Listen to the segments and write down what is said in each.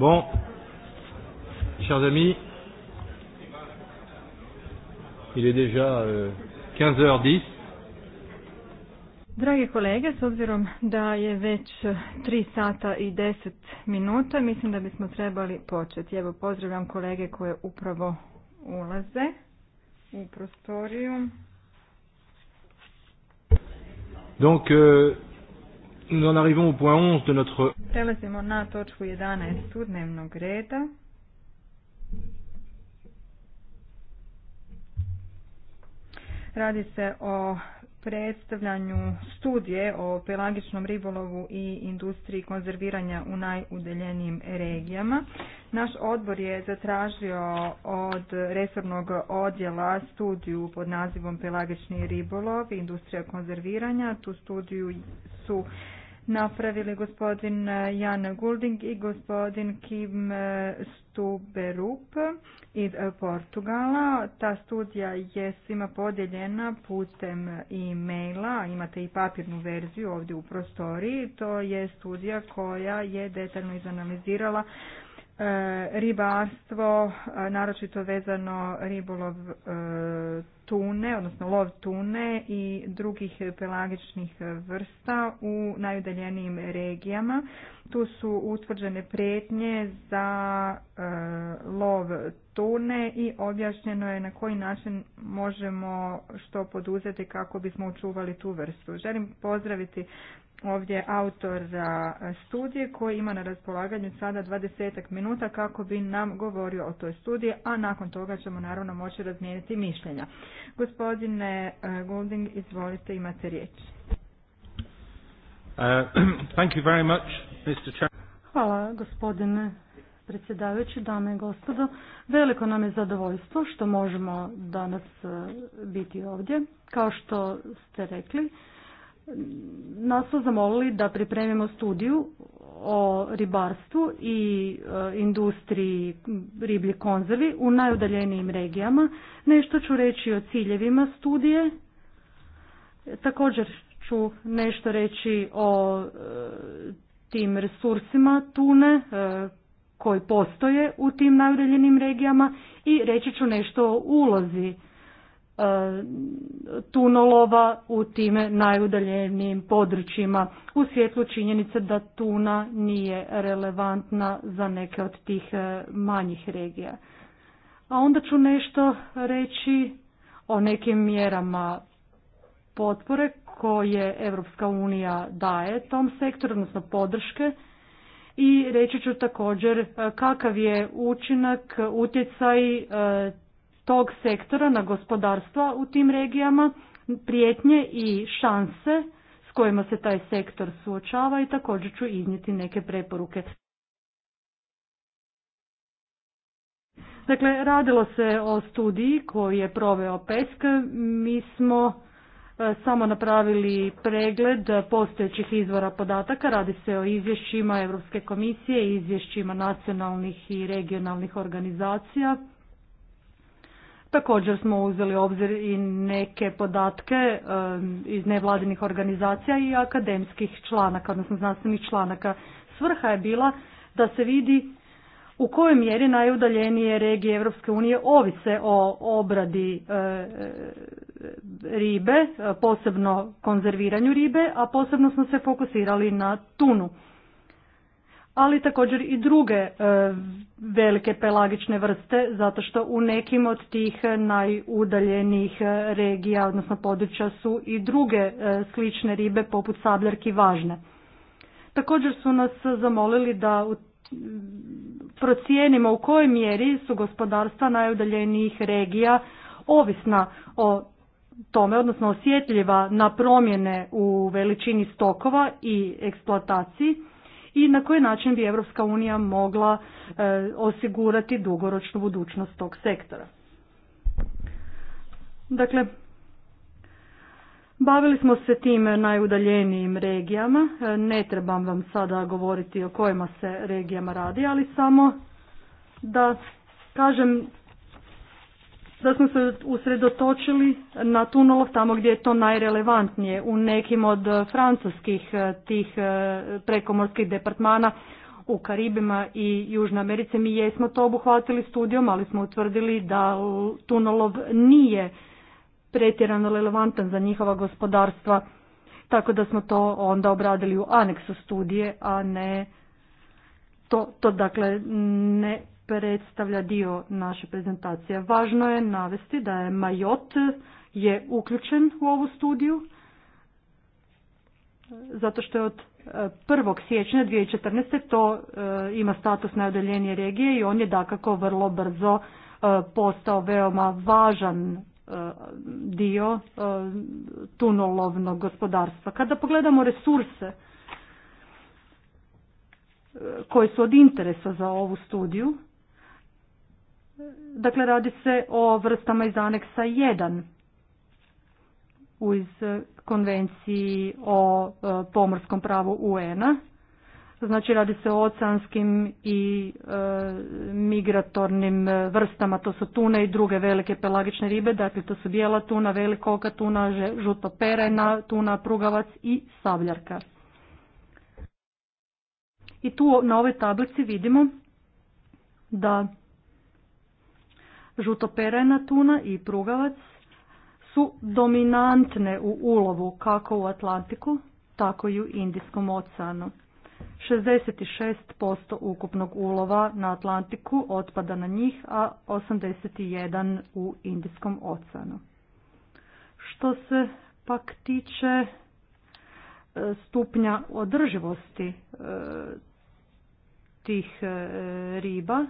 Bon, chers amis, il est déjà 15h10. Euh, Drage kolege, s obzirom da je već 3 sata i 10 minuta, mislim da bismo trebali početi. Evo, pozdravljam kolege koje upravo ulaze u prostoriju. Donc, euh, Nous en arrivons 11 de notre... Prelazimo na točku 11 dnevnog reda. Radi se o predstavljanju studije o pelagičnom ribolovu i industriji konzerviranja u najudeljenijim regijama. Naš odbor je zatražio od resornog odjela studiju pod nazivom Pelagični ribolov i industrija konzerviranja. Tu studiju su napravili gospodin e, Jan Gulding i gospodin Kim e, Stuberup iz e, Portugala. Ta studija je svima podijeljena putem e-maila, imate i papirnu verziju ovdje u prostoriji. To je studija koja je detaljno izanalizirala ribarstvo, naročito vezano ribolov tune, odnosno lov tune i drugih pelagičnih vrsta u najudaljenijim regijama. Tu su utvrđene prijetnje za e, lov tune i objašnjeno je na koji način možemo što poduzeti kako bismo učuvali tu vrstu. Želim pozdraviti ovdje autor e, studije koji ima na raspolaganju sada 20 minuta kako bi nam govorio o toj studiji, a nakon toga ćemo naravno moći razmijeniti mišljenja. Gospodine e, Golding, izvolite, imate riječ. E, thank Hvala gospodine predsjedavajući, dame i gospodo. Veliko nam je zadovoljstvo što možemo danas biti ovdje. Kao što ste rekli, nas su zamolili da pripremimo studiju o ribarstvu i e, industriji riblji konzervi u najudaljenijim regijama. Nešto ću reći o ciljevima studije. Također ću nešto reći o e, tim resursima tune e, koji postoje u tim najudaljenijim regijama i reći ću nešto o ulozi tunolova u time najudaljenijim područjima u svjetlu činjenice da tuna nije relevantna za neke od tih e, manjih regija. A onda ću nešto reći o nekim mjerama potpore koje Europska unija daje tom sektoru, odnosno podrške i reći ću također e, kakav je učinak, utjecaj e, tog sektora na gospodarstva u tim regijama, prijetnje i šanse s kojima se taj sektor suočava i također ću iznijeti neke preporuke. Dakle, radilo se o studiji koji je proveo PESK. Mi smo e, samo napravili pregled postojećih izvora podataka. Radi se o izvješćima Europske komisije, izvješćima nacionalnih i regionalnih organizacija, Također smo uzeli obzir i neke podatke iz nevladinih organizacija i akademskih članaka, odnosno znanstvenih članaka. Svrha je bila da se vidi u kojoj mjeri najudaljenije regije Europske unije ovise o obradi e, e, ribe, posebno konzerviranju ribe, a posebno smo se fokusirali na tunu ali također i druge e, velike pelagične vrste, zato što u nekim od tih najudaljenijih e, regija, odnosno područja su i druge e, slične ribe poput sabljarki važne. Također su nas zamolili da procijenimo u kojoj mjeri su gospodarstva najudaljenijih regija ovisna o tome, odnosno osjetljiva na promjene u veličini stokova i eksploataciji, i na koji način bi Europska unija mogla e, osigurati dugoročnu budućnost tog sektora. Dakle, Bavili smo se tim najudaljenijim regijama, e, ne trebam vam sada govoriti o kojima se regijama radi, ali samo da kažem da smo se usredotočili na tunolov tamo gdje je to najrelevantnije. U nekim od e, francuskih e, tih e, prekomorskih departmana u Karibima i Južnoj Americi mi jesmo to obuhvatili studijom, ali smo utvrdili da tunolov nije pretjerano relevantan za njihova gospodarstva, tako da smo to onda obradili u aneksu studije, a ne to, to dakle ne predstavlja dio naše prezentacije. Važno je navesti da je Majot je uključen u ovu studiju zato što je od 1. E, siječnja 2014. to e, ima status odeljenje regije i on je dakako vrlo brzo e, postao veoma važan dio tunolovnog gospodarstva. Kada pogledamo resurse koji su od interesa za ovu studiju, Dakle, radi se o vrstama iz aneksa 1 iz konvenciji o e, pomorskom pravu UN-a. Znači radi se o oceanskim i e, migratornim vrstama, to su tune i druge velike pelagične ribe, dakle to su bijela tuna, velikoka tuna, žuto perena, tuna, prugavac i savljarka. I tu na ovoj tablici vidimo da Žutoperajna tuna i prugavac su dominantne u ulovu kako u Atlantiku, tako i u Indijskom oceanu. 66% ukupnog ulova na Atlantiku otpada na njih, a 81 u Indijskom oceanu. Što se pak tiče e, stupnja održivosti e, tih e, riba,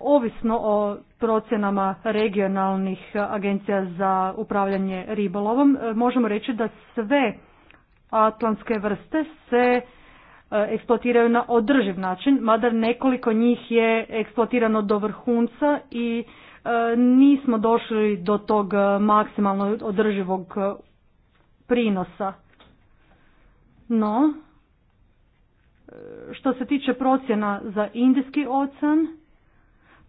ovisno o procjenama regionalnih agencija za upravljanje ribolovom, e, možemo reći da sve atlantske vrste se e, eksploatiraju na održiv način, mada nekoliko njih je eksploatirano do vrhunca i e, nismo došli do tog maksimalno održivog prinosa. No, što se tiče procjena za Indijski ocean,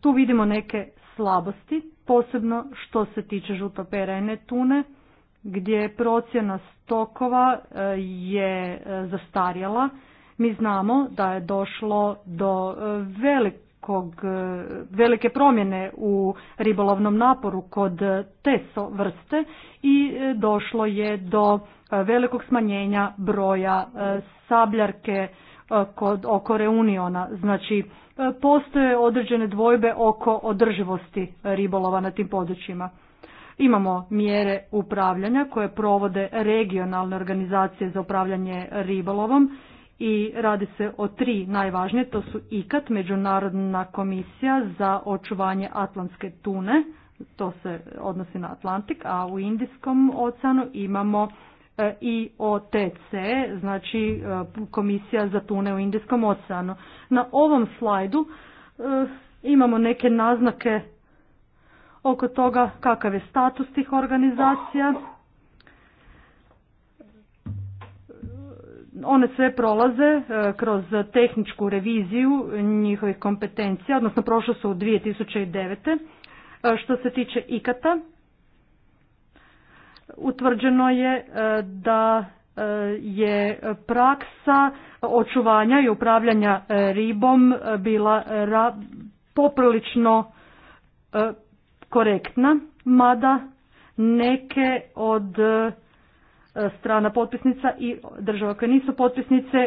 tu vidimo neke slabosti, posebno što se tiče žutoperene tune, gdje procjena stokova e, je e, zastarjela. Mi znamo da je došlo do e, velikog, velike promjene u ribolovnom naporu kod te vrste i došlo je do velikog smanjenja broja sabljarke E, kod oko reuniona. Znači, e, postoje određene dvojbe oko održivosti ribolova na tim područjima. Imamo mjere upravljanja koje provode regionalne organizacije za upravljanje ribolovom i radi se o tri najvažnije, to su IKAT, Međunarodna komisija za očuvanje atlantske tune, to se odnosi na Atlantik, a u Indijskom oceanu imamo i OTC, znači e, Komisija za tune u Indijskom oceanu. Na ovom slajdu e, imamo neke naznake oko toga kakav je status tih organizacija. One sve prolaze e, kroz tehničku reviziju njihovih kompetencija, odnosno prošle su u 2009. Što se tiče IKATA, utvrđeno je e, da e, je praksa očuvanja i upravljanja e, ribom bila poprilično korektna, mada neke od strana potpisnica i država koje nisu potpisnice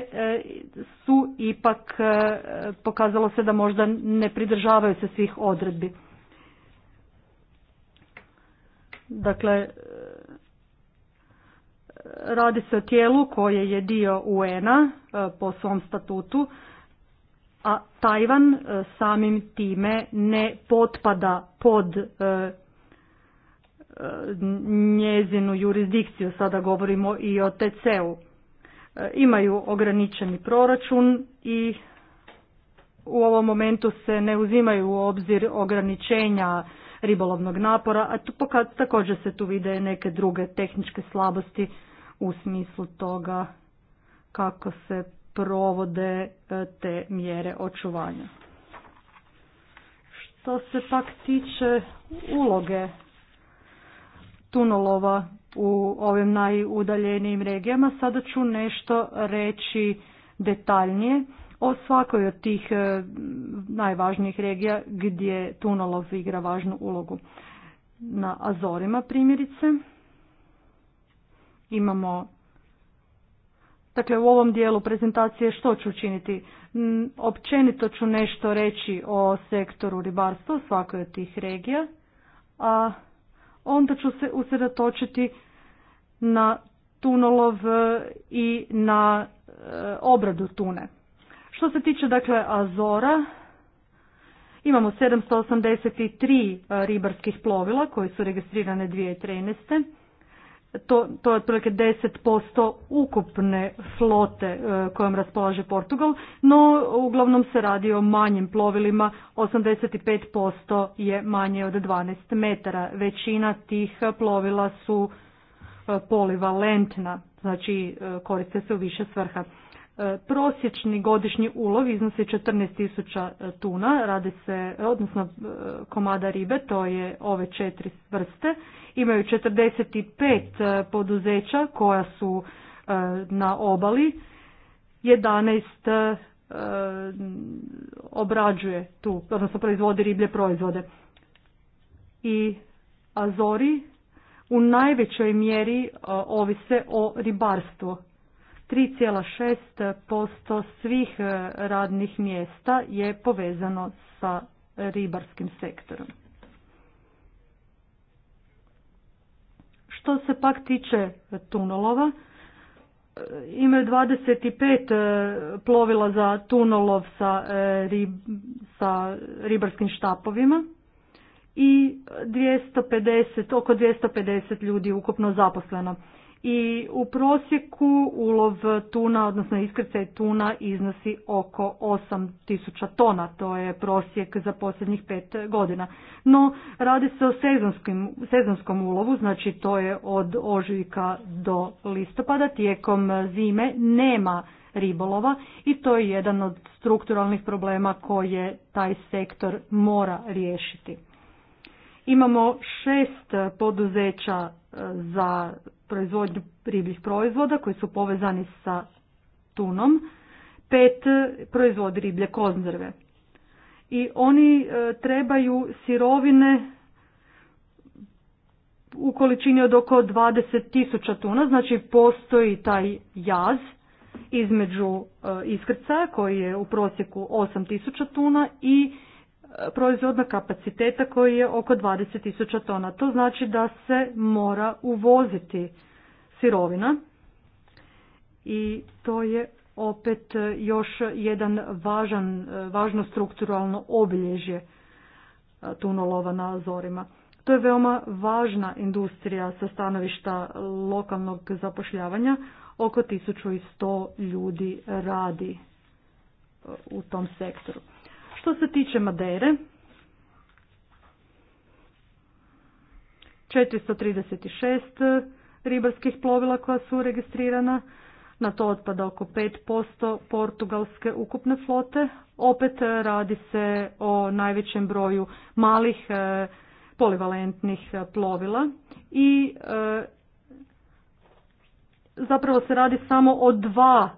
su ipak pokazalo se da možda ne pridržavaju se svih odredbi. Dakle, Radi se o tijelu koje je dio UN-a e, po svom statutu, a Tajvan e, samim time ne potpada pod e, njezinu jurisdikciju, sada govorimo i o TC-u. Imaju ograničeni proračun i u ovom momentu se ne uzimaju u obzir ograničenja ribolovnog napora, a također se tu vide neke druge tehničke slabosti u smislu toga kako se provode e, te mjere očuvanja. Što se pak tiče uloge tunolova u ovim najudaljenijim regijama, sada ću nešto reći detaljnije o svakoj od tih e, najvažnijih regija gdje tunolov igra važnu ulogu. Na Azorima primjerice, imamo Dakle, u ovom dijelu prezentacije što ću učiniti? Općenito ću nešto reći o sektoru ribarstva u svakoj od tih regija, a onda ću se usredotočiti na tunolov e, i na e, obradu tune. Što se tiče dakle Azora, imamo 783 e, ribarskih plovila koji su registrirane 2013 to, to je otprilike 10% ukupne flote e, kojom raspolaže Portugal, no uglavnom se radi o manjim plovilima, 85% je manje od 12 metara. Većina tih plovila su e, polivalentna, znači e, koriste se u više svrha. E, prosječni godišnji ulov iznosi 14.000 e, tuna, radi se, e, odnosno komada ribe, to je ove četiri vrste. Imaju 45 poduzeća koja su na obali, 11 obrađuje tu, odnosno proizvodi riblje proizvode. I Azori u najvećoj mjeri ovise o ribarstvu 3,6% svih e, radnih mjesta je povezano sa ribarskim sektorom. Što se pak tiče tunolova, e, imaju 25 e, plovila za tunolov sa, sa ribarskim štapovima i 250, oko 250 ljudi ukupno zaposleno i u prosjeku ulov tuna, odnosno iskrcaj tuna iznosi oko 8000 tona, to je prosjek za posljednjih pet godina. No, radi se o sezonskom ulovu, znači to je od ožujka do listopada, tijekom zime nema ribolova i to je jedan od strukturalnih problema koje taj sektor mora riješiti. Imamo šest poduzeća e, za proizvodnju ribljih proizvoda koji su povezani sa tunom, pet proizvodi riblje konzerve. I oni e, trebaju sirovine u količini od oko 20.000 tuna, znači postoji taj jaz između e, iskrcaja koji je u prosjeku 8.000 tuna i proizvodna kapaciteta koji je oko 20.000 tona. To znači da se mora uvoziti sirovina i to je opet još jedan važan, važno strukturalno obilježje e, tunolova na Azorima. To je veoma važna industrija sa stanovišta lokalnog zapošljavanja. Oko 1100 ljudi radi e, u tom sektoru. Što se tiče Madere, 436 ribarskih plovila koja su registrirana, na to otpada oko 5% portugalske ukupne flote. Opet eh, radi se o najvećem broju malih eh, polivalentnih eh, plovila i zapravo se radi samo o dva,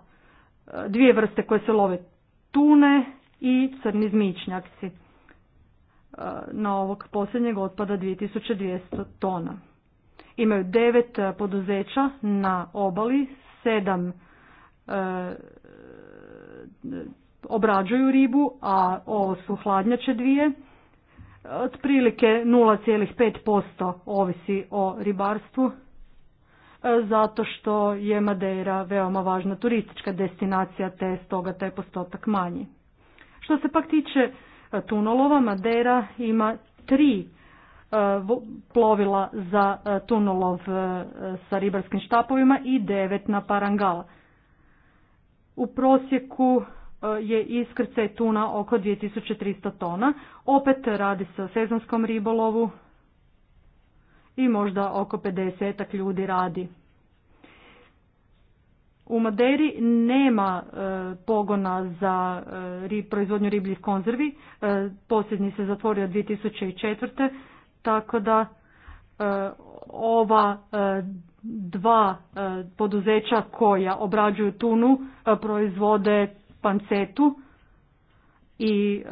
dvije vrste koje se love tune i crni zmičnjaci. E, na ovog posljednjeg otpada 2200 tona. Imaju devet poduzeća na obali, sedam e, obrađuju ribu, a ovo su hladnjače dvije. Otprilike 0,5% ovisi o ribarstvu, e, zato što je Madeira veoma važna turistička destinacija, te stoga taj postotak manji. Što se pak tiče e, tunolova, Madeira ima tri e, plovila za e, tunolov sa ribarskim štapovima i devet na parangala. U prosjeku je iskrcaj tuna oko 2300 tona. Opet radi se o sezonskom ribolovu i možda oko 50 ljudi radi u Maderi nema e, pogona za e, proizvodnju ribljih konzervi, e, posljednji se zatvorio 2004. Tako da ova dva poduzeća koja obrađuju tunu proizvode pancetu i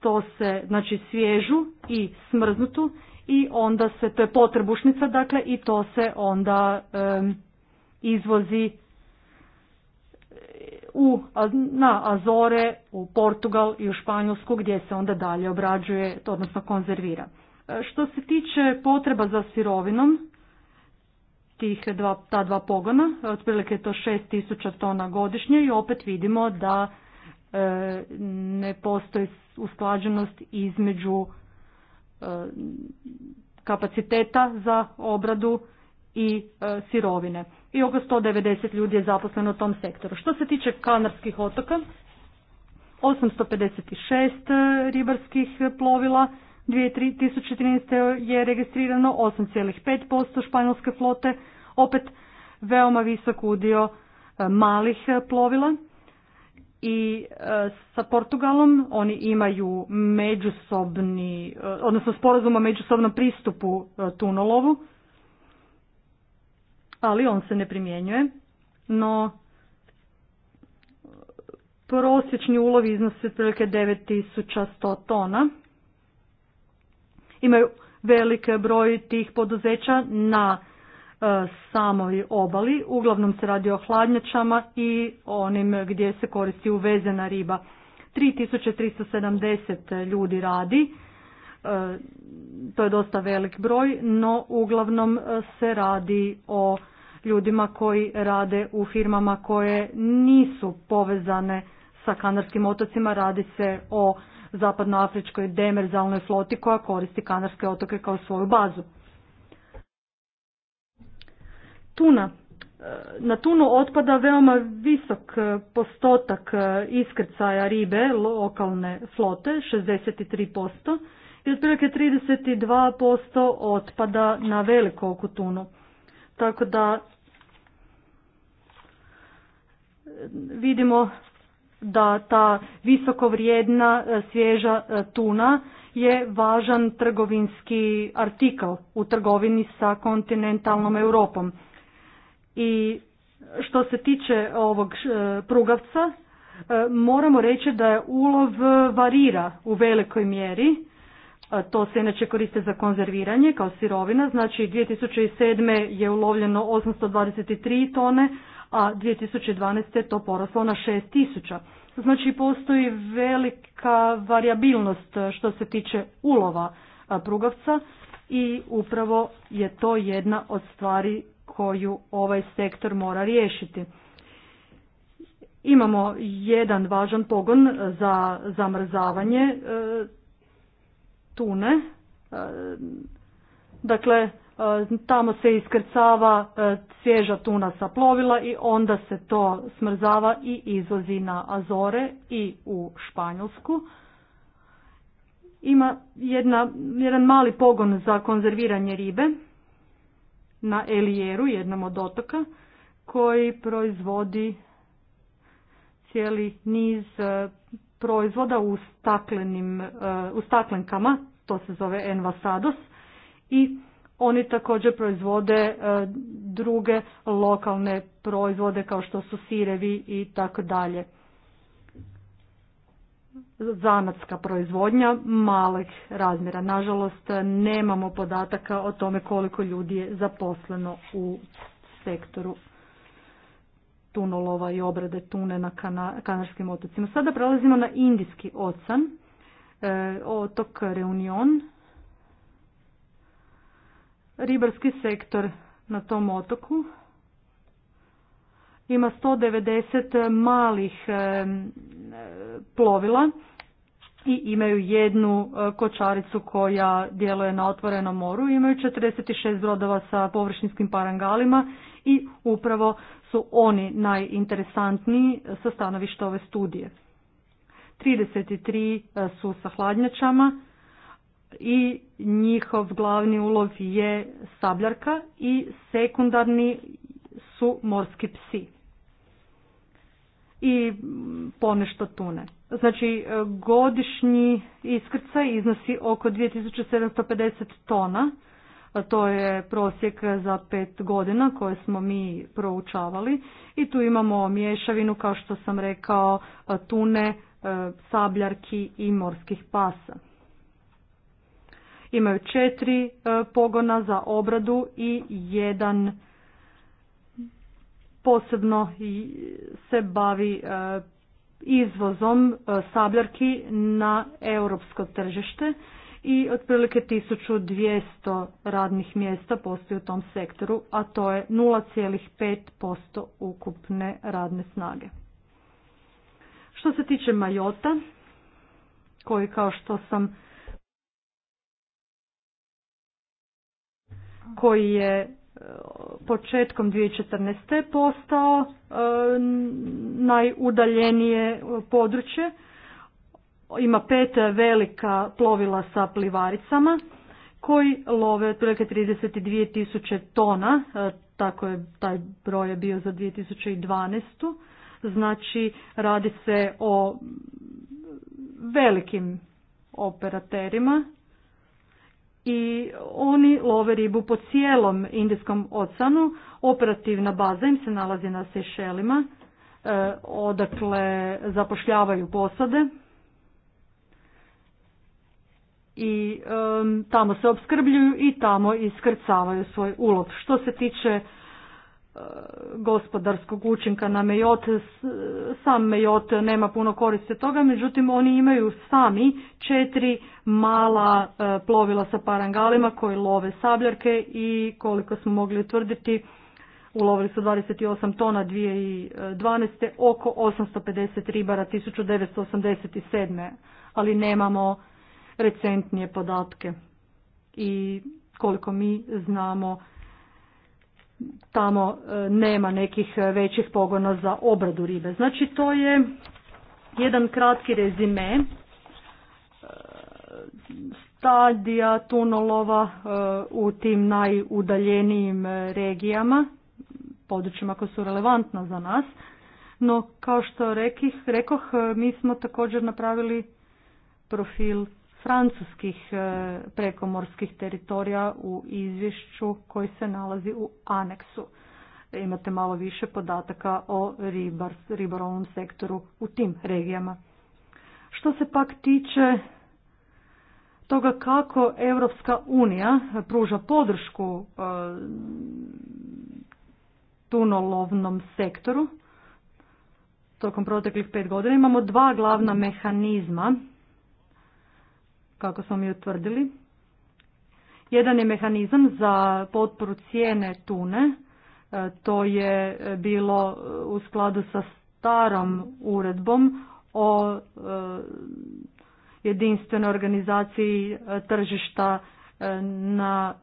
to se znači svježu i smrznutu i onda se, to je potrebušnica dakle i to se onda izvozi u, na Azore, u Portugal i u Španjolsku gdje se onda dalje obrađuje, odnosno konzervira. E, što se tiče potreba za sirovinom, tih dva, ta dva pogona, otprilike je to 6000 tona godišnje i opet vidimo da e, ne postoji usklađenost između e, kapaciteta za obradu i e, sirovine. I oko 190 ljudi je zaposleno u tom sektoru. Što se tiče kanarskih otoka, 856 e, ribarskih e, plovila, 2013. je registrirano 8,5% španjolske flote, opet veoma visok udio malih plovila i sa Portugalom oni imaju međusobni, odnosno sporazum o međusobnom pristupu tunolovu ali on se ne primjenjuje, no prosječni ulovi iznose otprilike 9100 tona. Imaju velike broj tih poduzeća na e, samoj obali, uglavnom se radi o hladnjačama i onim gdje se koristi uvezena riba. 3370 ljudi radi, e, to je dosta velik broj, no uglavnom se radi o ljudima koji rade u firmama koje nisu povezane sa Kanarskim otocima. Radi se o zapadnoafričkoj demerzalnoj floti koja koristi Kanarske otoke kao svoju bazu. Tuna. Na tunu otpada veoma visok e, postotak e, iskrcaja ribe lokalne flote, 63%, i otprilike 32% otpada na veliko oku tunu. Tako da vidimo da ta visoko vrijedna e, svježa e, tuna je važan trgovinski artikl u trgovini sa kontinentalnom Europom. I što se tiče ovog e, prugavca, moramo reći da je ulov varira u velikoj mjeri. To se inače koriste za konzerviranje kao sirovina, znači 2007. je ulovljeno 823 tone, a 2012. je to poraslo na 6000. Znači postoji velika variabilnost što se tiče ulova prugavca i upravo je to jedna od stvari koju ovaj sektor mora riješiti. Imamo jedan važan pogon za zamrzavanje tune. Dakle, tamo se iskrcava e, svježa tuna sa plovila i onda se to smrzava i izvozi na Azore i u Španjolsku. Ima jedna, jedan mali pogon za konzerviranje ribe na Elijeru, jednom od otoka, koji proizvodi cijeli niz e, proizvoda u, staklenim, e, u staklenkama, to se zove envasados, i oni također proizvode e, druge lokalne proizvode kao što su sirevi i tako dalje. Zanatska proizvodnja malih razmjera. Nažalost, nemamo podataka o tome koliko ljudi je zaposleno u sektoru tunolova i obrade tune na Kanarskim otocima. Sada prelazimo na Indijski ocan, e, otok Reunion ribarski sektor na tom otoku. Ima 190 malih plovila i imaju jednu e, kočaricu koja djeluje na otvorenom moru. Imaju 46 brodova sa površinskim parangalima i upravo su oni najinteresantniji sa stanovišta ove studije. 33 e, su sa hladnjačama, i njihov glavni ulov je sabljarka i sekundarni su morski psi i ponešto tune. Znači godišnji iskrcaj iznosi oko 2750 tona, to je prosjek za pet godina koje smo mi proučavali i tu imamo mješavinu kao što sam rekao tune, e, sabljarki i morskih pasa. Imaju četiri e, pogona za obradu i jedan posebno se bavi e, izvozom e, sabljarki na europsko tržište i otprilike 1200 radnih mjesta postoji u tom sektoru, a to je 0,5% ukupne radne snage. Što se tiče Majota, koji kao što sam koji je e, početkom 2014. postao e, najudaljenije područje. Ima pet velika plovila sa plivaricama koji love otprilike 32.000 tisuće tona, e, tako je taj broj je bio za 2012. Znači radi se o velikim operaterima i oni love ribu po cijelom Indijskom oceanu. Operativna baza im se nalazi na Sešelima, e, odakle zapošljavaju posade i tamo se obskrbljuju i tamo iskrcavaju svoj ulov. Što se tiče gospodarskog učinka na mejot. Sam mejot nema puno koriste toga, međutim oni imaju sami četiri mala e, plovila sa parangalima koji love sabljarke i koliko smo mogli utvrditi ulovili su 28 tona 2012. oko 850 ribara 1987. Ali nemamo recentnije podatke. I koliko mi znamo tamo e, nema nekih e, većih pogona za obradu ribe. Znači to je jedan kratki rezime e, stadija tunolova u tim najudaljenijim regijama, područjima koja su relevantna za nas. No, kao što rekih, rekoh, mi smo također napravili profil francuskih e, prekomorskih teritorija u izvješću koji se nalazi u aneksu. Imate malo više podataka o ribar, sektoru u tim regijama. Što se pak tiče toga kako Europska unija pruža podršku e, tunolovnom sektoru, tokom proteklih pet godina imamo dva glavna mehanizma kako smo mi utvrdili. Jedan je mehanizam za potporu cijene tune, e, to je bilo u skladu sa starom uredbom o e, jedinstvenoj organizaciji e, tržišta na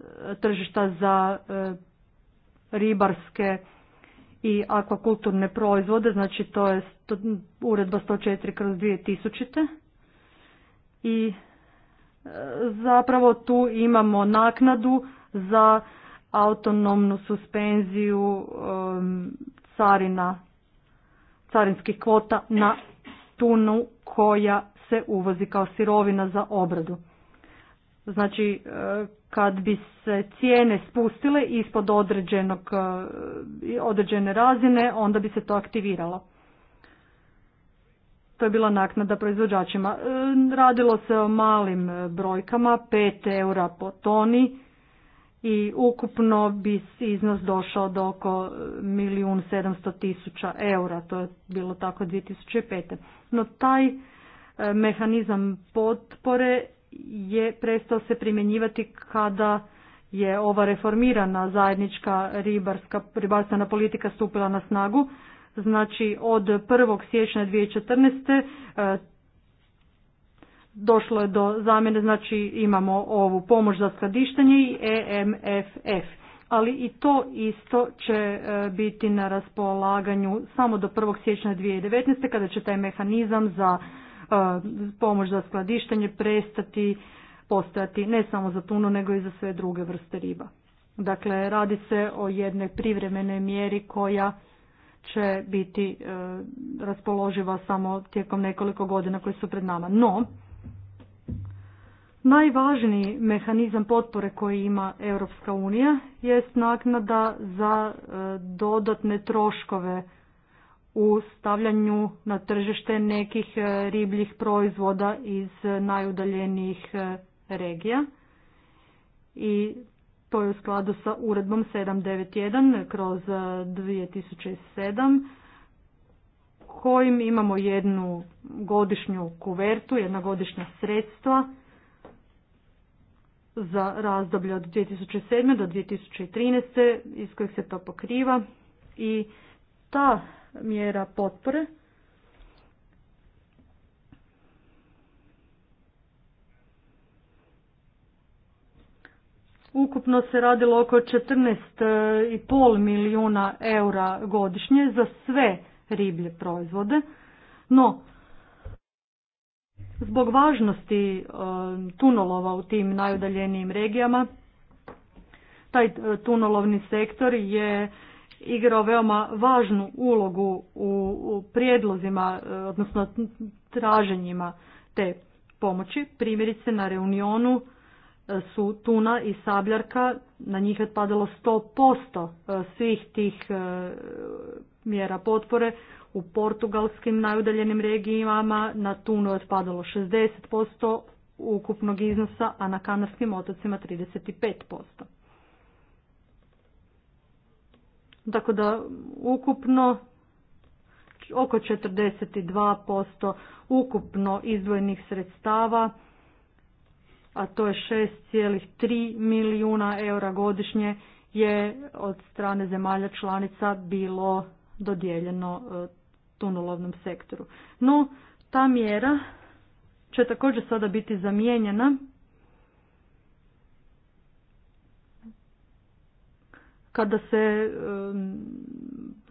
tržišta za ribarske i akvakulturne proizvode, znači to je uredba 104 kroz 2000. I zapravo tu imamo naknadu za autonomnu suspenziju um, carina, carinskih kvota na tunu koja se uvozi kao sirovina za obradu. Znači, uh, kad bi se cijene spustile ispod određenog, uh, određene razine, onda bi se to aktiviralo to je bila naknada proizvođačima. E, radilo se o malim e, brojkama, 5 eura po toni i ukupno bi iznos došao do oko 1.700.000 e, sedamsto eura, to je bilo tako 2005. No taj mehanizam potpore je prestao se primjenjivati kada je ova reformirana zajednička ribarska, ribarstvena politika stupila na snagu Znači od 1. siječnja 2014. E, došlo je do zamjene, znači imamo ovu pomoć za skladištenje i EMFF. Ali i to isto će e, biti na raspolaganju samo do 1. siječnja 2019. kada će taj mehanizam za e, pomoć za skladištenje prestati postojati ne samo za tunu nego i za sve druge vrste riba. Dakle, radi se o jednoj privremenoj mjeri koja će biti e, raspoloživa samo tijekom nekoliko godina koje su pred nama. No, najvažniji mehanizam potpore koji ima Europska unija jest naknada za e, dodatne troškove u stavljanju na tržište nekih e, ribljih proizvoda iz najudaljenijih regija i to je u skladu sa uredbom 791 kroz 2007 e, kojim imamo jednu godišnju kuvertu, jedna godišnja sredstva za razdoblje od 2007. do 2013. iz kojih se to pokriva i ta mjera potpore Ukupno se radilo oko 14,5 milijuna eura godišnje za sve riblje proizvode, no zbog važnosti e, tunolova u tim najudaljenijim regijama, taj e, tunolovni sektor je igrao veoma važnu ulogu u prijedlozima, e, odnosno traženjima te pomoći. Primjerice na Reunionu su tuna i sabljarka, na njih je padalo 100% e, svih tih e, mjera potpore. U portugalskim najudaljenim regijama na tunu je otpadalo 60% ukupnog iznosa, a na kanarskim otocima 35%. Tako da ukupno oko 42% ukupno izdvojenih sredstava a to je 6,3 milijuna eura godišnje je od strane zemalja članica bilo dodijeljeno e, tunolovnom sektoru. No, ta mjera će također sada biti zamijenjena kada se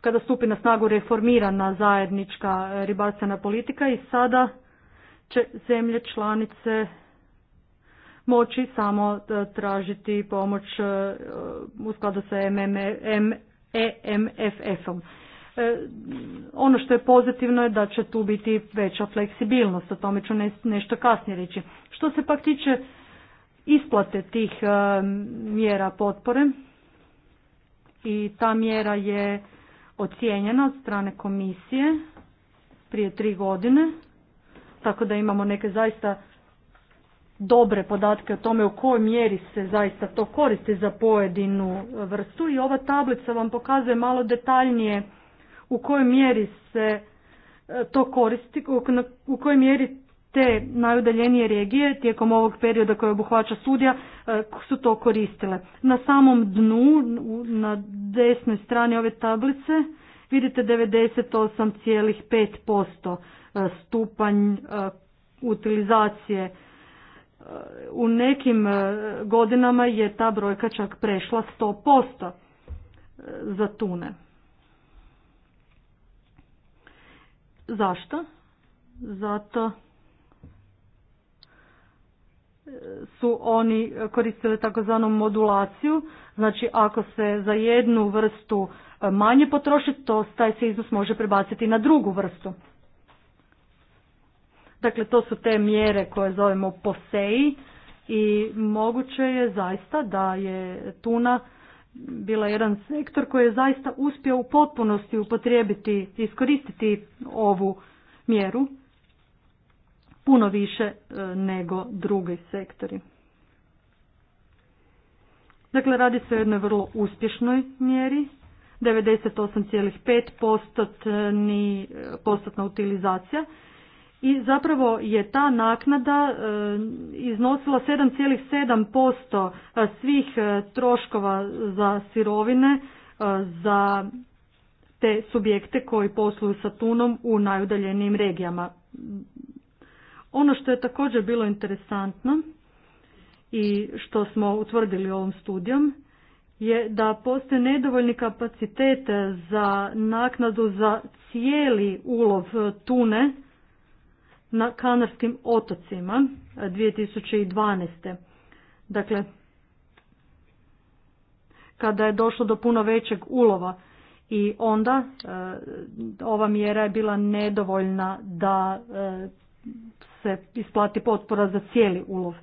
kada stupi na snagu reformirana zajednička ribarstvena politika i sada će zemlje članice moći samo e, tražiti pomoć e, u skladu sa EMFF-om. E, ono što je pozitivno je da će tu biti veća fleksibilnost, o tome ću nešto kasnije reći. Što se pak tiče isplate tih mjera potpore i ta mjera je ocijenjena od strane komisije prije tri godine, tako da imamo neke zaista dobre podatke o tome u kojoj mjeri se zaista to koristi za pojedinu vrstu i ova tablica vam pokazuje malo detaljnije u kojoj mjeri se e, to koristi, u kojoj mjeri te najudaljenije regije tijekom ovog perioda koje obuhvaća studija e, su to koristile. Na samom dnu, na desnoj strani ove tablice, vidite 98,5% e, stupanj utilizacije u nekim e, godinama je ta brojka čak prešla 100% e, za tune. Zašto? Zato e, su oni koristili takozvanu modulaciju, znači ako se za jednu vrstu manje potroši, to taj se iznos može prebaciti na drugu vrstu. Dakle, to su te mjere koje zovemo poseji i moguće je zaista da je tuna bila jedan sektor koji je zaista uspio u potpunosti upotrijebiti, iskoristiti ovu mjeru puno više e, nego drugi sektori. Dakle, radi se o jednoj vrlo uspješnoj mjeri, 98,5% e, postotna utilizacija i zapravo je ta naknada e, iznosila 7,7% e, svih e, troškova za sirovine za te subjekte koji posluju sa tunom u najudaljenijim regijama. Ono što je također bilo interesantno i što smo utvrdili ovom studijom je da postoje nedovoljni kapacitet za naknadu za cijeli ulov tune na Kanarskim otocima 2012. E, dakle, kada je došlo do puno većeg ulova i onda e, ova mjera je bila nedovoljna da e, se isplati potpora za cijeli ulov.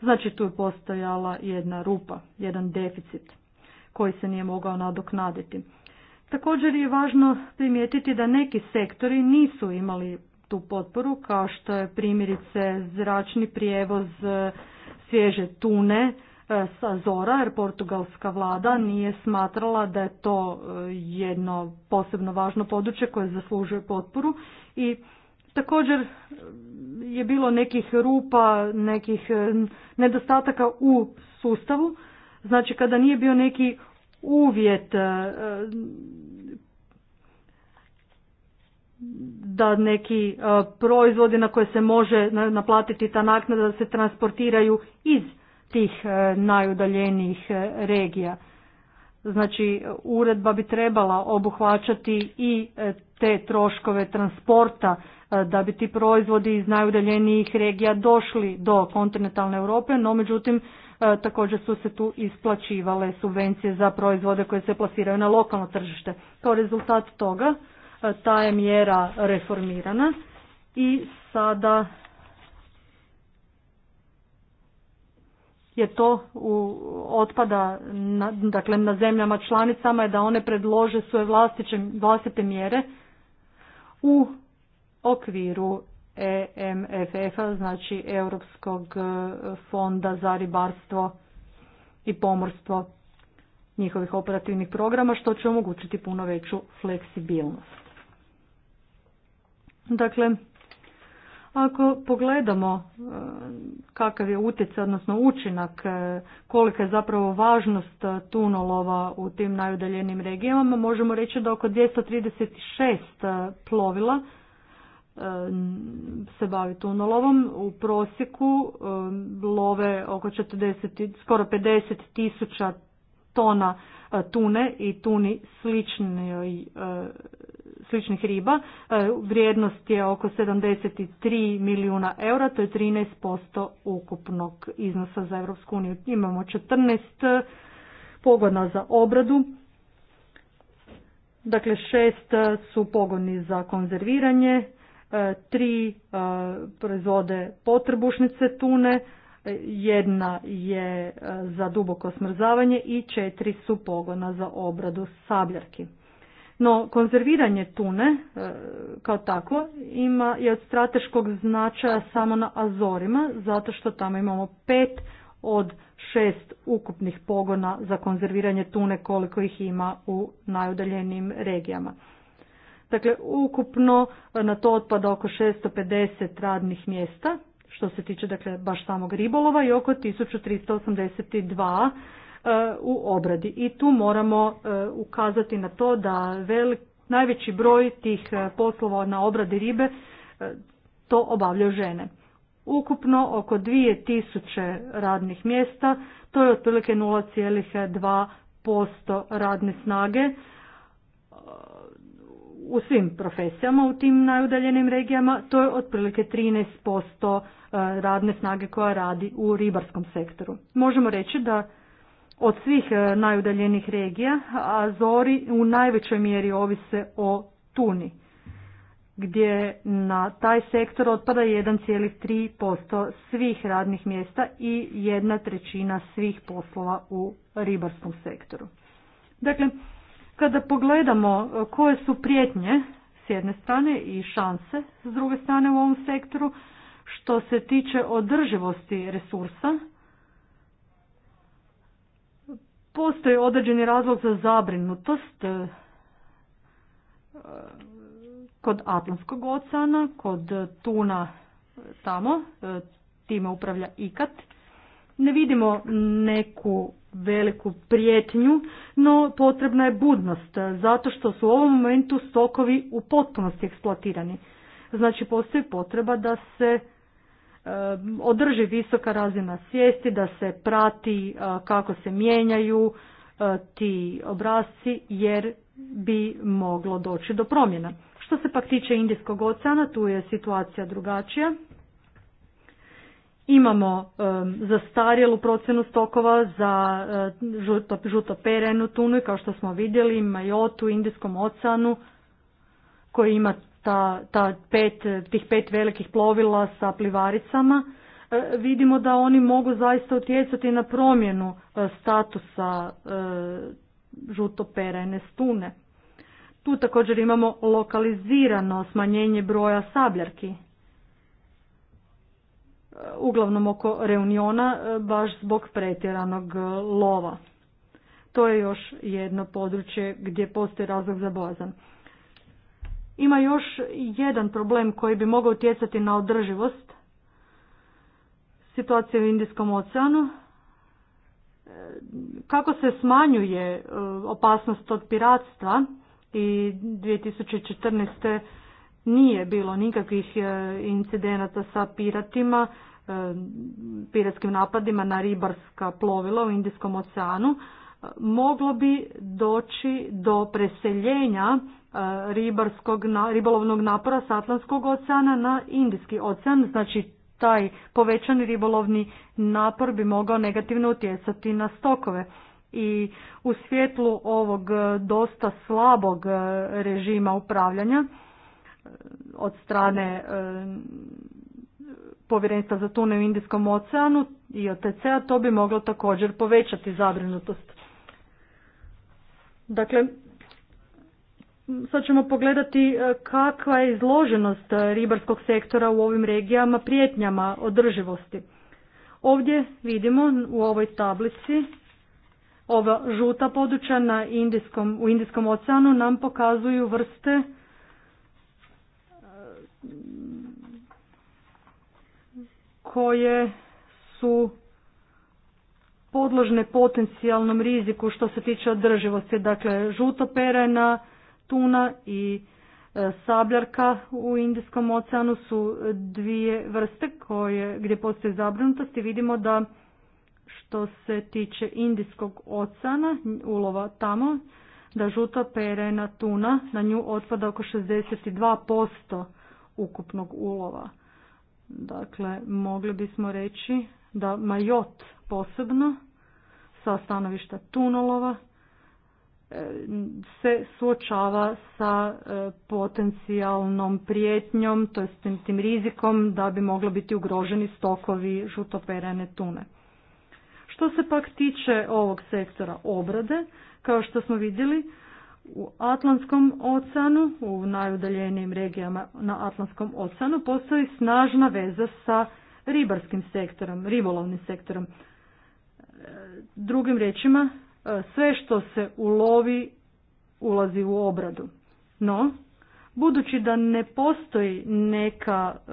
Znači tu je postojala jedna rupa, jedan deficit koji se nije mogao nadoknaditi. Također je važno primijetiti da neki sektori nisu imali tu potporu kao što je primjerice zračni prijevoz e, svježe tune e, sa Zora jer portugalska vlada nije smatrala da je to e, jedno posebno važno područje koje zaslužuje potporu i također je bilo nekih rupa, nekih nedostataka u sustavu. Znači kada nije bio neki uvjet da neki e, proizvodi na koje se može naplatiti ta naknada da se transportiraju iz tih e, najudaljenijih e, regija. Znači uredba bi trebala obuhvaćati i te troškove transporta da bi ti proizvodi iz najudaljenijih regija došli do kontinentalne Europe, no međutim također su se tu isplaćivale subvencije za proizvode koje se plasiraju na lokalno tržište. Kao rezultat toga ta je mjera reformirana i sada je to u, otpada na, dakle, na zemljama članicama je da one predlože svoje vlastite mjere u okviru emff znači Europskog e, fonda za ribarstvo i pomorstvo njihovih operativnih programa, što će omogućiti puno veću fleksibilnost. Dakle, ako pogledamo e, kakav je utjecaj, odnosno učinak, e, kolika je zapravo važnost e, tunolova u tim najudaljenim regijama, možemo reći da oko 236 plovila se bavi tunolovom. U prosjeku love oko 40, skoro 50 tisuća tona tune i tuni sličnoj sličnih riba. E, vrijednost je oko 73 milijuna eura, to je 13% ukupnog iznosa za Europsku uniju. Imamo 14 pogona za obradu, dakle šest su pogoni za konzerviranje, e, tri e, proizvode potrbušnice tune, jedna je za duboko smrzavanje i četiri su pogona za obradu sabljarki. No, konzerviranje tune e, kao takvo ima je od strateškog značaja samo na Azorima, zato što tamo imamo pet od šest ukupnih pogona za konzerviranje tune koliko ih ima u najudaljenijim regijama. Dakle, ukupno e, na to otpada oko 650 radnih mjesta, što se tiče dakle, baš samog ribolova i oko 1382 E, u obradi. I tu moramo e, ukazati na to da najveći broj tih e, poslova na obradi ribe to obavljaju žene. Ukupno oko 2000 radnih mjesta, to je otprilike 0,2% radne snage u svim profesijama u tim najudaljenim regijama, to je otprilike 13% radne snage koja radi u ribarskom sektoru. Možemo reći da od svih e, najudaljenih regija, a Zori u najvećoj mjeri ovise o tuni, gdje na taj sektor otpada 1,3% svih radnih mjesta i jedna trećina svih poslova u ribarskom sektoru. Dakle, kada pogledamo e, koje su prijetnje s jedne strane i šanse s druge strane u ovom sektoru, što se tiče održivosti resursa, postoji određeni razlog za zabrinutost e, e, kod Atlantskog oceana, kod tuna tamo, e, time upravlja ikat. Ne vidimo neku veliku prijetnju, no potrebna je budnost, zato što su u ovom momentu stokovi u potpunosti eksploatirani. Znači postoji potreba da se održi visoka razina svijesti, da se prati e, kako se mijenjaju e, ti obrazci jer bi moglo doći do promjena. Što se pak tiče Indijskog oceana, tu je situacija drugačija. Imamo zastarjelu procjenu stokova za e, žuto, perenu tunu i kao što smo vidjeli majotu u Indijskom oceanu koji ima ta, ta pet, tih pet velikih plovila sa plivaricama, e, vidimo da oni mogu zaista utjecati na promjenu e, statusa e, žutoperene stune. Tu također imamo lokalizirano smanjenje broja sabljarki, uglavnom oko reuniona, baš zbog pretjeranog lova. To je još jedno područje gdje postoji razlog za bojazan. Ima još jedan problem koji bi mogao utjecati na održivost situacije u Indijskom oceanu. E, kako se smanjuje e, opasnost od piratstva i 2014. nije bilo nikakvih e, incidenata sa piratima, piratskim napadima na ribarska plovila u Indijskom oceanu, moglo bi doći do preseljenja E, ribarskog, ribolovnog napora s Atlantskog oceana na Indijski ocean, znači taj povećani ribolovni napor bi mogao negativno utjecati na stokove. I u svjetlu ovog e, dosta slabog e, režima upravljanja od strane povjerenstva za tune u Indijskom oceanu i OTC-a, to bi moglo također povećati zabrinutost. Dakle, sad ćemo pogledati e, kakva je izloženost e, ribarskog sektora u ovim regijama prijetnjama održivosti. Ovdje vidimo u ovoj tablici ova žuta područja na Indijskom, u Indijskom oceanu nam pokazuju vrste e, koje su podložne potencijalnom riziku što se tiče održivosti. Dakle, žuto perena, na tuna i e, sabljarka u Indijskom oceanu su dvije vrste koje, gdje postoje zabrinutost i vidimo da što se tiče Indijskog oceana, ulova tamo, da žuta perena tuna na nju otpada oko 62% ukupnog ulova. Dakle, mogli bismo reći da majot posebno sa stanovišta tunolova se suočava sa e, potencijalnom prijetnjom, to je tim rizikom da bi moglo biti ugroženi stokovi žutoperane tune. Što se pak tiče ovog sektora obrade, kao što smo vidjeli, u Atlantskom oceanu, u najudaljenijim regijama na Atlantskom oceanu, postoji snažna veza sa ribarskim sektorom, ribolovnim sektorom. E, drugim riječima, E, sve što se ulovi ulazi u obradu. No, budući da ne postoji neka e,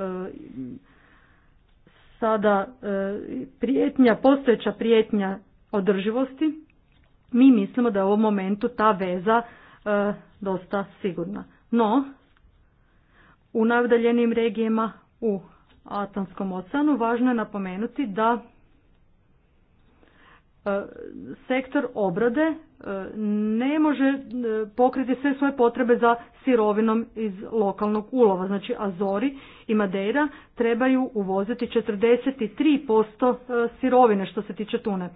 sada e, prijetnja, postojeća prijetnja održivosti, mi mislimo da je u ovom momentu ta veza dosta sigurna. No, u najudaljenijim regijama u Atlantskom oceanu važno je napomenuti da E, sektor obrade e, ne može e, pokriti sve svoje potrebe za sirovinom iz lokalnog ulova. Znači Azori i Madeira trebaju uvoziti 43% sirovine što se tiče tune.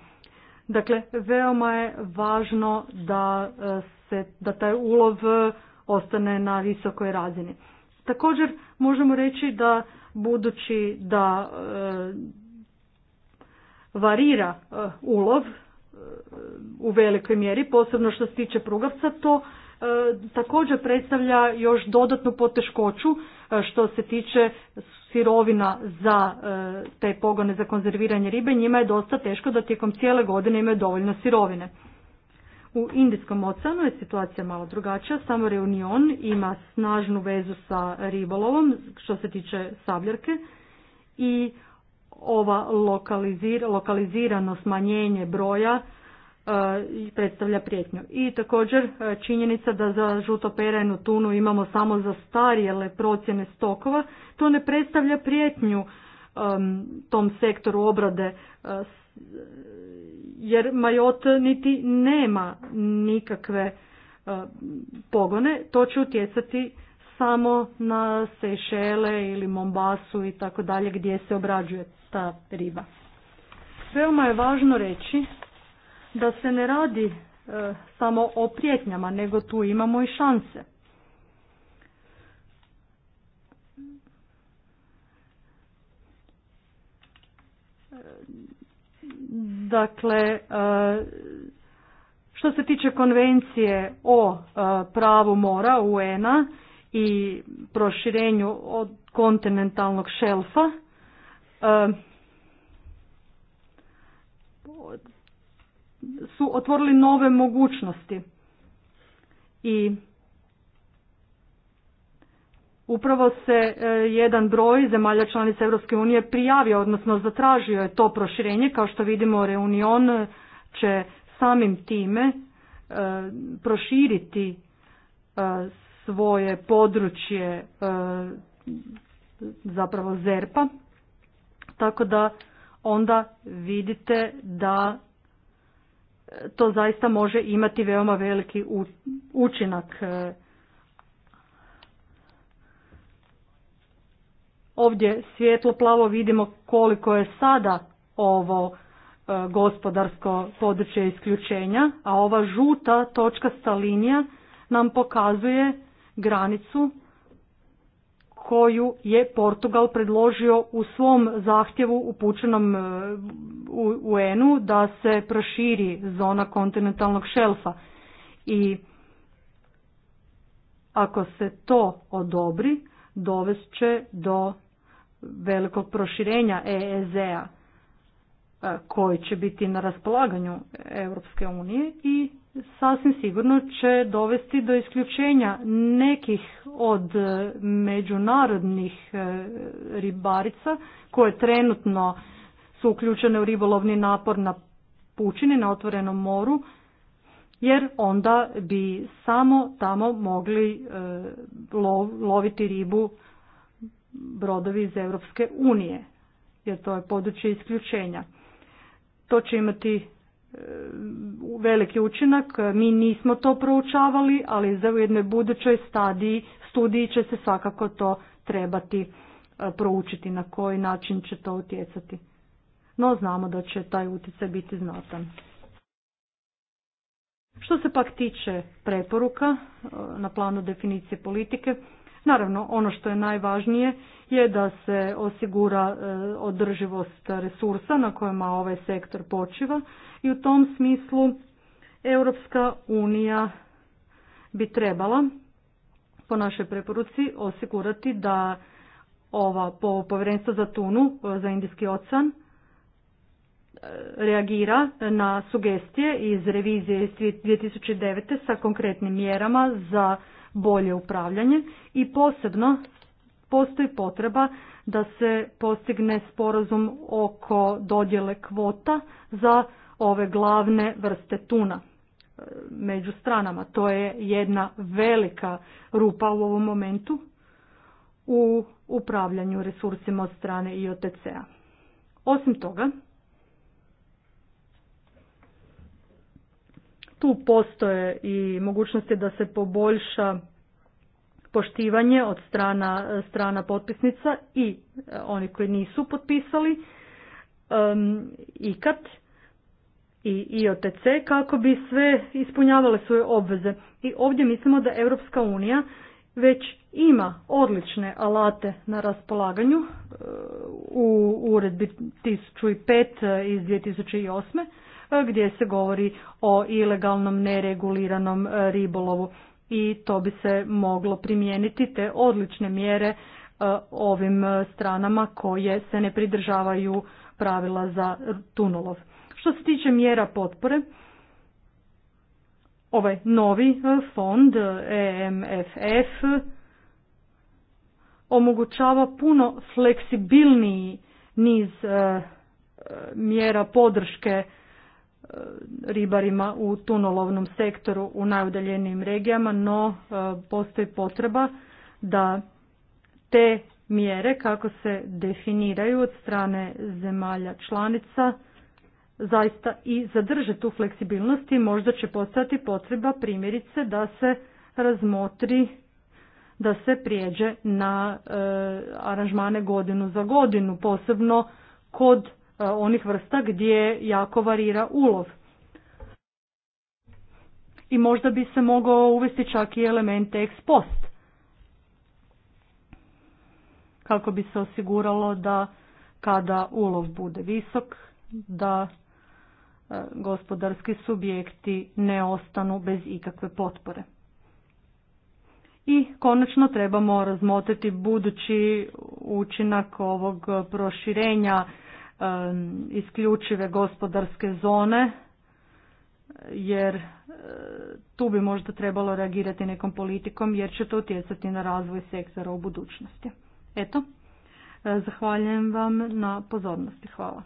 Dakle, veoma je važno da, se, da taj ulov ostane na visokoj razini. Također možemo reći da budući da varira e, ulov e, u velikoj mjeri, posebno što se tiče prugavca, to e, također predstavlja još dodatnu poteškoću što se tiče sirovina za te pogone za konzerviranje ribe, njima je dosta teško da tijekom cijele godine imaju dovoljno sirovine. U Indijskom oceanu je situacija malo drugačija, samo Reunion ima snažnu vezu sa ribolovom što se tiče sabljarke i ova lokalizirano smanjenje broja e, predstavlja prijetnju. I također e, činjenica da za žutoperajnu tunu imamo samo starijele procjene stokova, to ne predstavlja prijetnju tom sektoru obrade e, jer majot niti nema nikakve pogone, to će utjecati samo na Sešele ili Mombasu i tako dalje gdje se obrađuje ta riba. Veoma je važno reći da se ne radi e, samo o prijetnjama, nego tu imamo i šanse. Dakle, e, što se tiče konvencije o e, pravu mora Uena, i proširenju od kontinentalnog šelfa, su otvorili nove mogućnosti i upravo se e, jedan broj zemalja članica Europske unije prijavio, odnosno zatražio je to proširenje, kao što vidimo Reunion će samim time e, proširiti e, svoje područje zapravo ZERPA tako da onda vidite da e, to zaista može imati veoma veliki učinak. E, ovdje svijetlo plavo vidimo koliko je sada ovo e, gospodarsko područje isključenja, a ova žuta točkasta linija nam pokazuje granicu koju je Portugal predložio u svom zahtjevu upućenom e, UN-u da se proširi zona kontinentalnog šelfa. I ako se to odobri, dovest će do velikog proširenja EEZ-a e, koji će biti na raspolaganju Europske unije i sasvim sigurno će dovesti do isključenja nekih od e, međunarodnih e, ribarica koje trenutno su uključene u ribolovni napor na pučini na otvorenom moru jer onda bi samo tamo mogli e, loviti ribu brodovi iz Europske unije jer to je područje isključenja. To će imati veliki učinak. Mi nismo to proučavali, ali za u jednoj budućoj stadiji, studiji će se svakako to trebati e, proučiti, na koji način će to utjecati. No znamo da će taj utjecaj biti znatan. Što se pak tiče preporuka e, na planu definicije politike, Naravno, ono što je najvažnije je da se osigura e, održivost resursa na kojima ovaj sektor počiva i u tom smislu Europska unija bi trebala po našoj preporuci osigurati da ova po povjerenstvo za tunu, e, za Indijski ocean, e, reagira na sugestije iz revizije iz 2009. sa konkretnim mjerama za bolje upravljanje i posebno postoji potreba da se postigne sporazum oko dodjele kvota za ove glavne vrste tuna e, među stranama. To je jedna velika rupa u ovom momentu u upravljanju resursima od strane IOTC-a. Osim toga, Tu postoje i mogućnosti da se poboljša poštivanje od strana, strana potpisnica i e, oni koji nisu potpisali um, ikad i IOTC kako bi sve ispunjavale svoje obveze. I ovdje mislimo da Europska unija već ima odlične alate na raspolaganju e, u uredbi 1005 iz 2008 gdje se govori o ilegalnom nereguliranom e, ribolovu i to bi se moglo primijeniti te odlične mjere e, ovim e, stranama koje se ne pridržavaju pravila za tunolov. Što se tiče mjera potpore, ovaj novi fond EMFF omogućava puno fleksibilniji niz mjera podrške ribarima u tunolovnom sektoru u najudaljenijim regijama, no e, postoji potreba da te mjere kako se definiraju od strane zemalja članica zaista i zadrže tu fleksibilnost i možda će postati potreba primjerice da se razmotri da se prijeđe na e, aranžmane godinu za godinu, posebno kod E, onih vrsta gdje jako varira ulov. I možda bi se mogao uvesti čak i elemente ex post. Kako bi se osiguralo da kada ulov bude visok, da e, gospodarski subjekti ne ostanu bez ikakve potpore. I konačno trebamo razmotriti budući učinak ovog proširenja Um, isključive gospodarske zone jer uh, tu bi možda trebalo reagirati nekom politikom jer će to utjecati na razvoj sektora u budućnosti. Eto, uh, zahvaljujem vam na pozornosti. Hvala.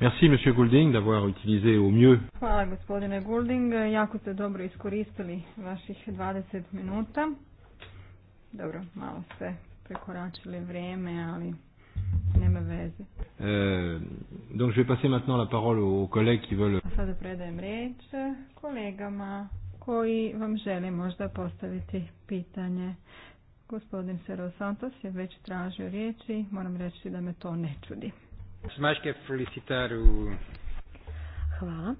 Merci monsieur Goulding d'avoir utilisé au mieux. Hvala gospodine Goulding, jako ste dobro iskoristili vaših 20 minuta. Dobro, malo ste prekoračili vrijeme, ali nema veze. Euh, donc je vais passer maintenant la parole aux collègues qui veulent... sada predajem riječ kolegama koji vam žele možda postaviti pitanje. Gospodin Sero Santos je već tražio riječi, moram reći da me to ne čudi. Hvala.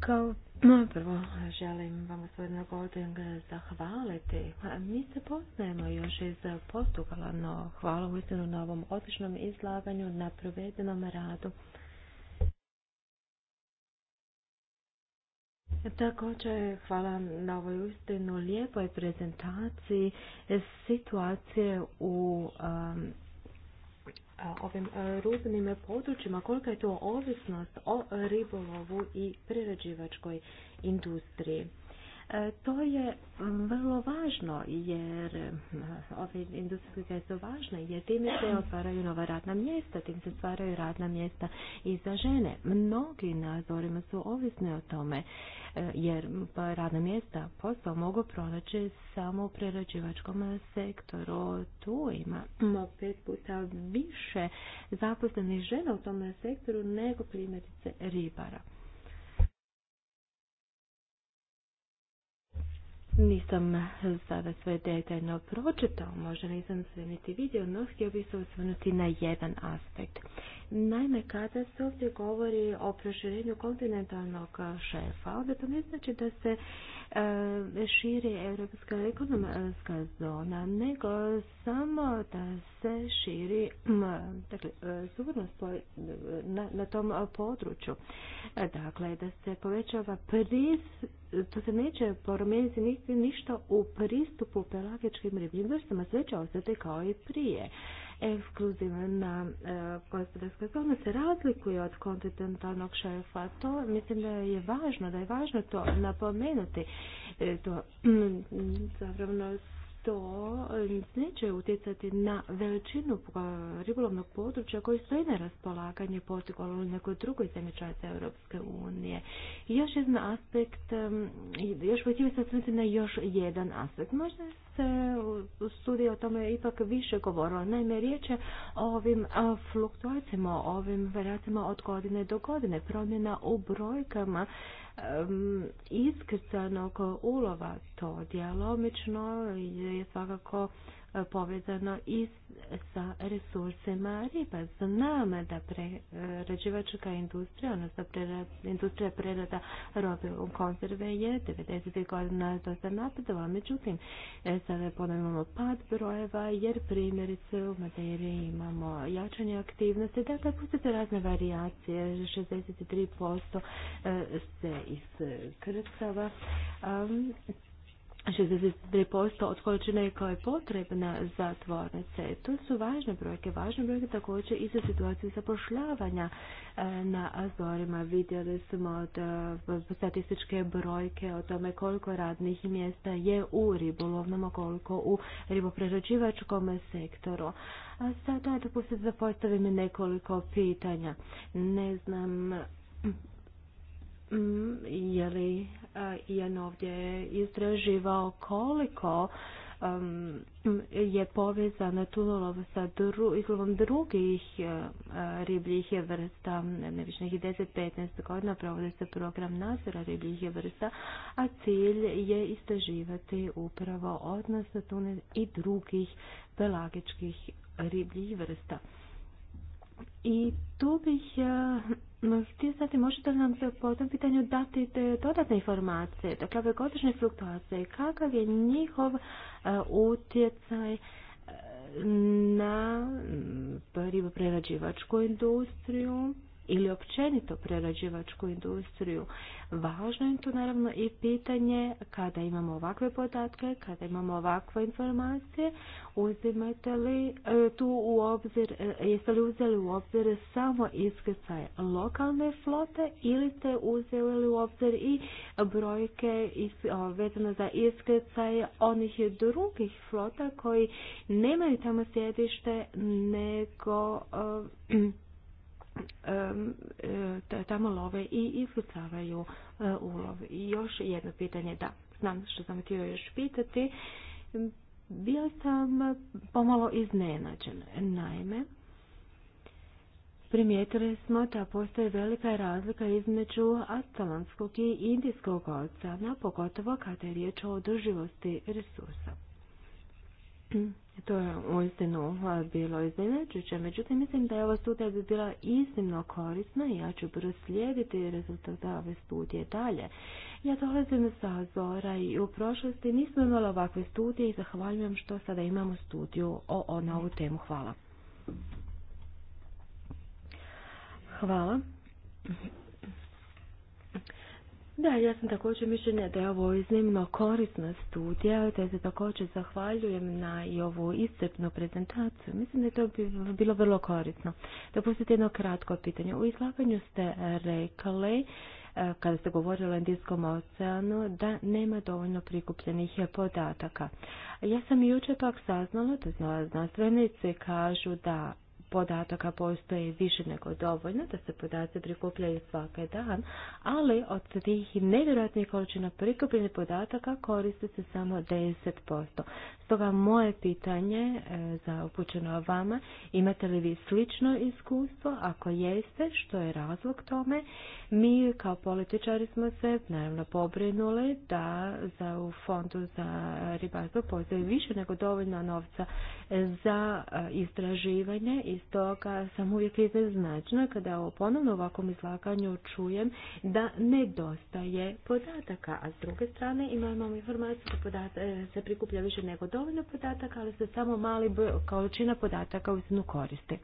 Kao no, prvo želim vam gospodine Golding zahvaliti. Pa, mi se poznajemo još iz Portugala, no hvala uistinu na ovom odličnom izlaganju, na provedenom radu. Također hvala na ovoj uistinu lijepoj prezentaciji situacije u um, ovim rubnim područjima, kolika je to ovisnost o ribolovu i prerađivačkoj industriji. E, to je vrlo važno jer e, ove industrije su važne jer tim se otvaraju nova radna mjesta, tim se stvaraju radna mjesta i za žene. Mnogi nazorima su ovisni o tome e, jer pa radna mjesta posao mogu pronaći samo u prerađivačkom sektoru. Tu ima pet puta više zaposlenih žena u tom sektoru nego primjerice ribara. Nisam sada sve detaljno pročitao, možda nisam sve niti vidio, no htio bih se osvrnuti na jedan aspekt. Naime, kada se ovdje govori o proširenju kontinentalnog šefa, onda to ne znači da se E, širi europska ekonomska zona, nego samo da se širi dakle, e, suvernost na, na tom području. E, dakle, da se povećava pris, to se neće promijeniti ništa u pristupu pelagičkim ribljim vrstama, sve će ostati kao i prije ekskluzivna e, gospodarska zona se razlikuje od kontinentalnog šefa. To mislim da je važno, da je važno to napomenuti. E, to zapravo to neće utjecati na veličinu ribolovnog područja koji stoji na raspolaganje Portugalu ili nekoj drugoj zemlji članice Europske unije. još jedan aspekt, e, još bih se na još jedan aspekt, možda se u studiji o tome ipak više govorilo. Naime, riječ je o ovim fluktuacijama, o ovim varijacijama od godine do godine, promjena u brojkama iskrcanog ulova. To djelomično je svakako povezano i sa resursima riba. Znam da prerađivačka industrija, odnosno da industrija prerada robe u konzerve je 90. godina za napadova, međutim e, sada ponovimo pad brojeva jer primjerice u materiji imamo jačanje aktivnosti, dakle pustite razne varijacije, 63% e, se iskrcava. 63% od količine koja je potrebna za tvornice. To su važne brojke, važne brojke također i za situaciju zapošljavanja e, na Azorima. Vidjeli smo od e, statističke brojke o tome koliko radnih mjesta je u ribolovnom, a koliko u riboprerađivačkom sektoru. A sada dopustite da postavim nekoliko pitanja. Ne znam Mm, je li eh, Ian ovdje istraživao koliko je povezana tunolov sa dru, izlovom drugih eh, ribljih vrsta, ne više nekih 10-15 godina provode se program nadzora ribljih vrsta, a cilj je istraživati upravo odnos sa tune i drugih pelagičkih ribljih vrsta. I tu bih eh, Htio znati, možete li nam se po tom pitanju dati dodatne informacije, dakle ove godišnje fluktuacije, kakav je njihov e, utjecaj e, na riboprerađivačku industriju, ili općenito prerađivačku industriju. Važno je to naravno i pitanje kada imamo ovakve podatke, kada imamo ovakve informacije, uzimate li e, tu u obzir, e, jeste li uzeli u obzir samo iskrcaj lokalne flote ili ste uzeli u obzir i brojke vezano za iskrcaj onih drugih flota koji nemaju tamo sjedište nego e, E, tamo love i iskrcavaju e, ulov. I još jedno pitanje, da, znam što sam htio još pitati. Bio sam pomalo iznenađen. Naime, primijetili smo da postoji velika razlika između atalanskog i Indijskog oceana, pogotovo kada je riječ o održivosti resursa. To je uistinu bilo iznenađuće, međutim mislim da je ova studija bi bila iznimno korisna i ja ću proslijediti rezultate ove studije dalje. Ja dolazim sa Zora i u prošlosti nismo imali ovakve studije i zahvaljujem što sada imamo studiju o, na ovu temu. Hvala. Hvala. Da, ja sam također mišljenja da je ovo iznimno korisna studija, te se također zahvaljujem na i ovu iscrpnu prezentaciju. Mislim da je to bi bilo vrlo korisno. Dopustite jedno kratko pitanje. U izlaganju ste rekli, e, kada ste govorili o Indijskom oceanu, da nema dovoljno prikupljenih podataka. Ja sam jučer pak saznala da znanstvenici kažu da podataka postoji više nego dovoljno, da se podaci prikupljaju svaki dan, ali od tih nevjerojatnih količina prikupljenih podataka koriste se samo 10%. Stoga moje pitanje e, za upućeno vama, imate li vi slično iskustvo? Ako jeste, što je razlog tome? Mi kao političari smo se naravno pobrinuli da za u fondu za ribarstvo postoji više nego dovoljno novca za e, istraživanje i toga sam uvijek značno, kada ponovno ovakvom izlaganju čujem da nedostaje podataka, a s druge strane imamo informaciju da e, se prikuplja više nego dovoljno podataka, ali se samo mali količina podataka uistinu koriste.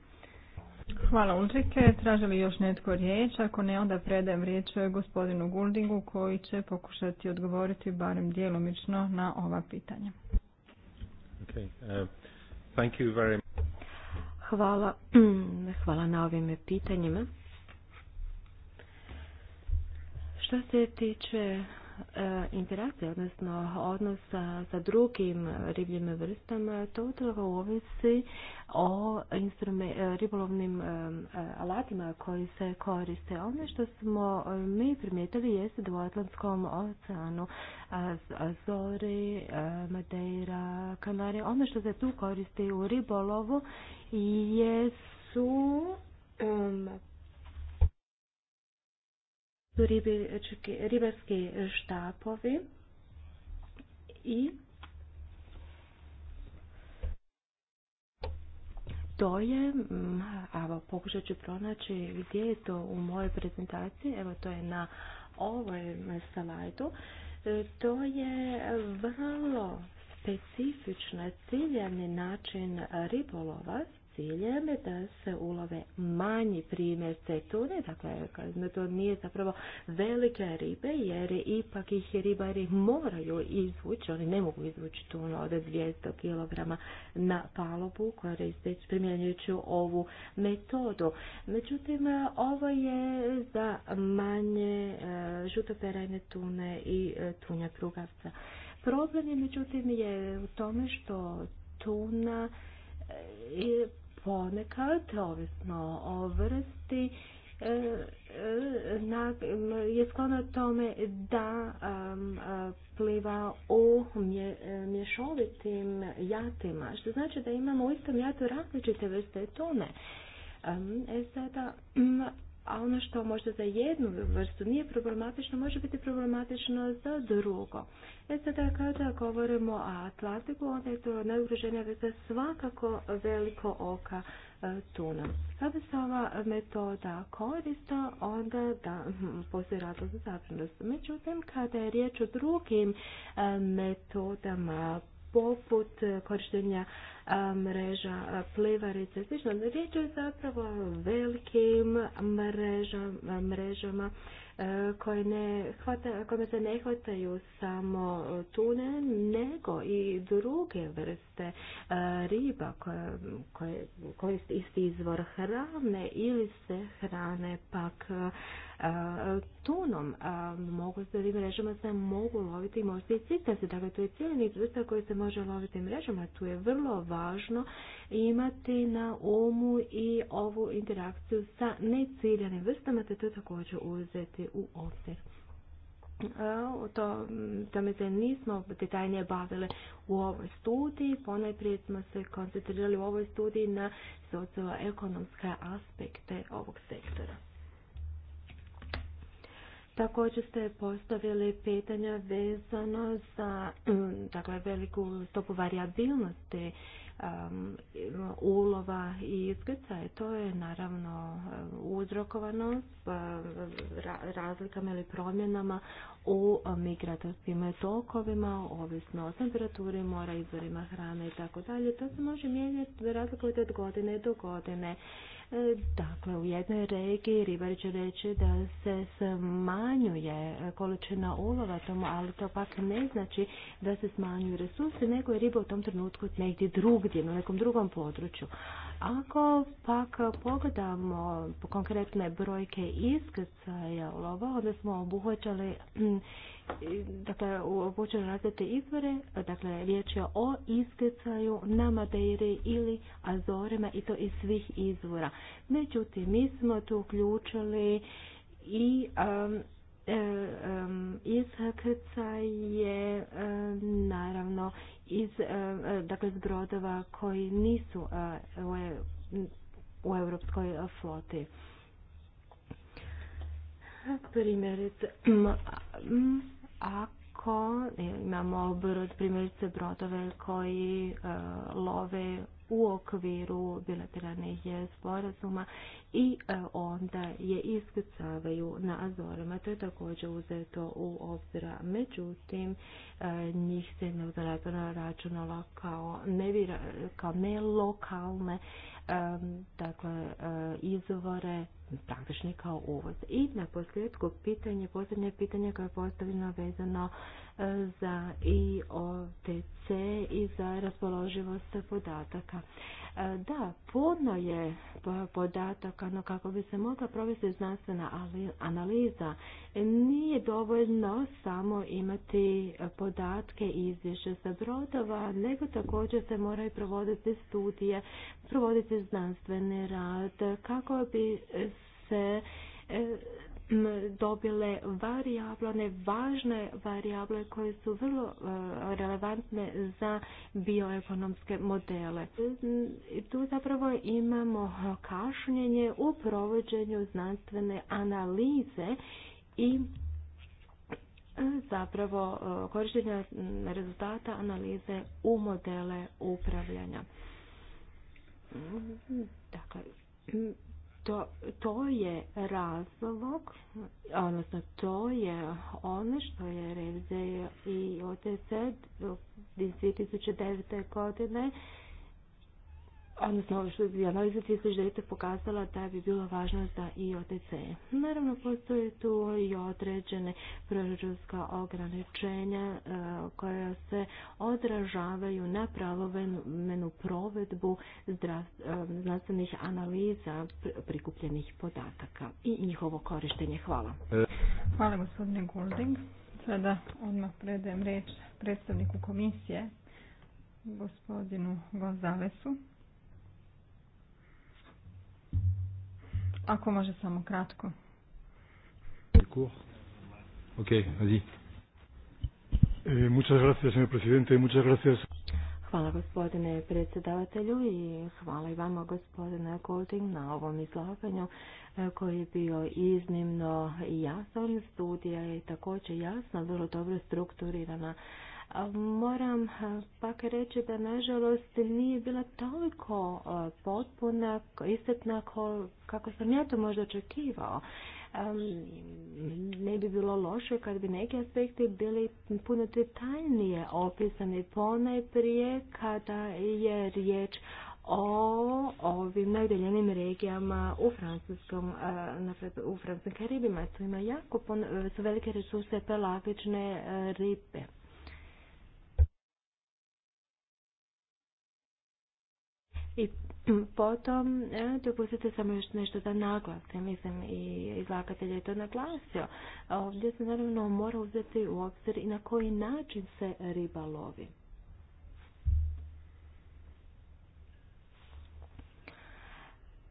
Hvala Ulrike. Traži li još netko riječ? Ako ne, onda predajem riječ gospodinu Guldingu koji će pokušati odgovoriti barem djelomično na ova pitanja. Uh, thank you very Hvala, hvala na ovim pitanjima. Što se tiče E, interakcija, odnosno odnos sa drugim ribljim vrstama, to upravo ovisi o e, ribolovnim e, alatima koji se koriste. Ono što smo mi primijetili jeste da u Atlantskom oceanu Azori, Madeira, Kanare, ono što se tu koristi u ribolovu jesu su ribarski štapovi i to je, mm, evo pokušat ću pronaći gdje je to u mojoj prezentaciji, evo to je na ovoj slajdu, e, to je vrlo specifično ciljani način ribolova ciljem da se ulove manji primjer tune, dakle to nije zapravo velike ribe jer ipak ih ribari moraju izvući, oni ne mogu izvući tunu od 200 kg na palobu, koja koja primjenjujući ovu metodu. Međutim, ovo je za manje e, žutoperajne tune i e, tunja krugavca. Problem je međutim je u tome što tuna ponekad, ovisno o vrsti, e, e, je sklona tome da pliva u e, mješovitim jatima, što znači da imamo u istom jatu različite vrste tune. E sada, a ono što možda za jednu vrstu nije problematično, može biti problematično za drugo. E sada kada govorimo o Atlantiku, onda je to najugroženija vrsta svakako veliko oka e, tuna. Kada se ova metoda korista, onda da, postoji razlog za zabrinost. Međutim, kada je riječ o drugim e, metodama poput korištenja mreža plivarice, slično. Riječ je zapravo velikim mrežama, mrežama koje ne se ne hvataju samo tune, nego i druge vrste e, riba koje, koje isti izvor hrane ili se hrane pak e, tunom. Mogu se ovim mrežama se mogu loviti možda i citase. Dakle, to je cijeli vrsta koji se može loviti mrežama. Tu je vrlo važno imati na umu i ovu interakciju sa neciljanim vrstama, te to također uzeti u obzir to, tome se nismo detaljnije bavili u ovoj studiji. Ponajprije smo se koncentrirali u ovoj studiji na socioekonomske aspekte ovog sektora. Također ste postavili pitanja vezano za mm, dakle, veliku stopu variabilnosti um, ulova i iskrcaja. E, to je naravno um, uzrokovano s um, razlikama ili promjenama u migratorskim tokovima, ovisno o temperaturi mora, izvorima hrane i tako dalje. To se može mijenjati razlikovati od godine do godine. Dakle, u jednoj regiji ribari će reći da se smanjuje količina ulova tomu, ali to pak ne znači da se smanjuju resursi, nego je riba u tom trenutku negdje drugdje, na nekom drugom području. Ako pak pogledamo konkretne brojke iskrcaja ulova, onda smo obuhvaćali mm, dakle, uobučeno razvijete izvore, dakle, riječ je o iskrcaju na Madeiri ili Azorima i to iz svih izvora. Međutim, mi smo tu uključili i um, e, um, e, naravno, iz, e, dakle, brodova koji nisu u, u europskoj floti. Primjerice, ako imamo brod, primjerice brodove koji e, love u okviru bilateralnih sporazuma i e, onda je iskrcavaju na Azorima. To je također uzeto u obzira. Međutim, e, njih se ne računala kao, ne kao nelokalne dakle, izvore praktični kao uvoz. I na posljedku pitanje, posljednje pitanje koje je postavljeno vezano e, za i i za raspoloživost podataka. E, da, puno je podataka, no kako bi se mogla provesti znanstvena analiza, nije dovoljno samo imati podatke i izvješće sa brodova, nego također se moraju provoditi studije, provoditi znanstveni rad, kako bi se e, dobile varijable, važne varijable koje su vrlo e, relevantne za bioekonomske modele. Tu zapravo imamo kašnjenje u provođenju znanstvene analize i e, zapravo e, korištenja rezultata analize u modele upravljanja. Dakle, to, to je razlog, odnosno to je ono što je Revze i OTC iz 2009. godine odnosno što je analiza 2009. pokazala da bi bilo važno za i OTC. Naravno, postoje tu i određene proračunska ograničenja e, koja se odražavaju na pravovenu provedbu e, znanstvenih analiza prikupljenih podataka i njihovo korištenje. Hvala. Hvala gospodine Golding. Sada odmah predajem reč predstavniku komisije, gospodinu Gonzalesu. Ako može samo kratko. Ok, vas eh, Hvala gospodine predsjedavatelju i hvala i vama gospodine Golding na ovom izlaganju eh, koji je bio iznimno jasan. Studija je također jasno, vrlo dobro strukturirana. Moram pak reći da nažalost nije bila toliko potpuna, istetna kako sam ja to možda očekivao. Ne bi bilo loše kad bi neki aspekti bili puno detaljnije opisani ponajprije kada je riječ o ovim najdeljenim regijama u francuskom, u francuskim Karibima. Tu ima jako e, su velike resurse pelagične e, ribe I potom, e, dopustite samo još nešto da naglasim, mislim i izlagatelj je to naglasio. Ovdje se naravno mora uzeti u obzir i na koji način se riba lovi.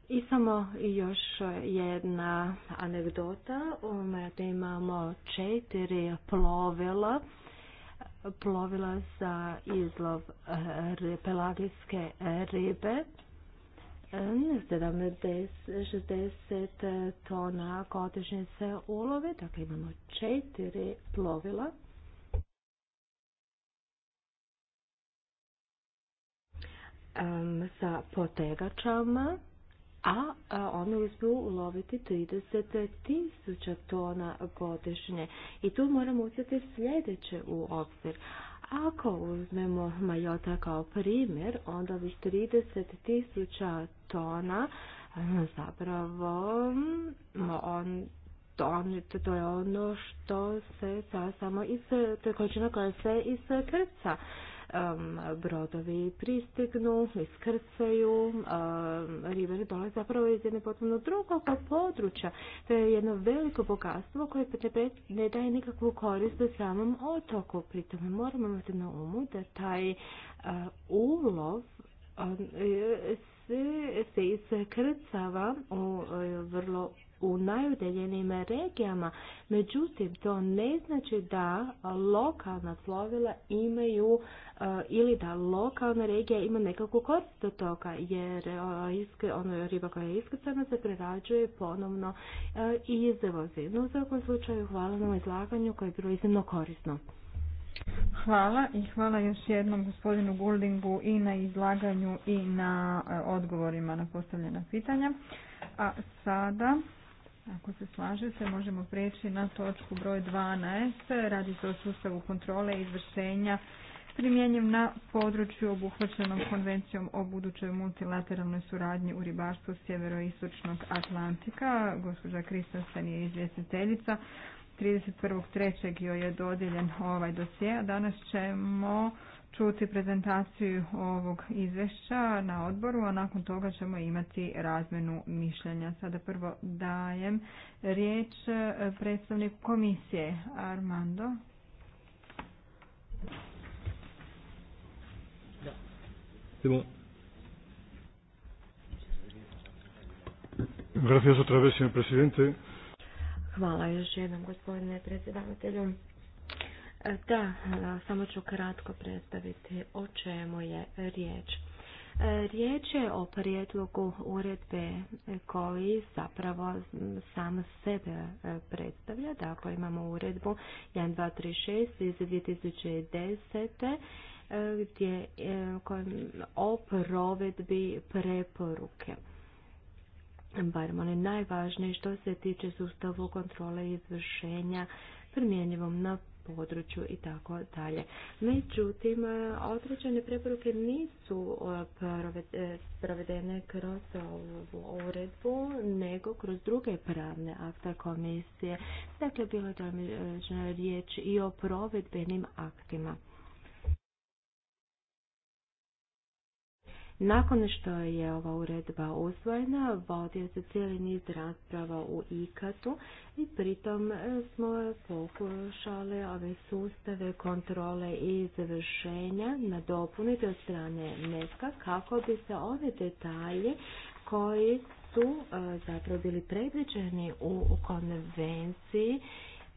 I samo još jedna anegdota. U imamo četiri plovila plovila za izlov eh, pelagijske eh, ribe. 70, eh, 60 tona godišnje se ulovi, dakle imamo četiri plovila. sa potegačama a on uspiju uloviti 30.000 tisuća tona godišnje. I tu moramo uzeti sljedeće u obzir. Ako uzmemo Majota kao primjer, onda ovih 30.000 tisuća tona zapravo on to, je ono što se sa samo iz, te količina koja se iskrca brodovi pristignu, iskrcaju, river dolaze zapravo iz jedne potpuno drugog područja. To je jedno veliko bogatstvo koje ne daje nikakvu korist samom otoku. Pritom moramo imati na umu da taj e, ulov e, se iskrcava u e, vrlo u najudeljenim regijama. Međutim, to ne znači da lokalna plovila imaju e, ili da lokalna regija ima nekakvu korist od toga, jer e, ono riba koja je iskrcana se prerađuje ponovno e, i izvozi. No, u svakom slučaju, hvala na izlaganju koje je bilo iznimno korisno. Hvala i hvala još jednom gospodinu Guldingu i na izlaganju i na odgovorima na postavljena pitanja. A sada ako se slažete, možemo preći na točku broj 12. Radi se o sustavu kontrole i izvršenja primjenjiv na području obuhvaćenom konvencijom o budućoj multilateralnoj suradnji u ribarstvu sjeveroistočnog Atlantika. Gospođa Kristansan je izvjestiteljica. 31.3. joj je dodijeljen ovaj dosje. Danas ćemo čuti prezentaciju ovog izvješća na odboru, a nakon toga ćemo imati razmenu mišljenja. Sada prvo dajem riječ predstavnik komisije Armando. Hvala još jednom gospodine predsjedavatelju. E, da, samo ću kratko predstaviti o čemu je riječ. E, riječ je o prijedlogu uredbe koji zapravo sam sebe e, predstavlja. Dakle, imamo uredbu 1236 iz 2010 gdje o provedbi preporuke barem one najvažnije što se tiče sustavu kontrole izvršenja primjenjivom na području i tako dalje. Međutim, e, određene preporuke nisu e, e, provedene kroz ovu uredbu, nego kroz druge pravne akta komisije. Dakle, bilo je riječ i o provedbenim aktima. Nakon što je ova uredba usvojena, vodio se cijeli niz rasprava u ikatu i pritom smo pokušali ove sustave kontrole i na nadopuniti od strane NESKA kako bi se ove detalje koji su e, zapravo bili predviđeni u konvenciji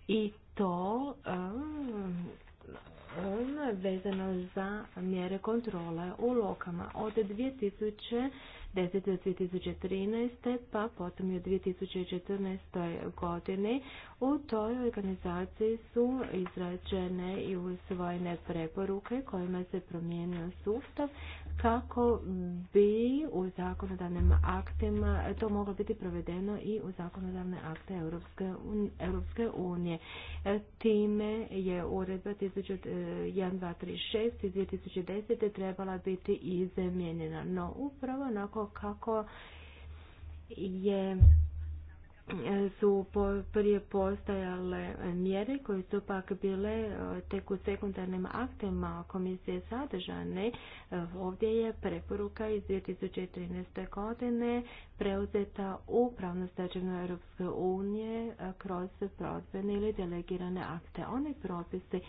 i to e, ono vezano za mjere kontrole u lokama od 2010. do 2013. pa potom i od 2014. godini. U toj organizaciji su izrađene i usvojene preporuke kojima se promijenio sustav kako bi u zakonodavnim aktima to moglo biti provedeno i u zakonodavne akte Europske, Europske unije. E, time je uredba 1236 e, iz 2010. trebala biti izmijenjena. No upravo onako kako je su prije postajale mjere koje su pak bile e, tek u sekundarnim aktima komisije sadržane. E, ovdje je preporuka iz 2013. godine preuzeta u Pravno Europske unije e, kroz prodbene ili delegirane akte. Oni propisi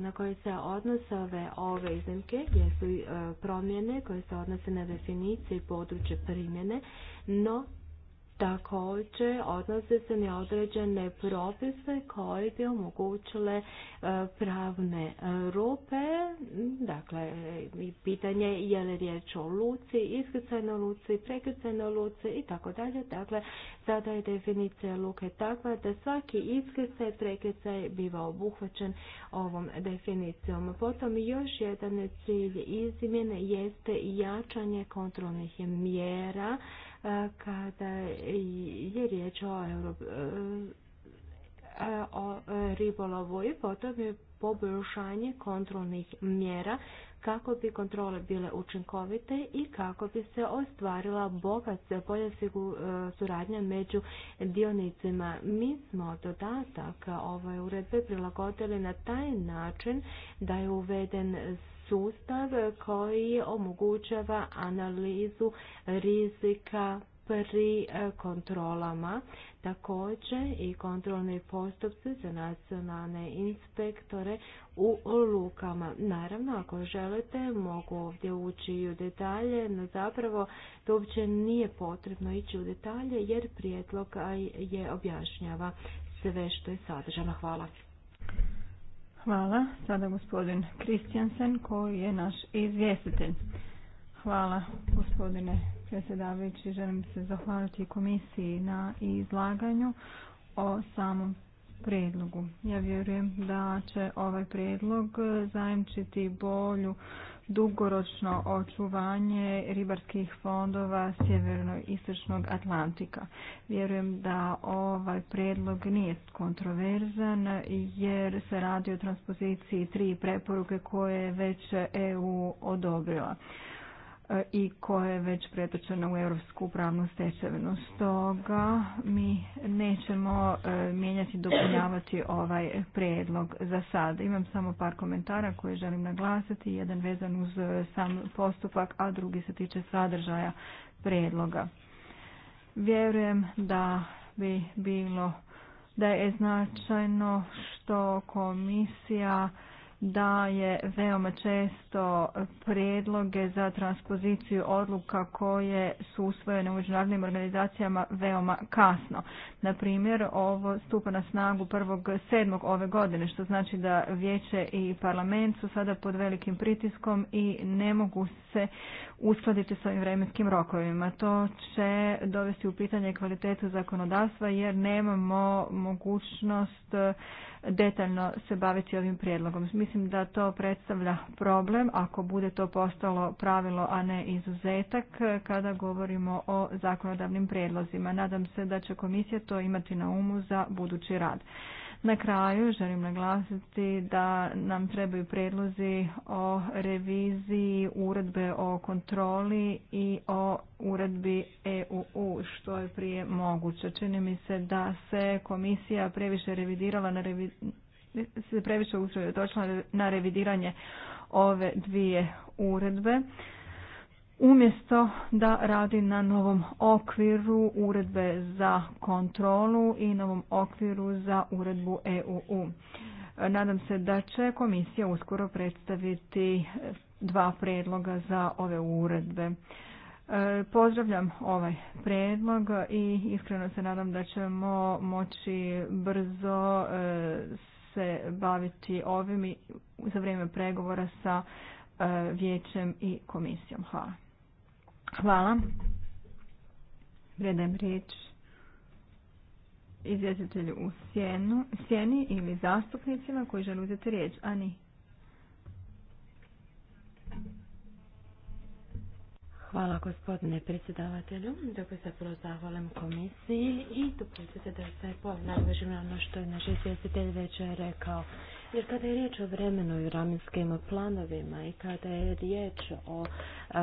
na koje se odnose ove, ove iznimke jesu promjene koje se odnose na definiciju i područje primjene, no Također odnose se na određene propise koji bi omogućile e, pravne e, rupe, dakle pitanje je li riječ o luci, iskrcajno luci, prekrcajno luci i tako dalje. Dakle, sada je definicija luke takva da svaki iskrcaj, prekrcaj biva obuhvaćen ovom definicijom. Potom još jedan cilj izmjene jeste jačanje kontrolnih mjera E, kada je riječ e, o, ribolovu i potom je poboljšanje kontrolnih mjera kako bi kontrole bile učinkovite i kako bi se ostvarila bolja e, suradnja među dionicima. Mi smo dodatak ove uredbe prilagodili na taj način da je uveden sustav koji omogućava analizu rizika pri e, kontrolama. Također i kontrolne postupce za nacionalne inspektore u lukama. Naravno, ako želite, mogu ovdje ući i u detalje, no zapravo to uopće nije potrebno ići u detalje jer prijedlog je objašnjava sve što je sadržano. Hvala. Hvala. Sada gospodin Kristijansen koji je naš izvjestitelj. Hvala gospodine predsjedavajući. Želim se zahvaliti komisiji na izlaganju o samom prijedlogu. Ja vjerujem da će ovaj prijedlog zajemčiti bolju dugoročno očuvanje ribarskih fondova sjeverno-istočnog Atlantika. Vjerujem da ovaj predlog nije kontroverzan jer se radi o transpoziciji tri preporuke koje je već EU odobrila. E, i koje je već pretočeno u europsku pravnu stečevinu. Stoga mi nećemo e, mijenjati i dopunjavati ovaj prijedlog za sad. Imam samo par komentara koje želim naglasiti, jedan vezan uz e, sam postupak, a drugi se tiče sadržaja prijedloga. Vjerujem da bi bilo da je značajno što komisija daje veoma često prijedloge za transpoziciju odluka koje su usvojene u međunarodnim organizacijama veoma kasno. Na primjer, ovo stupa na snagu sedmog ove godine, što znači da vijeće i parlament su sada pod velikim pritiskom i ne mogu se uskladiti s ovim vremenskim rokovima. To će dovesti u pitanje kvalitetu zakonodavstva jer nemamo mogućnost e, detaljno se baviti ovim prijedlogom. Mislim da to predstavlja problem ako bude to postalo pravilo, a ne izuzetak e, kada govorimo o zakonodavnim prijedlozima. Nadam se da će komisija to imati na umu za budući rad. Na kraju želim naglasiti da nam trebaju predlozi o reviziji uredbe o kontroli i o uredbi EU što je prije moguće. Čini mi se da se komisija previše revidirala na revi... se previše usredotočila na revidiranje ove dvije uredbe umjesto da radi na novom okviru uredbe za kontrolu i novom okviru za uredbu EUU. Nadam se da će komisija uskoro predstaviti dva predloga za ove uredbe. E, pozdravljam ovaj predlog i iskreno se nadam da ćemo moći brzo e, se baviti ovim za vrijeme pregovora sa e, vijećem i komisijom. Hvala. Hvala. Predajem riječ izvjetitelju u sjeni ili zastupnicima koji žele uzeti riječ. a Ani. Hvala gospodine predsjedavatelju. Dobro se prvo zahvalim komisiji i dopustite se da se ono što je naš izvjestitelj već rekao. Jer kada je riječ o vremenu i ramenskim planovima i kada je riječ o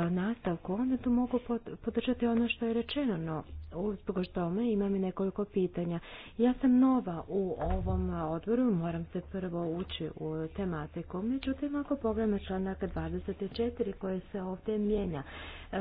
nastavku, onda tu mogu podržati ono što je rečeno, no Uzbog tome imam i nekoliko pitanja. Ja sam nova u ovom odboru, moram se prvo ući u tematiku. Međutim, ako pogledamo članak 24 koje se ovdje mijenja, e,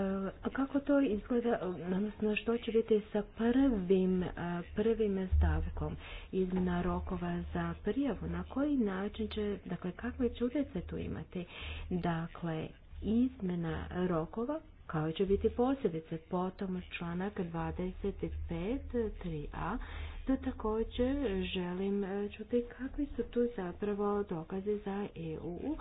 kako to izgleda, odnosno što će biti sa prvim, e, prvim stavkom izmjena rokova za prijavu, na koji način će, dakle, kakve će tu imati? Dakle, izmjena rokova kao će biti posljedice. Potom članak 253 a to također želim e, čuti kakvi su tu zapravo dokazi za EU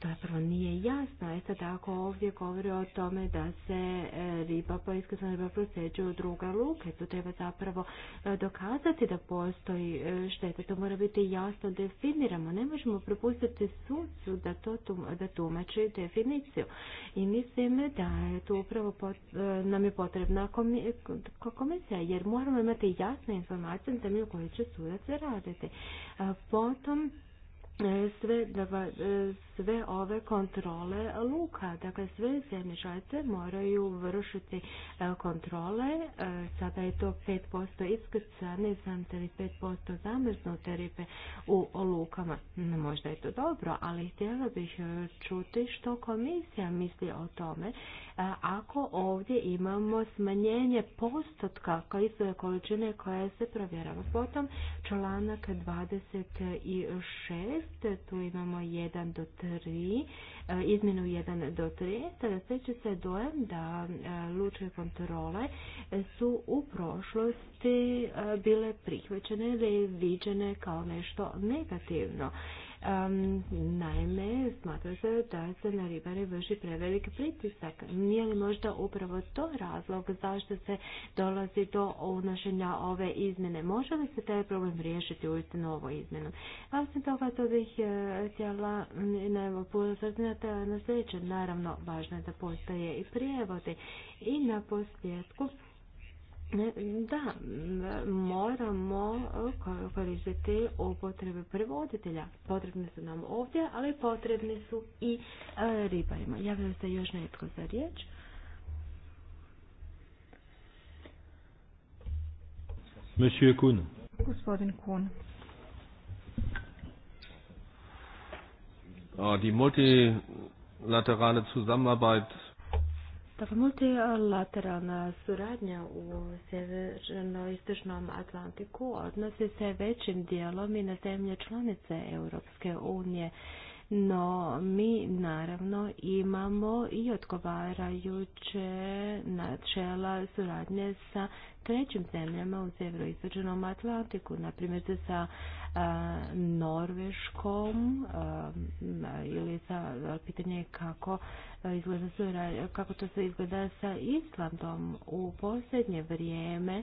to prvo nije jasno. Isto tako ovdje govori o tome da se e, riba, po pa iskazna riba proseđuje u druga luka, Tu treba zapravo e, dokazati da postoji e, šteta. To mora biti jasno definiramo. Ne možemo propustiti sucu da to tumači definiciju. I mislim da je tu upravo nam je potrebna komisija, jer moramo imati jasne informacije na u koje će sudac raditi. Potom, E, sve, e, sve ove kontrole luka. Dakle, sve zemlje moraju vršiti e, kontrole. Sada je to 5% iskrcane, li 5% zamrznute ribe u lukama. Možda je to dobro, ali htjela bih čuti što komisija misli o tome. Ako ovdje imamo smanjenje postotka su količine koja se provjerava. Potom članak 26 6, tu imamo 1 do 3, e, izmjenu 1 do 3, tada steče se dojem da e, lučke kontrole su u prošlosti e, bile prihvaćene ili viđene kao nešto negativno naime, smatra se da se na ribare vrši prevelik pritisak. Nije li možda upravo to razlog zašto se dolazi do unošenja ove izmjene? Može li se taj problem riješiti u istinu ovo izmjenu? Osim toga, to bih e, htjela pozornjati na sljedeće. Naravno, važno je da postoje i prijevode. I na posljedku da, moramo koristiti upotrebe prevoditelja. Potrebne su nam ovdje, ali potrebne su i e, ribarima. Javljam se još netko za riječ. Monsieur Kuhn. Gospodin Kuhn. Ah, die multilaterale Zusammenarbeit Dakle, multilateralna suradnja u sjeverno-istočnom Atlantiku odnosi se većim dijelom i na zemlje članice Europske unije no mi naravno imamo i odgovarajuće načela suradnje sa trećim zemljama u severoistočnom Atlantiku, na primjer sa Norveškom ili sa pitanje kako izgleda kako to se izgleda sa Islandom u posljednje vrijeme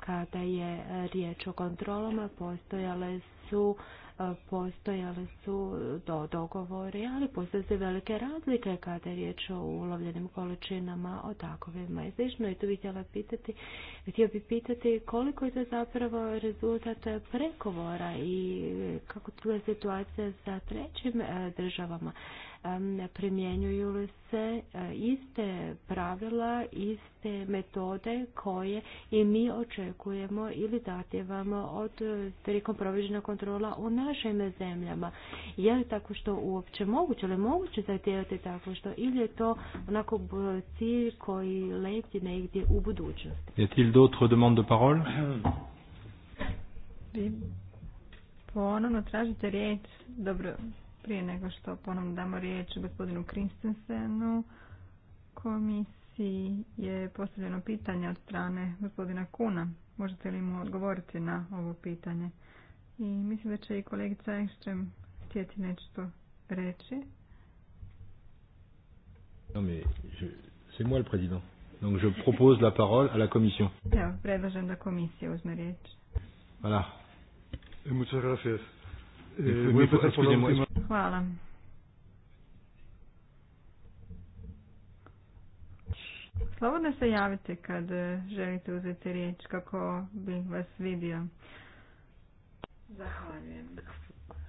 kada je riječ o kontrolama postojale su E, postojale su e, do dogovori, ali postoje velike razlike kada je riječ o ulovljenim količinama, o takovima i slično. I tu bih htjela pitati, htio bih pitati koliko je to zapravo rezultat pregovora i e, kako tu je situacija sa trećim državama primjenjuju li se e, iste pravila, iste metode koje i mi očekujemo ili zahtjevamo od e, prilikom kontrola u našim zemljama. Je li tako što uopće moguće ali moguće zahtijevati tako što ili je to onako cilj koji leti negdje u budućnosti? Je d'autres de parole? Ponovno tražite riječ. Dobro, prije nego što ponovno damo riječ gospodinu Kristensenu, komisiji je postavljeno pitanje od strane gospodina Kuna. Možete li mu odgovoriti na ovo pitanje? I mislim da će i kolegica Ekstrem htjeti nešto reći. Non mais c'est moi le président. Donc je propose la parole à la commission. Evo, predlažem da komisija uzme riječ. Voilà. Muchas gracias. E, Hvala. Slobodno se javite kad e, želite uzeti riječ kako bih vas vidio. Zahvaljujem.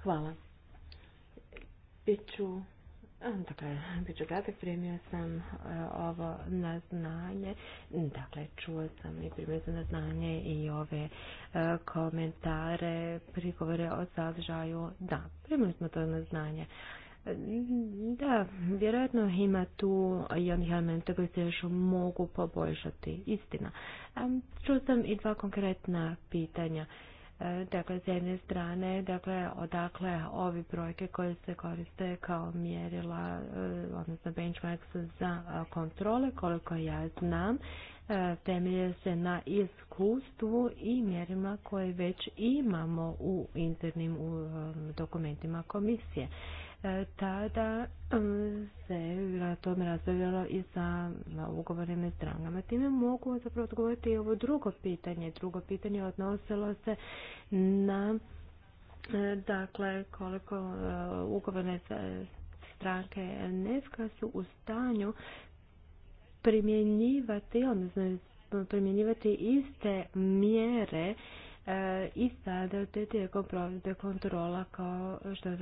Hvala. Biću Dakle, bit kratak, primio sam e, ovo na znanje, dakle, čuo sam i primio sam na znanje i ove e, komentare, prigovore o sadržaju, da, primili smo to na znanje. E, da, vjerojatno ima tu i onih elementa se još mogu poboljšati, istina. Čuo sam i dva konkretna pitanja. E, dakle s jedne strane dakle odakle ovi brojke koje se koriste kao mjerila e, odnosno benchmarks za e, kontrole koliko ja znam temelje se na iskustvu i mjerima koje već imamo u internim dokumentima komisije. E, tada e, se na tome razvojalo i sa ugovorima stranama. Time mogu zapravo odgovoriti i ovo drugo pitanje. Drugo pitanje odnosilo se na e, dakle koliko ugovorne stranke Neska su u stanju primjenjivati, odnosno primjenjivati iste mjere i te tijekom provedbe kontrola kao što je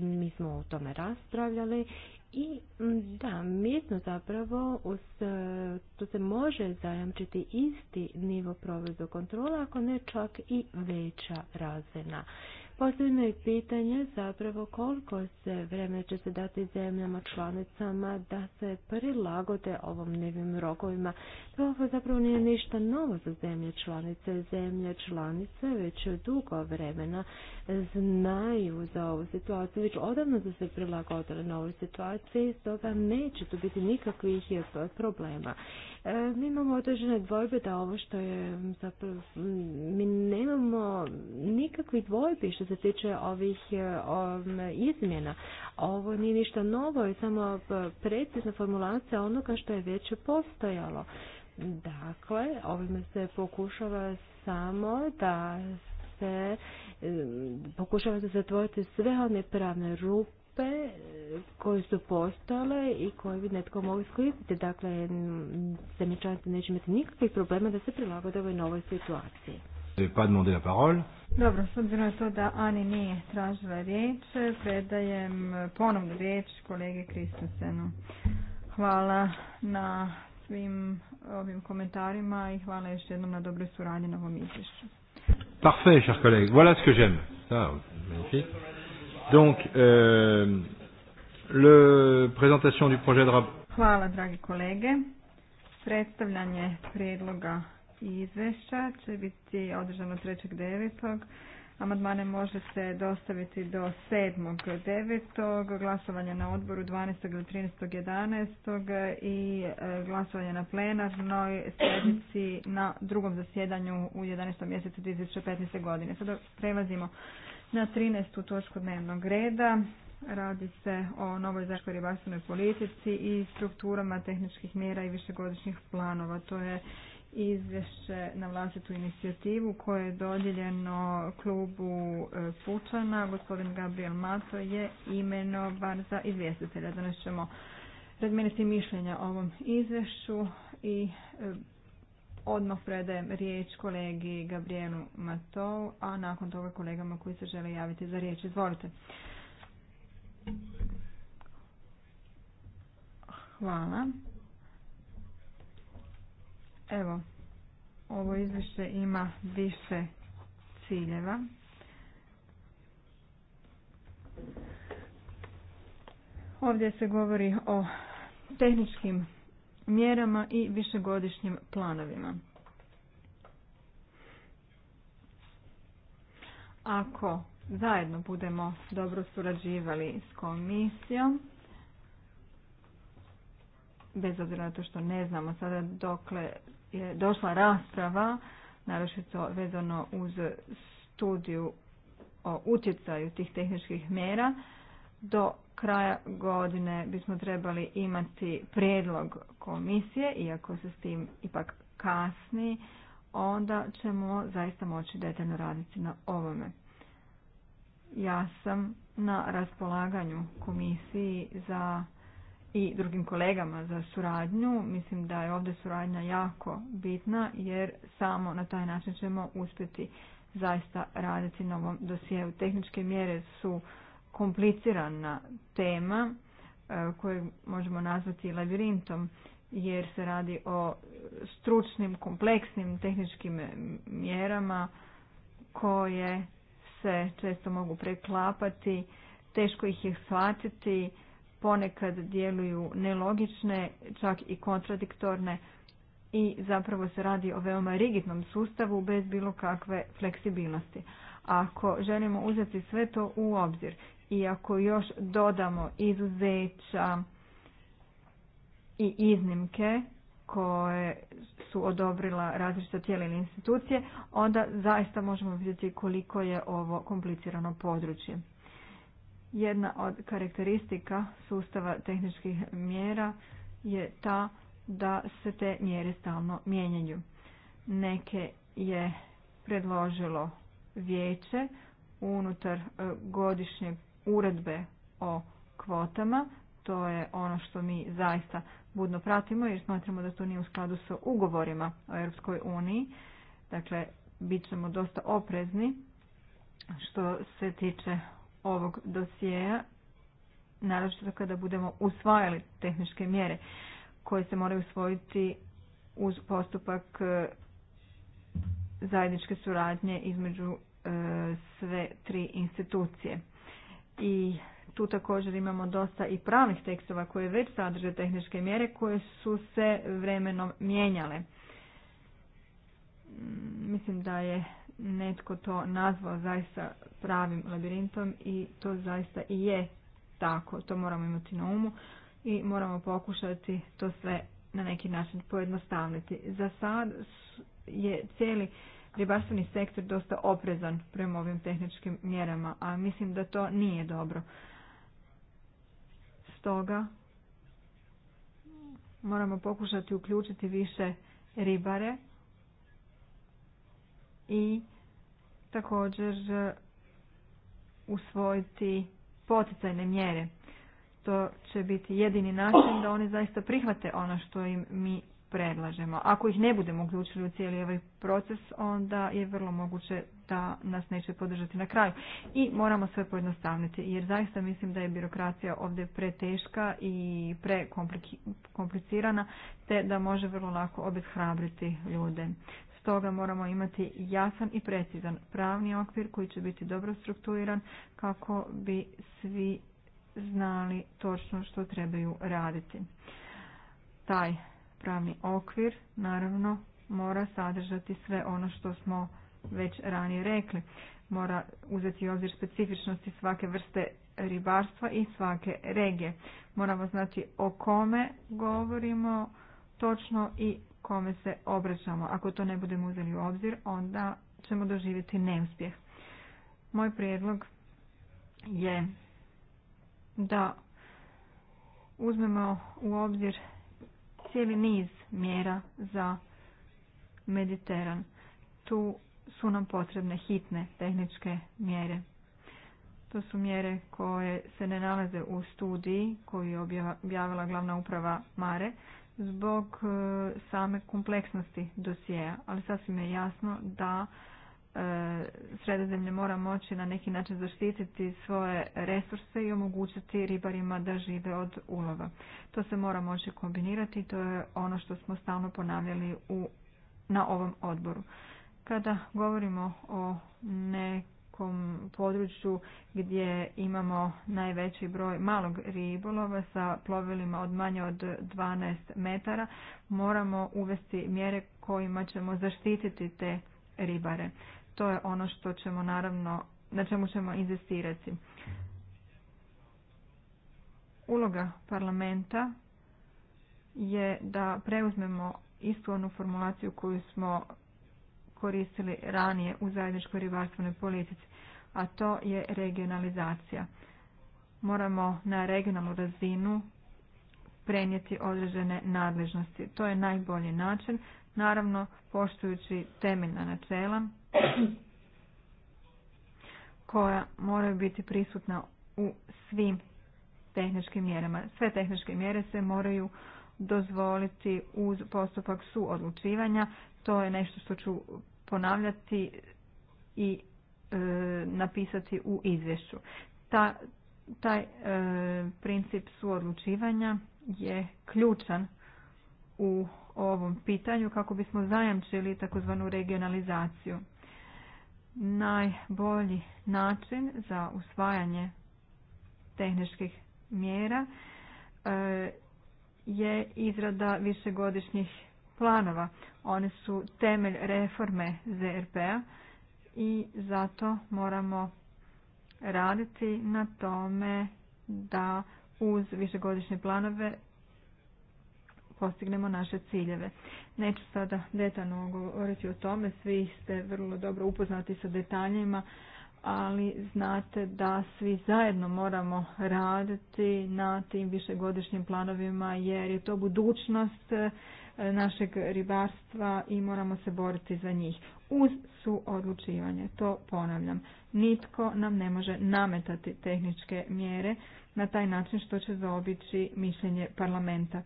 mi smo o tome raspravljali i da, mirno zapravo uz, e, to se može zajamčiti isti nivo do kontrola, ako ne čak i veća razina. Posljedno je pitanje zapravo koliko se vremena će se dati zemljama članicama da se prilagode ovom nevim rokovima. Ovo zapravo nije ništa novo za zemlje članice. Zemlje članice već dugo vremena znaju za ovu situaciju, već odavno su se prilagodile na ovoj situaciji, stoga neće tu biti nikakvih problema. E, mi imamo određene dvojbe da ovo što je zapravo, mi nemamo nikakvih dvojbi što se tiče ovih e, izmjena. Ovo nije ništa novo, je samo precizna formulacija onoga što je već postojalo. Dakle, ovime se pokušava samo da se pokušava se zatvoriti sve one pravne rupe grupe eh, koje su postale i koje bi netko mogli iskoristiti. Dakle, zemljičanci neće imati nikakvih problema da se prilagode ovoj novoj situaciji. Dobro, s obzirom na to da Ani nije tražila riječ, predajem ponovnu riječ kolege Kristensenu. Hvala na svim ovim komentarima i hvala još jednom na dobroj suradnji na ovom izvješću. Parfait, cher collègue. Voilà ce que j'aime. Ça, magnifique. Donc, euh, le présentation du projet de rapport. Hvala, dragi kolege. Predstavljanje prijedloga izvješća će biti održano 3.9. Amandmane može se dostaviti do 7.9. Glasovanje na odboru 12. do 13.11. i e, glasovanje na plenarnoj sjednici na drugom zasjedanju u 11. mjesecu 2015. godine. Sada prelazimo na 13. točku dnevnog reda. Radi se o novoj zaštitnoj ribarstvenoj politici i strukturama tehničkih mjera i višegodišnjih planova. To je izvješće na vlastitu inicijativu koje je dodijeljeno klubu e, Pučana. Gospodin Gabriel Mato je imenovan za izvjestitelja. Danas ćemo razmijeniti mišljenja o ovom izvješću i e, Odmah predajem riječ kolegi Gabrielu Matov, a nakon toga kolegama koji se žele javiti za riječ. Izvolite. Hvala. Evo, ovo izvješće ima više ciljeva. Ovdje se govori o tehničkim mjerama i višegodišnjim planovima. Ako zajedno budemo dobro surađivali s komisijom, bez obzira na to što ne znamo sada dokle je došla rasprava, naročito vezano uz studiju o utjecaju tih tehničkih mjera, do kraja godine bismo trebali imati predlog komisije, iako se s tim ipak kasni, onda ćemo zaista moći detaljno raditi na ovome. Ja sam na raspolaganju komisiji za i drugim kolegama za suradnju. Mislim da je ovdje suradnja jako bitna jer samo na taj način ćemo uspjeti zaista raditi na ovom dosijeu. Tehničke mjere su komplicirana tema e, koju možemo nazvati labirintom jer se radi o stručnim, kompleksnim tehničkim mjerama koje se često mogu preklapati, teško ih je shvatiti, ponekad djeluju nelogične, čak i kontradiktorne i zapravo se radi o veoma rigidnom sustavu bez bilo kakve fleksibilnosti. Ako želimo uzeti sve to u obzir i ako još dodamo izuzeća i iznimke koje su odobrila različita tijela ili institucije, onda zaista možemo vidjeti koliko je ovo komplicirano područje. Jedna od karakteristika sustava tehničkih mjera je ta da se te mjere stalno mijenjaju. Neke je predložilo vijeće unutar e, godišnjeg uredbe o kvotama. To je ono što mi zaista budno pratimo jer smatramo da to nije u skladu sa ugovorima o Europskoj uniji. Dakle, bit ćemo dosta oprezni što se tiče ovog dosijeja, naročito kada budemo usvajali tehničke mjere koje se moraju usvojiti uz postupak e, zajedničke suradnje između e, sve tri institucije i tu također imamo dosta i pravnih tekstova koje već sadrže tehničke mjere koje su se vremenom mijenjale. Mm, mislim da je netko to nazvao zaista pravim labirintom i to zaista i je tako. To moramo imati na umu i moramo pokušati to sve na neki način pojednostavniti. Za sad je cijeli ribarstveni sektor dosta oprezan prema ovim tehničkim mjerama, a mislim da to nije dobro. Stoga moramo pokušati uključiti više ribare i također usvojiti poticajne mjere. To će biti jedini način da oni zaista prihvate ono što im mi predlažemo. Ako ih ne budemo uključili u cijeli ovaj proces, onda je vrlo moguće da nas neće podržati na kraju. I moramo sve pojednostavniti, jer zaista mislim da je birokracija ovdje preteška i prekomplicirana, te da može vrlo lako obeshrabriti ljude. Stoga moramo imati jasan i precizan pravni okvir koji će biti dobro strukturiran kako bi svi znali točno što trebaju raditi. Taj pravni okvir naravno mora sadržati sve ono što smo već ranije rekli. Mora uzeti u obzir specifičnosti svake vrste ribarstva i svake regije. Moramo znati o kome govorimo točno i kome se obraćamo. Ako to ne budemo uzeli u obzir, onda ćemo doživjeti neuspjeh. Moj prijedlog je da uzmemo u obzir cijeli niz mjera za Mediteran. Tu su nam potrebne hitne tehničke mjere. To su mjere koje se ne nalaze u studiji koju je objavila glavna uprava Mare zbog e, same kompleksnosti dosijeja, ali sasvim je jasno da E, sredozemlje mora moći na neki način zaštititi svoje resurse i omogućiti ribarima da žive od ulova. To se mora moći kombinirati i to je ono što smo stalno ponavljali u, na ovom odboru. Kada govorimo o nekom području gdje imamo najveći broj malog ribolova sa plovilima od manje od 12 metara, moramo uvesti mjere kojima ćemo zaštititi te ribare to je ono što ćemo naravno, na čemu ćemo inzistirati. Uloga parlamenta je da preuzmemo istu onu formulaciju koju smo koristili ranije u zajedničkoj ribarstvenoj politici, a to je regionalizacija. Moramo na regionalnu razinu prenijeti određene nadležnosti. To je najbolji način, naravno poštujući temeljna načela koja moraju biti prisutna u svim tehničkim mjerama. Sve tehničke mjere se moraju dozvoliti uz postupak suodlučivanja. To je nešto što ću ponavljati i e, napisati u izvješću. Ta, taj e, princip suodlučivanja je ključan u ovom pitanju kako bismo zajamčili takozvanu regionalizaciju najbolji način za usvajanje tehničkih mjera e, je izrada višegodišnjih planova. One su temelj reforme ZRP-a i zato moramo raditi na tome da uz višegodišnje planove postignemo naše ciljeve. Neću sada detaljno govoriti o tome, svi ste vrlo dobro upoznati sa detaljima, ali znate da svi zajedno moramo raditi na tim višegodišnjim planovima jer je to budućnost eh, našeg ribarstva i moramo se boriti za njih. Uz su odlučivanje, to ponavljam. Nitko nam ne može nametati tehničke mjere na taj način što će zaobići mišljenje parlamenta.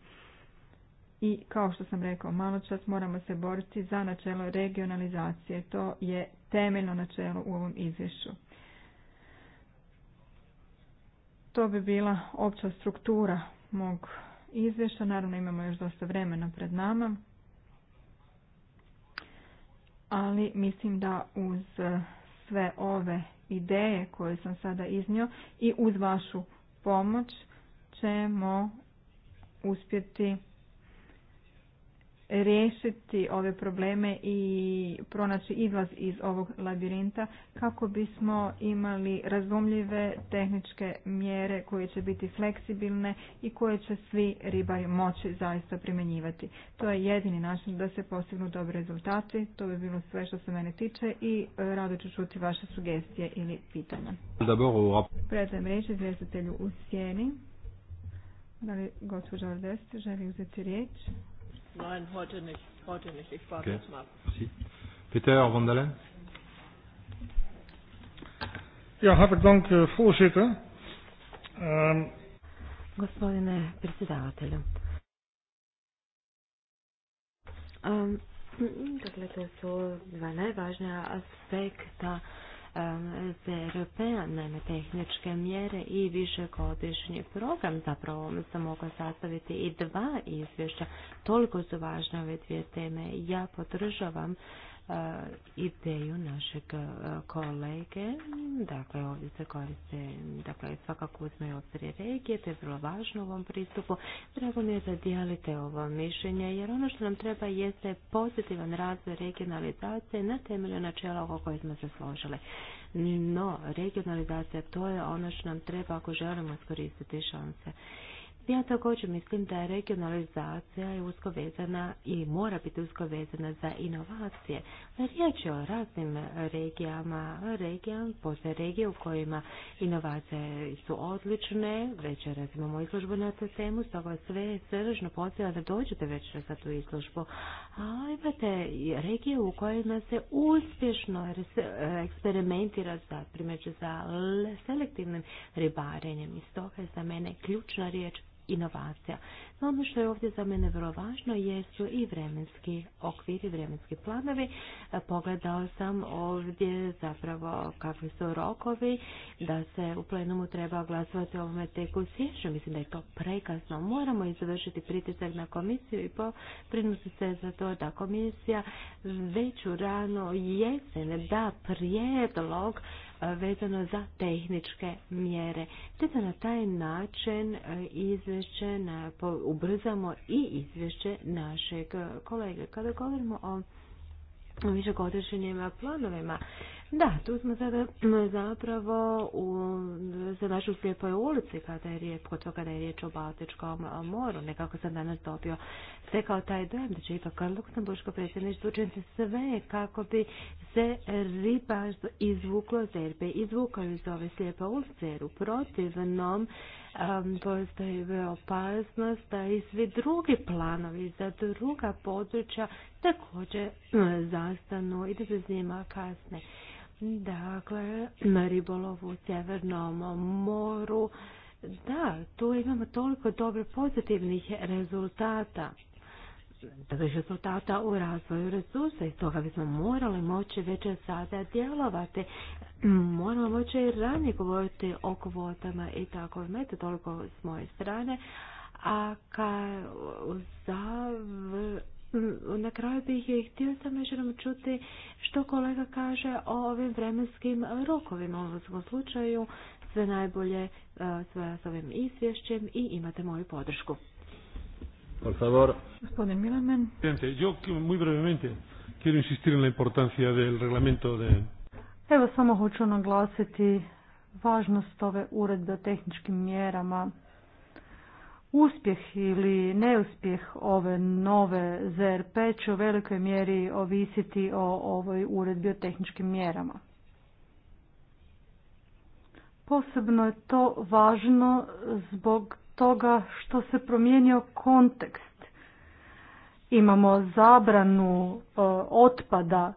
I kao što sam rekao, malo čas moramo se boriti za načelo regionalizacije. To je temeljno načelo u ovom izvješću. To bi bila opća struktura mog izvješća. Naravno imamo još dosta vremena pred nama. Ali mislim da uz sve ove ideje koje sam sada iznio i uz vašu pomoć ćemo uspjeti riješiti ove probleme i pronaći izlaz iz ovog labirinta kako bismo imali razumljive tehničke mjere koje će biti fleksibilne i koje će svi ribari moći zaista primjenjivati. To je jedini način da se postignu dobri rezultati. To bi bilo sve što se mene tiče i e, rado ću čuti vaše sugestije ili pitanja. Predajem riječ izvjestitelju u sjeni. Da li gospođa želi uzeti riječ? Nein, heute nicht. Heute nicht. Ich warte okay. jetzt mal. Peter van der Ja, hartelijk dank, eh, voorzitter. Um... Gospodine predsjedavatelju. Um, dakle, to su dva najvažnija aspekta za e, a tehničke mjere i višegodišnji program. Zapravo sam mogla sastaviti i dva izvješća. Toliko su važne ove dvije teme. Ja podržavam E, ideju našeg e, kolege. Dakle, ovdje se koriste, dakle, svakako uzme obzir regije, to je vrlo važno u ovom pristupu. Drago mi je da dijelite ovo mišljenje, jer ono što nam treba jeste pozitivan razvoj regionalizacije na temelju načela oko koje smo se složili. No, regionalizacija to je ono što nam treba ako želimo iskoristiti šanse. Ja također mislim da regionalizacija je usko vezana i mora biti usko vezana za inovacije. Riječ je o raznim regijama, regijama, postoje regije u kojima inovacije su odlične, večeras imamo izložbu na tu temu, stoga sve sržno pozivam da dođete već za tu izložbu. A imate regije u kojima se uspješno eksperimentira za primjeću za selektivnim ribarenjem i stoga je za mene ključna riječ inovacija. No ono što je ovdje za mene vrlo važno jesu i vremenski okviri, vremenski planovi. E, pogledao sam ovdje zapravo kakvi su rokovi, da se u plenumu treba glasovati o ovome teku sjeću. Mislim da je to prekasno. Moramo izvršiti pritisak na komisiju i prinuti se za to da komisija već u rano jesen da prijedlog vezano za tehničke mjere, te da na taj način e, izvješće ubrzamo i izvješće našeg kolege. Kada govorimo o višegodišnjim planovima, da, tu smo sada zapravo u, se našli u slijepoj ulici kada je riječ, kada je riječ o Baltičkom moru. Nekako sam danas dobio kao taj dojem da će ipak Luksemburško predsjedništvo učiniti sve kako bi se riba izvuklo zerbe, izvukao iz ove slijepe ulice, jer u protivnom um, postoji opasnost da i svi drugi planovi za druga područja također um, zastanu i da se zima kasne. Dakle, na ribolovu u Sjevernom moru. Da, tu imamo toliko dobro pozitivnih rezultata rezultata u razvoju resursa i toga bismo morali moći već sada djelovati. Moramo moći i ranije govoriti o kvotama i tako. Mete toliko s moje strane. A ka, za Mm, na kraju bih je htio sam još jednom čuti što kolega kaže o ovim vremenskim rokovima. U ovom slučaju sve najbolje e, sve s ovim izvješćem i imate moju podršku. Por favor. Gospodin Milamen. Yo muy brevemente quiero insistir en la importancia del reglamento de... Evo samo hoću naglasiti važnost ove uredbe o tehničkim mjerama Uspjeh ili neuspjeh ove nove ZRP će u velikoj mjeri ovisiti o ovoj uredbi o tehničkim mjerama. Posebno je to važno zbog toga što se promijenio kontekst. Imamo zabranu e, otpada,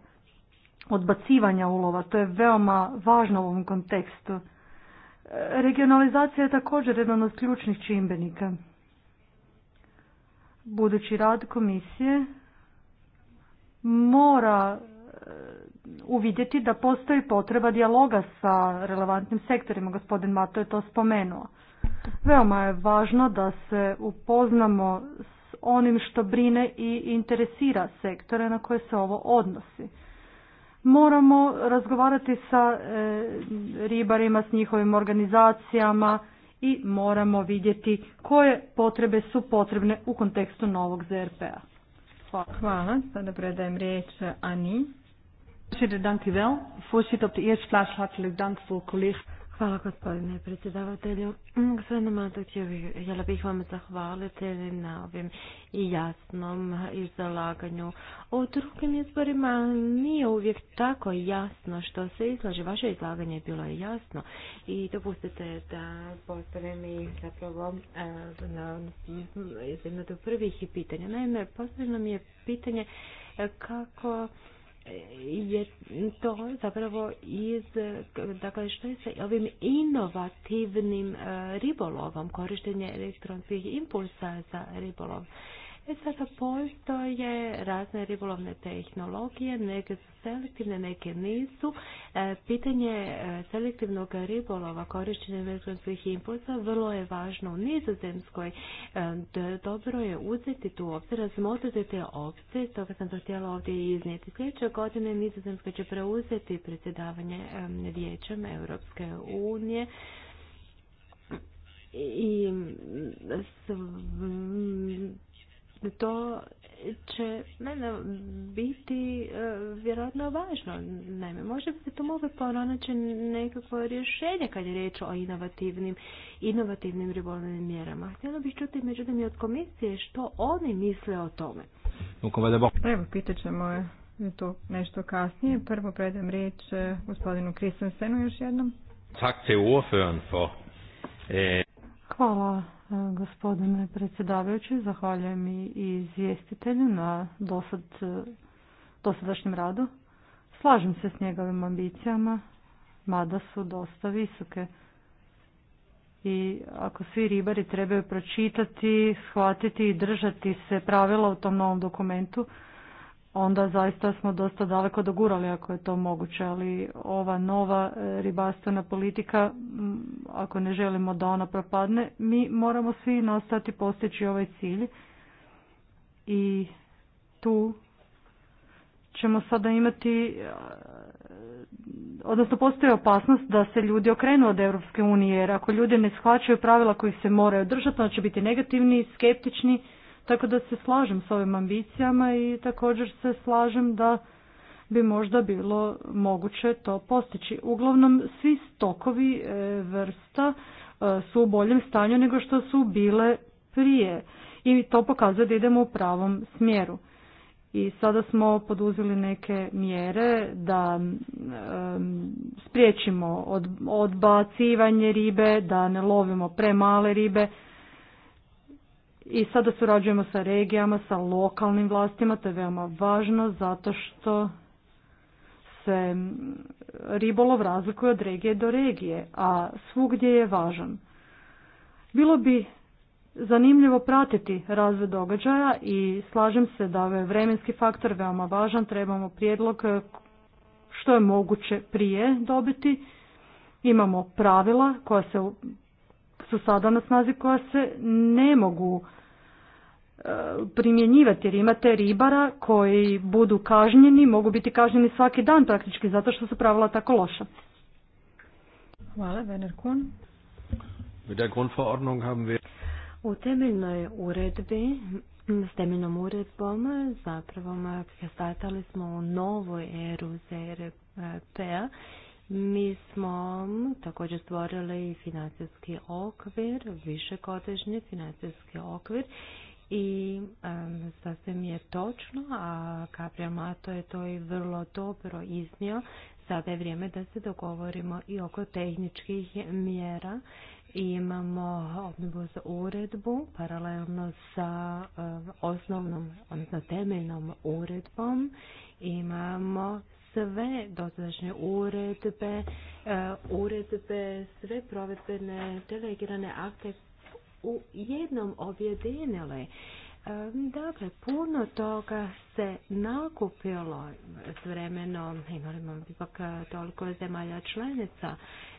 odbacivanja ulova, to je veoma važno u ovom kontekstu Regionalizacija je također jedan od ključnih čimbenika. Budući rad komisije mora e, uvidjeti da postoji potreba dijaloga sa relevantnim sektorima. Gospodin Mato je to spomenuo. Veoma je važno da se upoznamo s onim što brine i interesira sektore na koje se ovo odnosi moramo razgovarati sa e, ribarima, s njihovim organizacijama i moramo vidjeti koje potrebe su potrebne u kontekstu novog ZRP-a. Hvala. Hvala. Sada predajem riječ Ani. Voorzitter, dank wel. Voorzitter, op de eerste plaats hartelijk dank voor collega. Hvala gospodine predsjedavatelju. Mm, gospodine Matoćev, htjela bih vam zahvaliti na ovim jasnom zalaganju. O drugim izborima nije uvijek tako jasno što se izlaže. Vaše izlaganje je bilo jasno i dopustite da postavim i zapravo e, na jedno do prvih pitanja. Naime, postavljeno mi je pitanje kako je to zapravo iz, dakle što je sa ovim inovativnim e, ribolovom, korištenje elektronskih impulsa za ribolov. E sada postoje razne ribolovne tehnologije, neke su selektivne, neke nisu. E, pitanje e, selektivnog ribolova korištenja elektronskih impulsa vrlo je važno u nizozemskoj. E, dobro je uzeti tu obzir, razmotriti te opcije, toga sam to htjela ovdje iznijeti. Sljedeće godine nizozemska će preuzeti predsjedavanje vijećem Europske unije i to će mene biti e, vjerojatno važno. Naime, možda bi se to moglo pronaći nekakvo rješenje kad je riječ o inovativnim, inovativnim ribolovnim mjerama. Htjela bih čuti međutim i od komisije što oni misle o tome. Evo, pitat ćemo to nešto kasnije. Prvo predam riječ e, gospodinu Kristensenu još jednom. Tak eh, Hvala Gospodine predsjedavajući, zahvaljujem i izvjestitelju na dosad, dosadašnjem radu. Slažem se s njegovim ambicijama, mada su dosta visoke. I ako svi ribari trebaju pročitati, shvatiti i držati se pravila u tom novom dokumentu, onda zaista smo dosta daleko dogurali ako je to moguće, ali ova nova e, ribarstvena politika, ako ne želimo da ona propadne, mi moramo svi nastati postići ovaj cilj i tu ćemo sada imati, e, odnosno postoji opasnost da se ljudi okrenu od Europske unije, jer ako ljudi ne shvaćaju pravila koji se moraju držati, onda će biti negativni, skeptični tako da se slažem s ovim ambicijama i također se slažem da bi možda bilo moguće to postići. Uglavnom, svi stokovi e, vrsta e, su u boljem stanju nego što su bile prije i to pokazuje da idemo u pravom smjeru. I sada smo poduzeli neke mjere da e, spriječimo odbacivanje ribe, da ne lovimo premale ribe, i sada surađujemo sa regijama, sa lokalnim vlastima, to je veoma važno zato što se ribolov razlikuje od regije do regije, a svugdje je važan. Bilo bi zanimljivo pratiti razvoj događaja i slažem se da je vremenski faktor veoma važan, trebamo prijedlog e, što je moguće prije dobiti. Imamo pravila koja se, su sada na snazi koja se ne mogu primjenjivati jer imate ribara koji budu kažnjeni, mogu biti kažnjeni svaki dan praktički zato što su pravila tako loša. Hvala, Werner Kuhn. u temeljnoj uredbi, s temeljnom uredbom, zapravo statali smo u novoj eru ZRP-a. Mi smo također stvorili financijski okvir, višekotežni financijski okvir i um, sasvim je točno, a Gabriel Mato je to i vrlo dobro iznio. Sada je vrijeme da se dogovorimo i oko tehničkih mjera. Imamo obnovu za uredbu paralelno sa osnovnom, odnosno temeljnom uredbom. Imamo sve dosadašnje uredbe, uredbe, sve provedbene delegirane akte u jednom objedinili. Dakle, puno toga se nakupilo s vremenom, imali imamo ipak toliko zemalja članica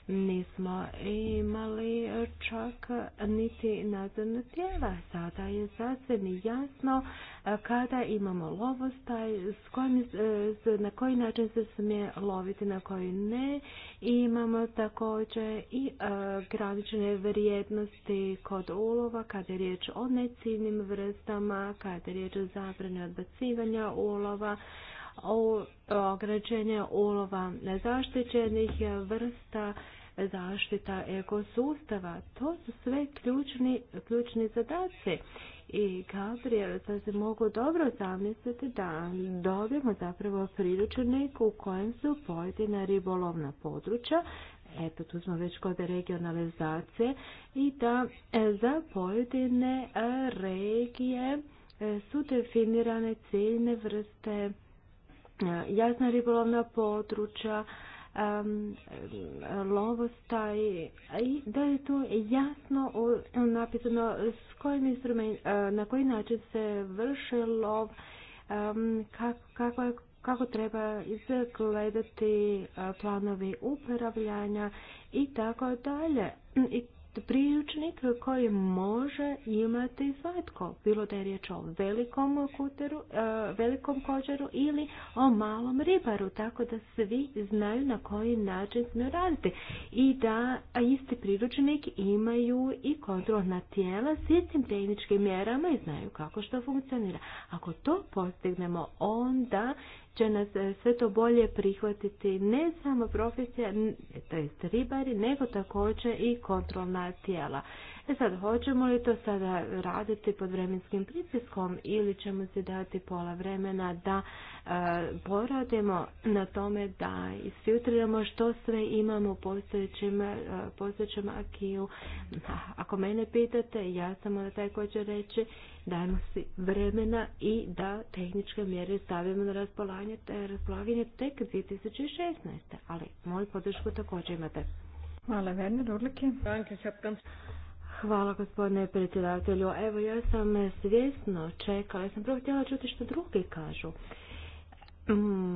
nismo imali čak niti nadzorna tijela. Sada je sasvim jasno e, kada imamo lovostaj, s kojim, e, na koji način se smije loviti, na koji ne. Imamo također i e, granične vrijednosti kod ulova, kada je riječ o neciljnim vrstama, kada je riječ o zabrani odbacivanja ulova, ograničenje ulova nezaštićenih vrsta zaštita ekosustava. To su sve ključni, ključni zadaci. I Gabriel, sad se mogu dobro zamisliti da dobijemo zapravo priručenik u kojem su pojedina ribolovna područja eto tu smo već kod regionalizacije i da e, za pojedine e, regije e, su definirane ciljne vrste, jasna ribolovna područja, lovostaj i da je tu jasno napisano s kojim instrument, e, na koji način se vrše lov, kako, kako treba izgledati e, planovi upravljanja i tako dalje. I priručnik koji može imati svatko, bilo da je riječ o velikom, kuteru, e, velikom kođaru ili o malom ribaru, tako da svi znaju na koji način smiju raditi i da isti priručnik imaju i na tijela s istim tehničkim mjerama i znaju kako što funkcionira. Ako to postignemo, onda će nas e, sve to bolje prihvatiti ne samo profesija, to ribari, nego također i kontrolna tijela. E sad, hoćemo li to sada raditi pod vremenskim pritiskom ili ćemo si dati pola vremena da e, poradimo na tome da isfiltriramo što sve imamo u postojećem, e, postojećem akiju. Ako mene pitate, ja sam onda taj koji će reći dajmo si vremena i da tehničke mjere stavimo na raspolaganje, te raspolaganje tek 2016. Ali moju podršku također imate. Hvala, Werner Hvala gospodine predsjedatelju. Evo ja sam svjesno čekala, ja sam prvo htjela čuti što drugi kažu.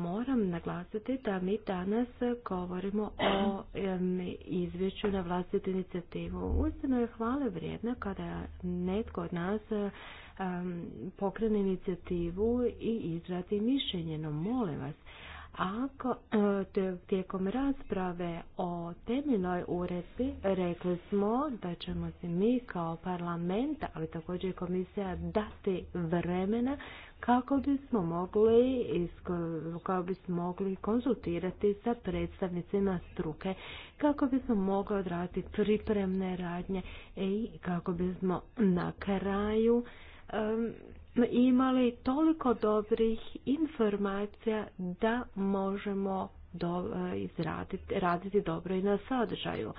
Moram naglasiti da mi danas govorimo o izvješću na vlastitu inicijativu. Uistinu je hvale vrijedno kada netko od nas pokrene inicijativu i izradi mišljenje. No, molim vas, ako e, tijekom rasprave o temeljnoj uredbi rekli smo da ćemo se mi kao parlament, ali također i komisija dati vremena kako bismo mogli kako bismo mogli konzultirati sa predstavnicima struke, kako bismo mogli odraditi pripremne radnje i kako bismo na kraju imali toliko dobrih informacija da možemo do, eh, izraditi, raditi dobro i na sadržaju.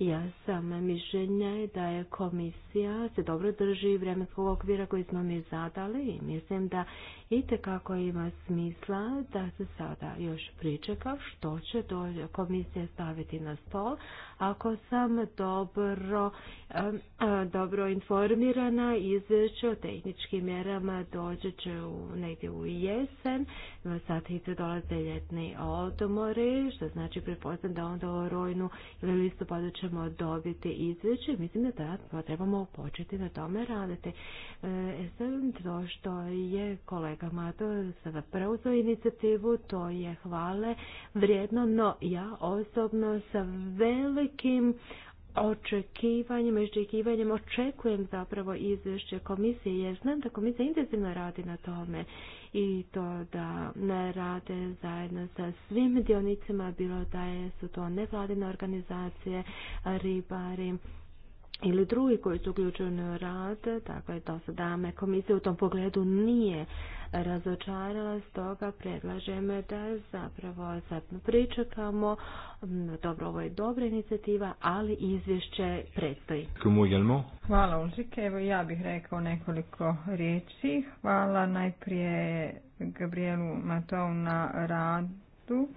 Ja sam mišljenja da je komisija se dobro drži vremenskog okvira koji smo mi zadali i mislim da itekako ima smisla da se sada još pričeka što će to komisija staviti na stol. Ako sam dobro, dobro informirana, izveće o tehničkim mjerama dođe će u, negdje u jesen, sad i dolaze ljetni odmori, što znači prepoznam da onda u rojnu ili listopadu će ćemo dobiti izvješće, mislim da tada trebamo početi na tome raditi. E, sad to što je kolega Mato sada preuzao inicijativu, to je hvale vrijedno, no ja osobno sa velikim očekivanjem, iščekivanjem očekujem zapravo izvješće komisije jer znam da komisija intenzivno radi na tome i to da ne rade zajedno sa svim dionicima, bilo da su to nevladine organizacije, ribari, ili drugi koji su uključeni u rad, tako je to se dame komisija u tom pogledu nije razočarala, stoga predlažemo da zapravo sad pričekamo, dobro ovo je dobra inicijativa, ali izvješće predstoji. Hvala Ulžike, evo ja bih rekao nekoliko riječi, hvala najprije Gabrielu Matov na radu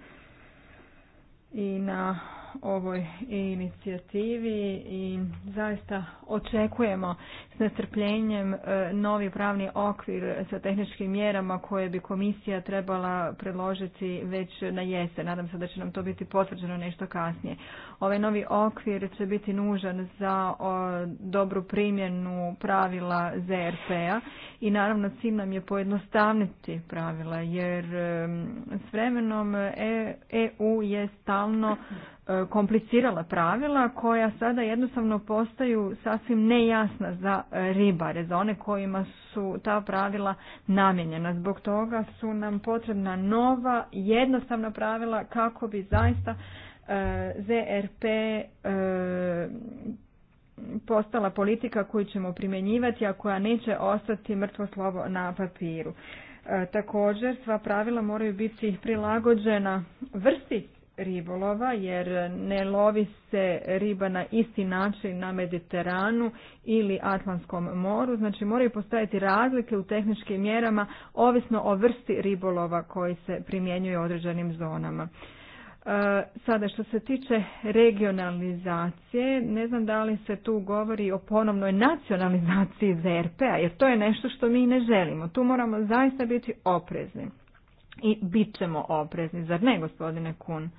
i na ovoj inicijativi i zaista očekujemo s nestrpljenjem e, novi pravni okvir sa tehničkim mjerama koje bi komisija trebala predložiti već na jesen. Nadam se da će nam to biti potvrđeno nešto kasnije. Ovaj novi okvir će biti nužan za dobru primjenu pravila ZRP-a i naravno cilj nam je pojednostavniti pravila jer s vremenom EU e je stalno E, komplicirala pravila koja sada jednostavno postaju sasvim nejasna za ribare, za one kojima su ta pravila namijenjena. Zbog toga su nam potrebna nova, jednostavna pravila kako bi zaista e, ZRP e, postala politika koju ćemo primjenjivati, a koja neće ostati mrtvo slovo na papiru. Također, sva pravila moraju biti prilagođena vrsti ribolova jer ne lovi se riba na isti način na Mediteranu ili Atlantskom moru. Znači moraju postojati razlike u tehničkim mjerama ovisno o vrsti ribolova koji se primjenjuje u određenim zonama. E, sada što se tiče regionalizacije, ne znam da li se tu govori o ponovnoj nacionalizaciji ZRP-a jer to je nešto što mi ne želimo. Tu moramo zaista biti oprezni i bit ćemo oprezni, zar ne gospodine Kun?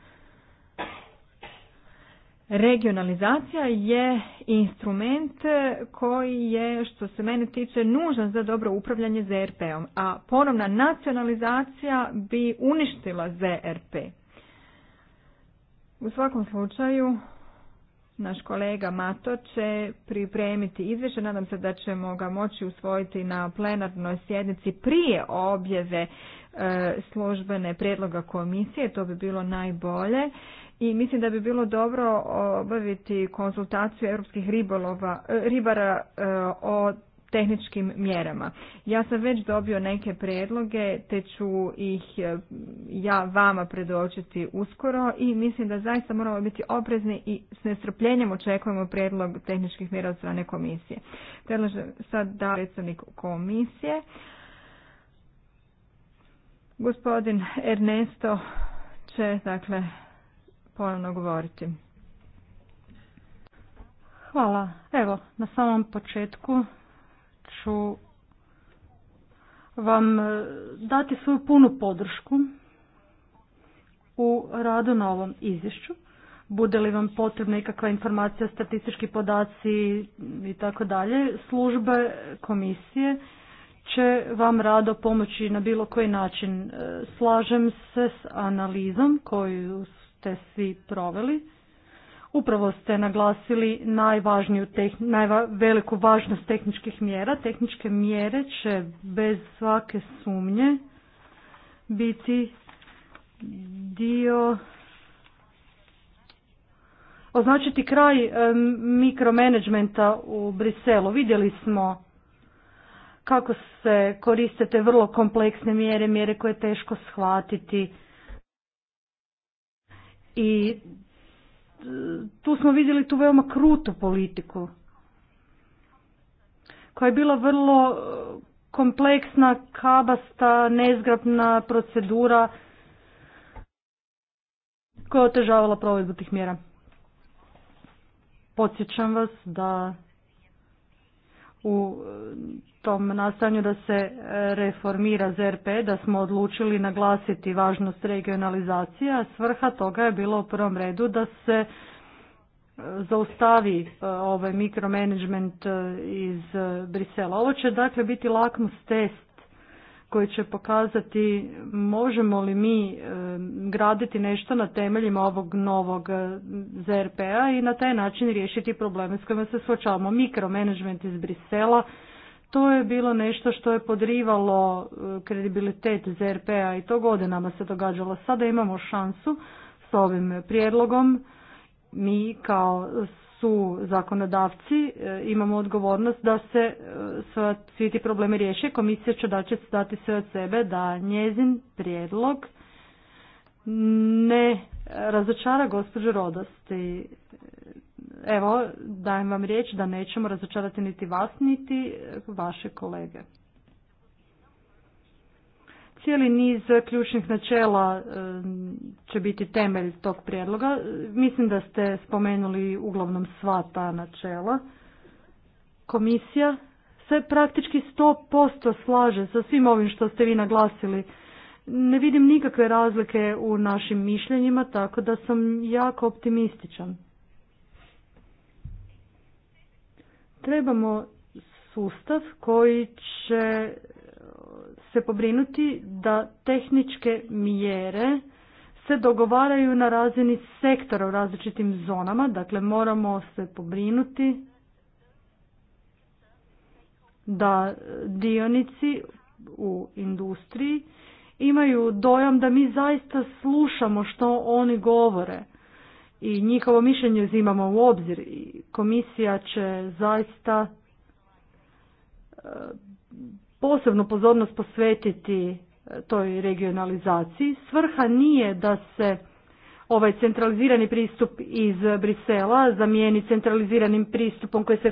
Regionalizacija je instrument koji je, što se mene tiče, nužan za dobro upravljanje ZRP-om, a ponovna nacionalizacija bi uništila ZRP. U svakom slučaju, naš kolega Mato će pripremiti izvješće. Nadam se da ćemo ga moći usvojiti na plenarnoj sjednici prije objeve E, službene prijedloga komisije, to bi bilo najbolje i mislim da bi bilo dobro obaviti konsultaciju europskih ribolova, e, ribara e, o tehničkim mjerama. Ja sam već dobio neke predloge, te ću ih ja vama predočiti uskoro i mislim da zaista moramo biti oprezni i s nestrpljenjem očekujemo predlog tehničkih mjera od strane komisije. Predlažem sad da predstavnik komisije, Gospodin Ernesto će dakle ponovno govoriti. Hvala. Evo, na samom početku ću vam e, dati svoju punu podršku u radu na ovom izvješću. Bude li vam potrebna ikakva informacija, statistički podaci i tako dalje, službe komisije će vam rado pomoći na bilo koji način. E, slažem se s analizom koju ste svi proveli. Upravo ste naglasili najvažniju, veliku važnost tehničkih mjera. Tehničke mjere će bez svake sumnje biti dio označiti kraj mikromanagementa u Briselu. Vidjeli smo kako se koriste te vrlo kompleksne mjere, mjere koje je teško shvatiti. I e, tu smo vidjeli tu veoma krutu politiku koja je bila vrlo e, kompleksna, kabasta, nezgrapna procedura koja je otežavala provedbu tih mjera. Podsjećam vas da u e, tom nastanju da se e, reformira ZRP, da smo odlučili naglasiti važnost regionalizacije, a svrha toga je bilo u prvom redu da se e, zaustavi ovaj mikromanagement iz Brisela. Ovo će dakle biti lakmus test koji će pokazati možemo li mi e, graditi nešto na temeljima ovog novog e, ZRP-a i na taj način riješiti probleme s kojima se suočavamo. Mikromanagement iz Brisela, to je bilo nešto što je podrivalo e, kredibilitet ZRP-a i to godinama se događalo. Sada imamo šansu s ovim prijedlogom mi kao su zakonodavci, e, imamo odgovornost da se e, svi ti problemi riješe. Komisija će da će dati sve od sebe da njezin prijedlog ne razočara gospođu Rodosti. Evo, dajem vam riječ da nećemo razočarati niti vas, niti vaše kolege. Cijeli niz ključnih načela e, će biti temelj tog prijedloga. Mislim da ste spomenuli uglavnom sva ta načela. Komisija se praktički 100% slaže sa svim ovim što ste vi naglasili. Ne vidim nikakve razlike u našim mišljenjima, tako da sam jako optimističan. Trebamo sustav koji će se pobrinuti da tehničke mjere se dogovaraju na razini sektora u različitim zonama, dakle moramo se pobrinuti da dionici u industriji imaju dojam da mi zaista slušamo što oni govore i njihovo mišljenje uzimamo u obzir i komisija će zaista posebnu pozornost posvetiti e, toj regionalizaciji. Svrha nije da se ovaj centralizirani pristup iz Brisela zamijeni centraliziranim pristupom koji se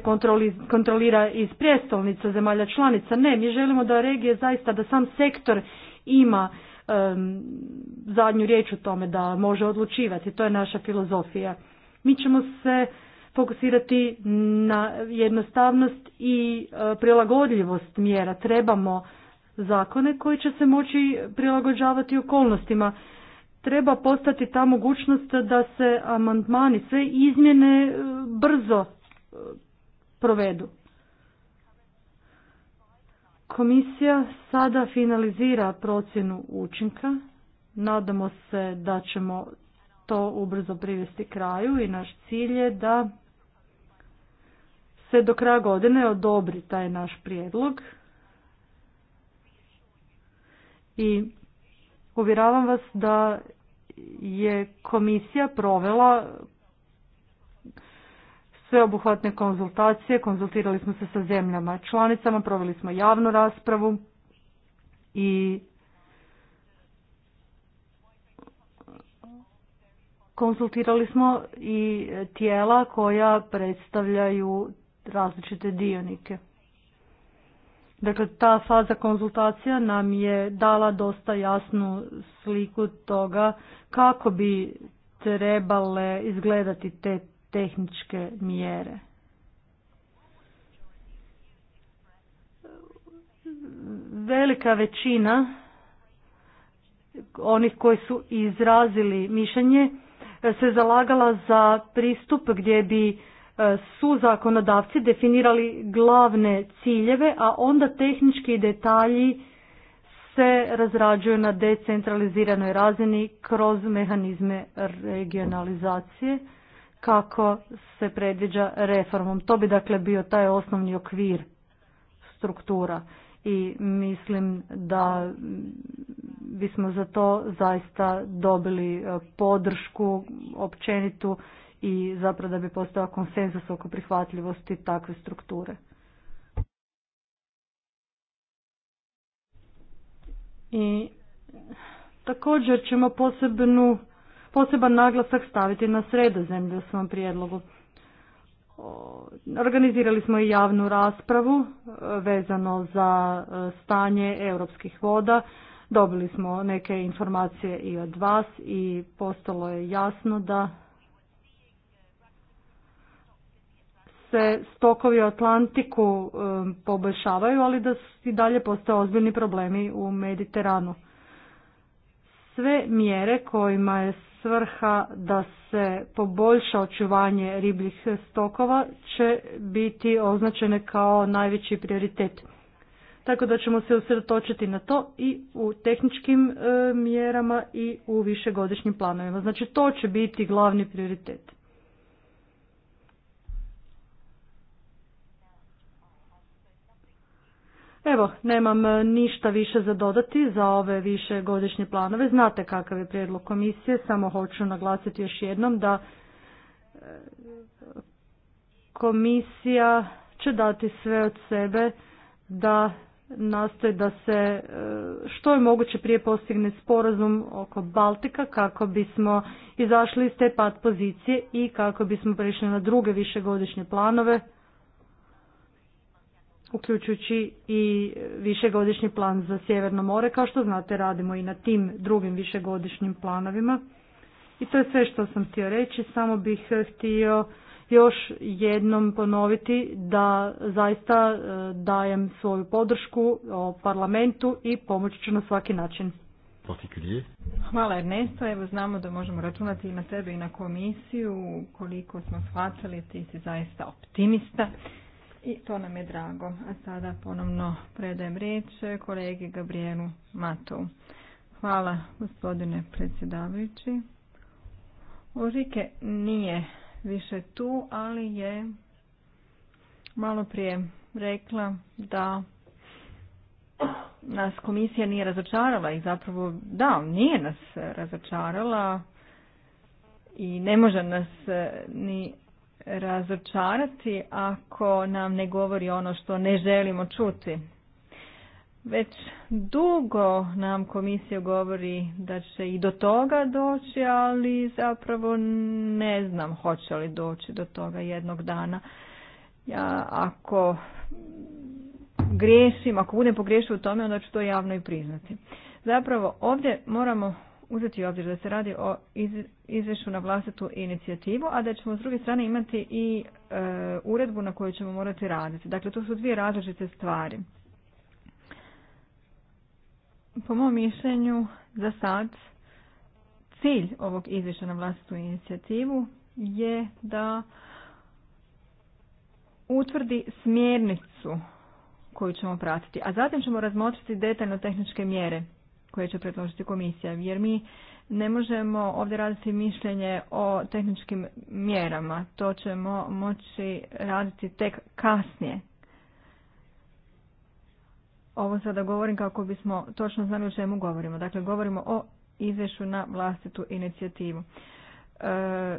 kontrolira iz prijestolnica zemalja članica. Ne, mi želimo da regije zaista, da sam sektor ima zadnju riječ o tome da može odlučivati. To je naša filozofija. Mi ćemo se fokusirati na jednostavnost i e, prilagodljivost mjera. Trebamo zakone koji će se moći prilagođavati okolnostima. Treba postati ta mogućnost da se amandmani, sve izmjene e, brzo e, provedu. Komisija sada finalizira procjenu učinka. Nadamo se da ćemo to ubrzo privesti kraju i naš cilj je da se do kraja godine odobri taj naš prijedlog i uvjeravam vas da je komisija provela sveobuhvatne konzultacije, konzultirali smo se sa zemljama članicama, proveli smo javnu raspravu i konzultirali smo i tijela koja predstavljaju različite dionike. Dakle, ta faza konzultacija nam je dala dosta jasnu sliku toga kako bi trebale izgledati te tehničke mjere. Velika većina onih koji su izrazili mišljenje e, se zalagala za pristup gdje bi E, su zakonodavci definirali glavne ciljeve, a onda tehnički detalji se razrađuju na decentraliziranoj razini kroz mehanizme regionalizacije kako se predviđa reformom. To bi dakle bio taj osnovni okvir struktura i mislim da bismo za to zaista dobili e, podršku općenitu i zapravo da bi postao konsenzus oko prihvatljivosti takve strukture. I također ćemo posebnu, poseban naglasak staviti na sredozemlje u svom prijedlogu. Organizirali smo i javnu raspravu e, vezano za e, stanje europskih voda. Dobili smo neke informacije i od vas i postalo je jasno da se stokovi u Atlantiku um, poboljšavaju, ali da i dalje postoje ozbiljni problemi u Mediteranu. Sve mjere kojima je svrha da se poboljša očuvanje ribljih stokova će biti označene kao najveći prioritet. Tako da ćemo se usredotočiti na to i u tehničkim e, mjerama i u višegodišnjim planovima. Znači to će biti glavni prioritet. Evo, nemam e, ništa više za dodati za ove više godišnje planove. Znate kakav je prijedlog komisije, samo hoću naglasiti još jednom da e, komisija će dati sve od sebe da nastoji da se e, što je moguće prije postigne sporazum oko Baltika kako bismo izašli iz te pat pozicije i kako bismo prešli na druge višegodišnje planove uključujući i višegodišnji plan za Sjeverno more. Kao što znate, radimo i na tim drugim višegodišnjim planovima. I to je sve što sam htio reći, samo bih eh, htio još jednom ponoviti da zaista eh, dajem svoju podršku o eh, parlamentu i pomoći ću na svaki način. Hvala Ernesto, evo znamo da možemo računati i na tebe i na komisiju, koliko smo shvatili, ti si zaista optimista i to nam je drago. A sada ponovno predajem riječ kolegi Gabrielu Matovu. Hvala gospodine predsjedavajući. Užike nije više tu, ali je malo prije rekla da nas komisija nije razočarala i zapravo da, nije nas razočarala i ne može nas ni razočarati ako nam ne govori ono što ne želimo čuti. Već dugo nam komisija govori da će i do toga doći, ali zapravo ne znam hoće li doći do toga jednog dana. Ja ako griješim, ako budem pogriješio u tome, onda ću to javno i priznati. Zapravo ovdje moramo uzeti u obzir da se radi o izvješću na vlastitu inicijativu, a da ćemo s druge strane imati i e, uredbu na koju ćemo morati raditi. Dakle, to su dvije različite stvari. Po mom mišljenju, za sad, cilj ovog izvješća na vlastitu inicijativu je da utvrdi smjernicu koju ćemo pratiti, a zatim ćemo razmotriti detaljno tehničke mjere koje će predložiti komisija. Jer mi ne možemo ovdje raditi mišljenje o tehničkim mjerama. To ćemo moći raditi tek kasnije. Ovo sada govorim kako bismo točno znali o čemu govorimo. Dakle, govorimo o izvješću na vlastitu inicijativu. E,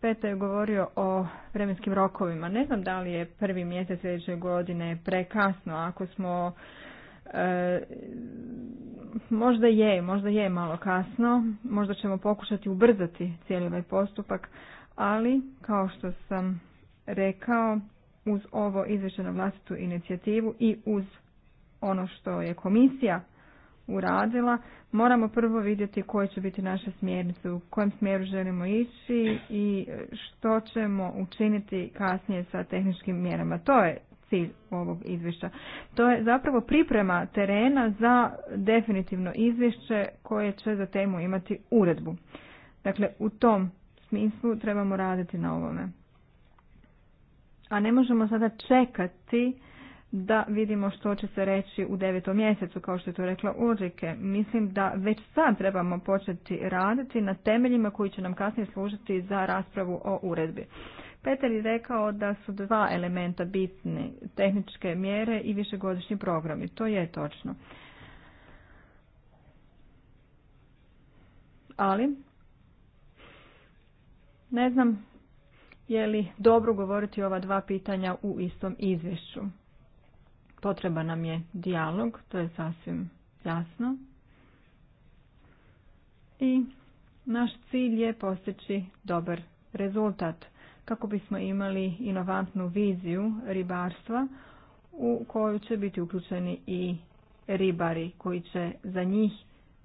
Peto je govorio o vremenskim rokovima. Ne znam da li je prvi mjesec sljedeće godine prekasno ako smo E, možda je, možda je malo kasno, možda ćemo pokušati ubrzati cijeli ovaj postupak, ali kao što sam rekao, uz ovo izvješće vlastitu inicijativu i uz ono što je komisija uradila, moramo prvo vidjeti koje će biti naše smjernice, u kojem smjeru želimo ići i što ćemo učiniti kasnije sa tehničkim mjerama. To je cilj ovog izvješća. To je zapravo priprema terena za definitivno izvješće koje će za temu imati uredbu. Dakle, u tom smislu trebamo raditi na ovome. A ne možemo sada čekati da vidimo što će se reći u devetom mjesecu, kao što je to rekla Ulrike. Mislim da već sad trebamo početi raditi na temeljima koji će nam kasnije služiti za raspravu o uredbi. Peter je rekao da su dva elementa bitni, tehničke mjere i višegodišnji programi. To je točno. Ali, ne znam je li dobro govoriti ova dva pitanja u istom izvješću. Potreba nam je dijalog, to je sasvim jasno. I naš cilj je postići dobar rezultat kako bismo imali inovantnu viziju ribarstva u koju će biti uključeni i ribari koji će za njih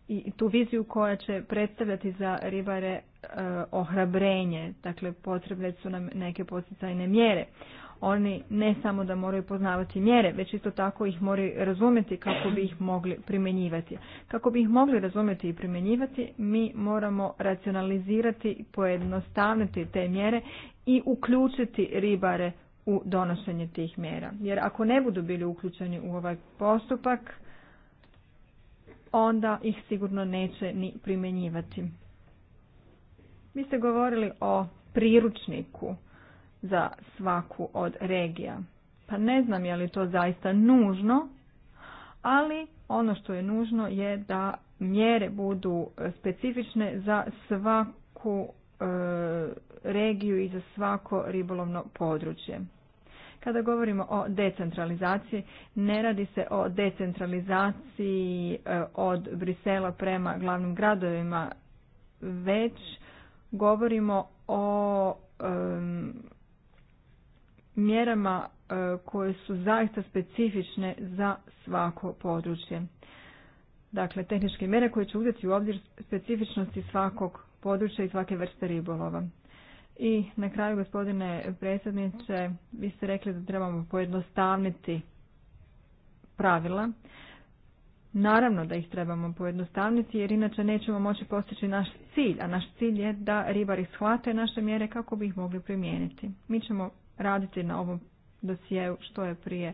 i tu viziju koja će predstavljati za ribare e, ohrabrenje, dakle potrebne su nam neke poticajne mjere. Oni ne samo da moraju poznavati mjere, već isto tako ih moraju razumjeti kako bi ih mogli primjenjivati. Kako bi ih mogli razumjeti i primjenjivati, mi moramo racionalizirati i pojednostavniti te mjere i uključiti ribare u donošenje tih mjera. Jer ako ne budu bili uključeni u ovaj postupak, onda ih sigurno neće ni primjenjivati. Mi ste govorili o priručniku za svaku od regija. Pa ne znam je li to zaista nužno, ali ono što je nužno je da mjere budu specifične za svaku e, regiju i za svako ribolovno područje. Kada govorimo o decentralizaciji, ne radi se o decentralizaciji e, od Brisela prema glavnim gradovima, već govorimo o mjerama e, koje su zaista specifične za svako područje. Dakle, tehničke mjere koje će uzeti u obzir specifičnosti svakog područja i svake vrste ribolova. I na kraju, gospodine predsjedniče, vi ste rekli da trebamo pojednostavniti pravila. Naravno da ih trebamo pojednostavniti jer inače nećemo moći postići naš cilj, a naš cilj je da ribari shvate naše mjere kako bi ih mogli primijeniti. Mi ćemo raditi na ovom dosjeu što je prije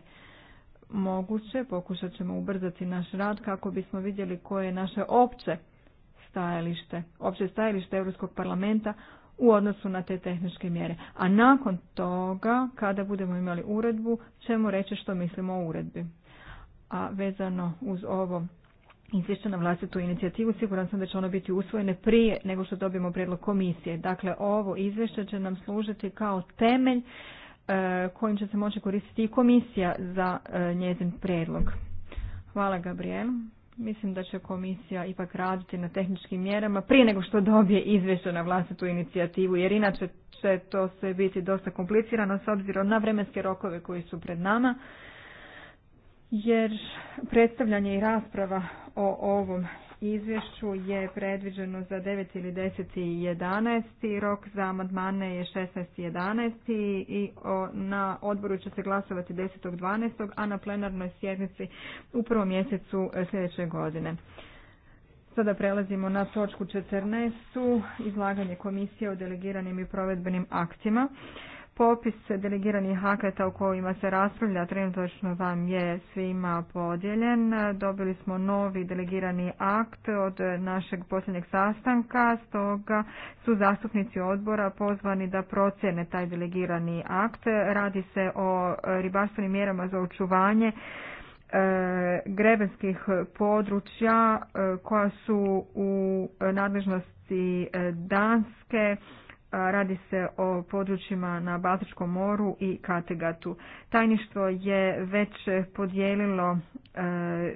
moguće. Pokušat ćemo ubrzati naš rad kako bismo vidjeli koje je naše opće stajalište, opće stajalište Europskog parlamenta u odnosu na te tehničke mjere. A nakon toga, kada budemo imali uredbu, ćemo reći što mislimo o uredbi. A vezano uz ovo izvješće na vlastitu inicijativu. Siguran sam da će ono biti usvojene prije nego što dobijemo prijedlog komisije. Dakle, ovo izvješće će nam služiti kao temelj e, kojim će se moći koristiti i komisija za e, njezin prijedlog. Hvala Gabriel. Mislim da će komisija ipak raditi na tehničkim mjerama prije nego što dobije izvješće na vlastitu inicijativu, jer inače će to sve biti dosta komplicirano s obzirom na vremenske rokove koji su pred nama jer predstavljanje i rasprava o ovom izvješću je predviđeno za 9 ili 10 i 11. Rok za amandmane je 16 i 11. I na odboru će se glasovati 10. 12. a na plenarnoj sjednici u prvom mjesecu sljedeće godine. Sada prelazimo na točku 14. Izlaganje komisije o delegiranim i provedbenim aktima. Popis delegiranih akata o kojima se raspravlja trenutačno vam je svima podijeljen. Dobili smo novi delegirani akt od našeg posljednjeg sastanka, stoga su zastupnici odbora pozvani da procjene taj delegirani akt. Radi se o ribarstvenim mjerama za očuvanje e, grebenskih područja e, koja su u nadležnosti e, Danske, Radi se o područjima na Baltičkom moru i Kategatu. Tajništvo je već podijelilo e,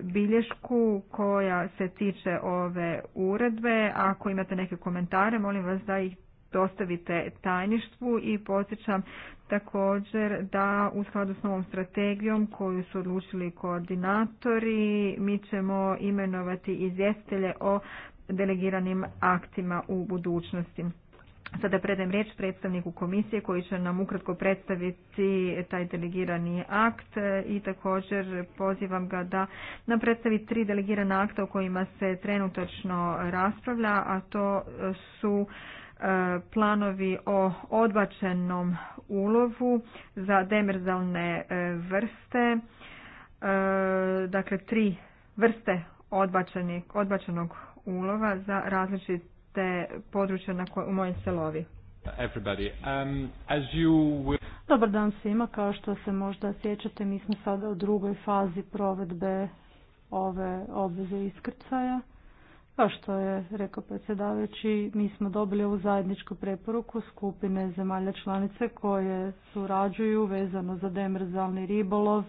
bilješku koja se tiče ove uredbe. Ako imate neke komentare, molim vas da ih dostavite tajništvu i podsjećam također da u skladu s novom strategijom koju su odlučili koordinatori mi ćemo imenovati izvjestitelje o delegiranim aktima u budućnosti. Sada predajem riječ predstavniku komisije koji će nam ukratko predstaviti taj delegirani akt i također pozivam ga da nam predstavi tri delegirana akta o kojima se trenutačno raspravlja, a to su e, planovi o odbačenom ulovu za demerzalne e, vrste, e, dakle tri vrste odbačenog ulova za različite te područja na u mojem selovi. Um, Dobar dan svima, kao što se možda sjećate, mi smo sada u drugoj fazi provedbe ove obveze iskrcaja. Kao što je rekao predsjedavajući, mi smo dobili ovu zajedničku preporuku skupine zemalja članice koje surađuju vezano za demerzalni ribolov,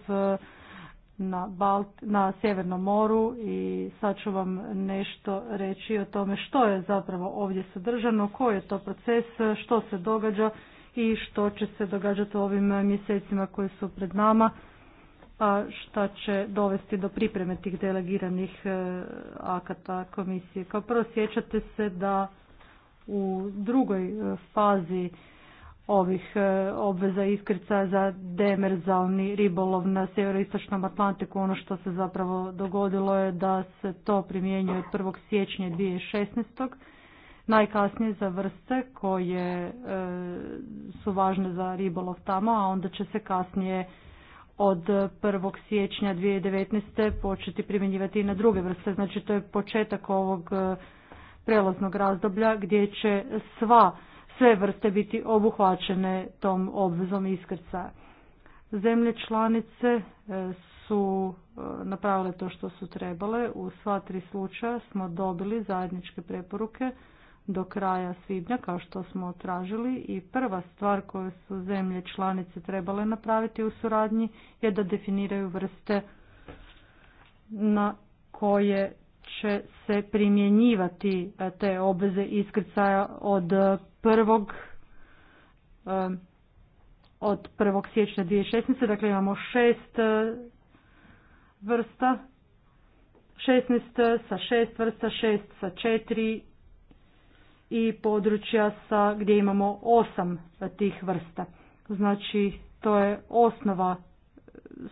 na, Balt, na Sjevernom moru i sad ću vam nešto reći o tome što je zapravo ovdje sadržano, koji je to proces, što se događa i što će se događati u ovim mjesecima koji su pred nama, a šta će dovesti do pripreme tih delegiranih e, akata komisije. Kao prvo sjećate se da u drugoj e, fazi ovih e, obveza iskrca za demerzalni ribolov na sjeveroistočnom Atlantiku. Ono što se zapravo dogodilo je da se to primjenjuje od 1. siječnja 2016. Najkasnije za vrste koje e, su važne za ribolov tamo, a onda će se kasnije od 1. siječnja 2019. početi primjenjivati i na druge vrste. Znači to je početak ovog e, prelaznog razdoblja gdje će sva sve vrste biti obuhvaćene tom obvezom iskrca Zemlje članice e, su e, napravile to što su trebale. U sva tri slučaja smo dobili zajedničke preporuke do kraja svibnja kao što smo tražili i prva stvar koju su zemlje članice trebale napraviti u suradnji je da definiraju vrste na koje će se primjenjivati e, te obveze iskrcaja od prvog e, od prvog siječnja 2016. Dakle imamo šest e, vrsta, 16 sa šest vrsta, šest sa četiri i područja sa gdje imamo osam tih vrsta. Znači to je osnova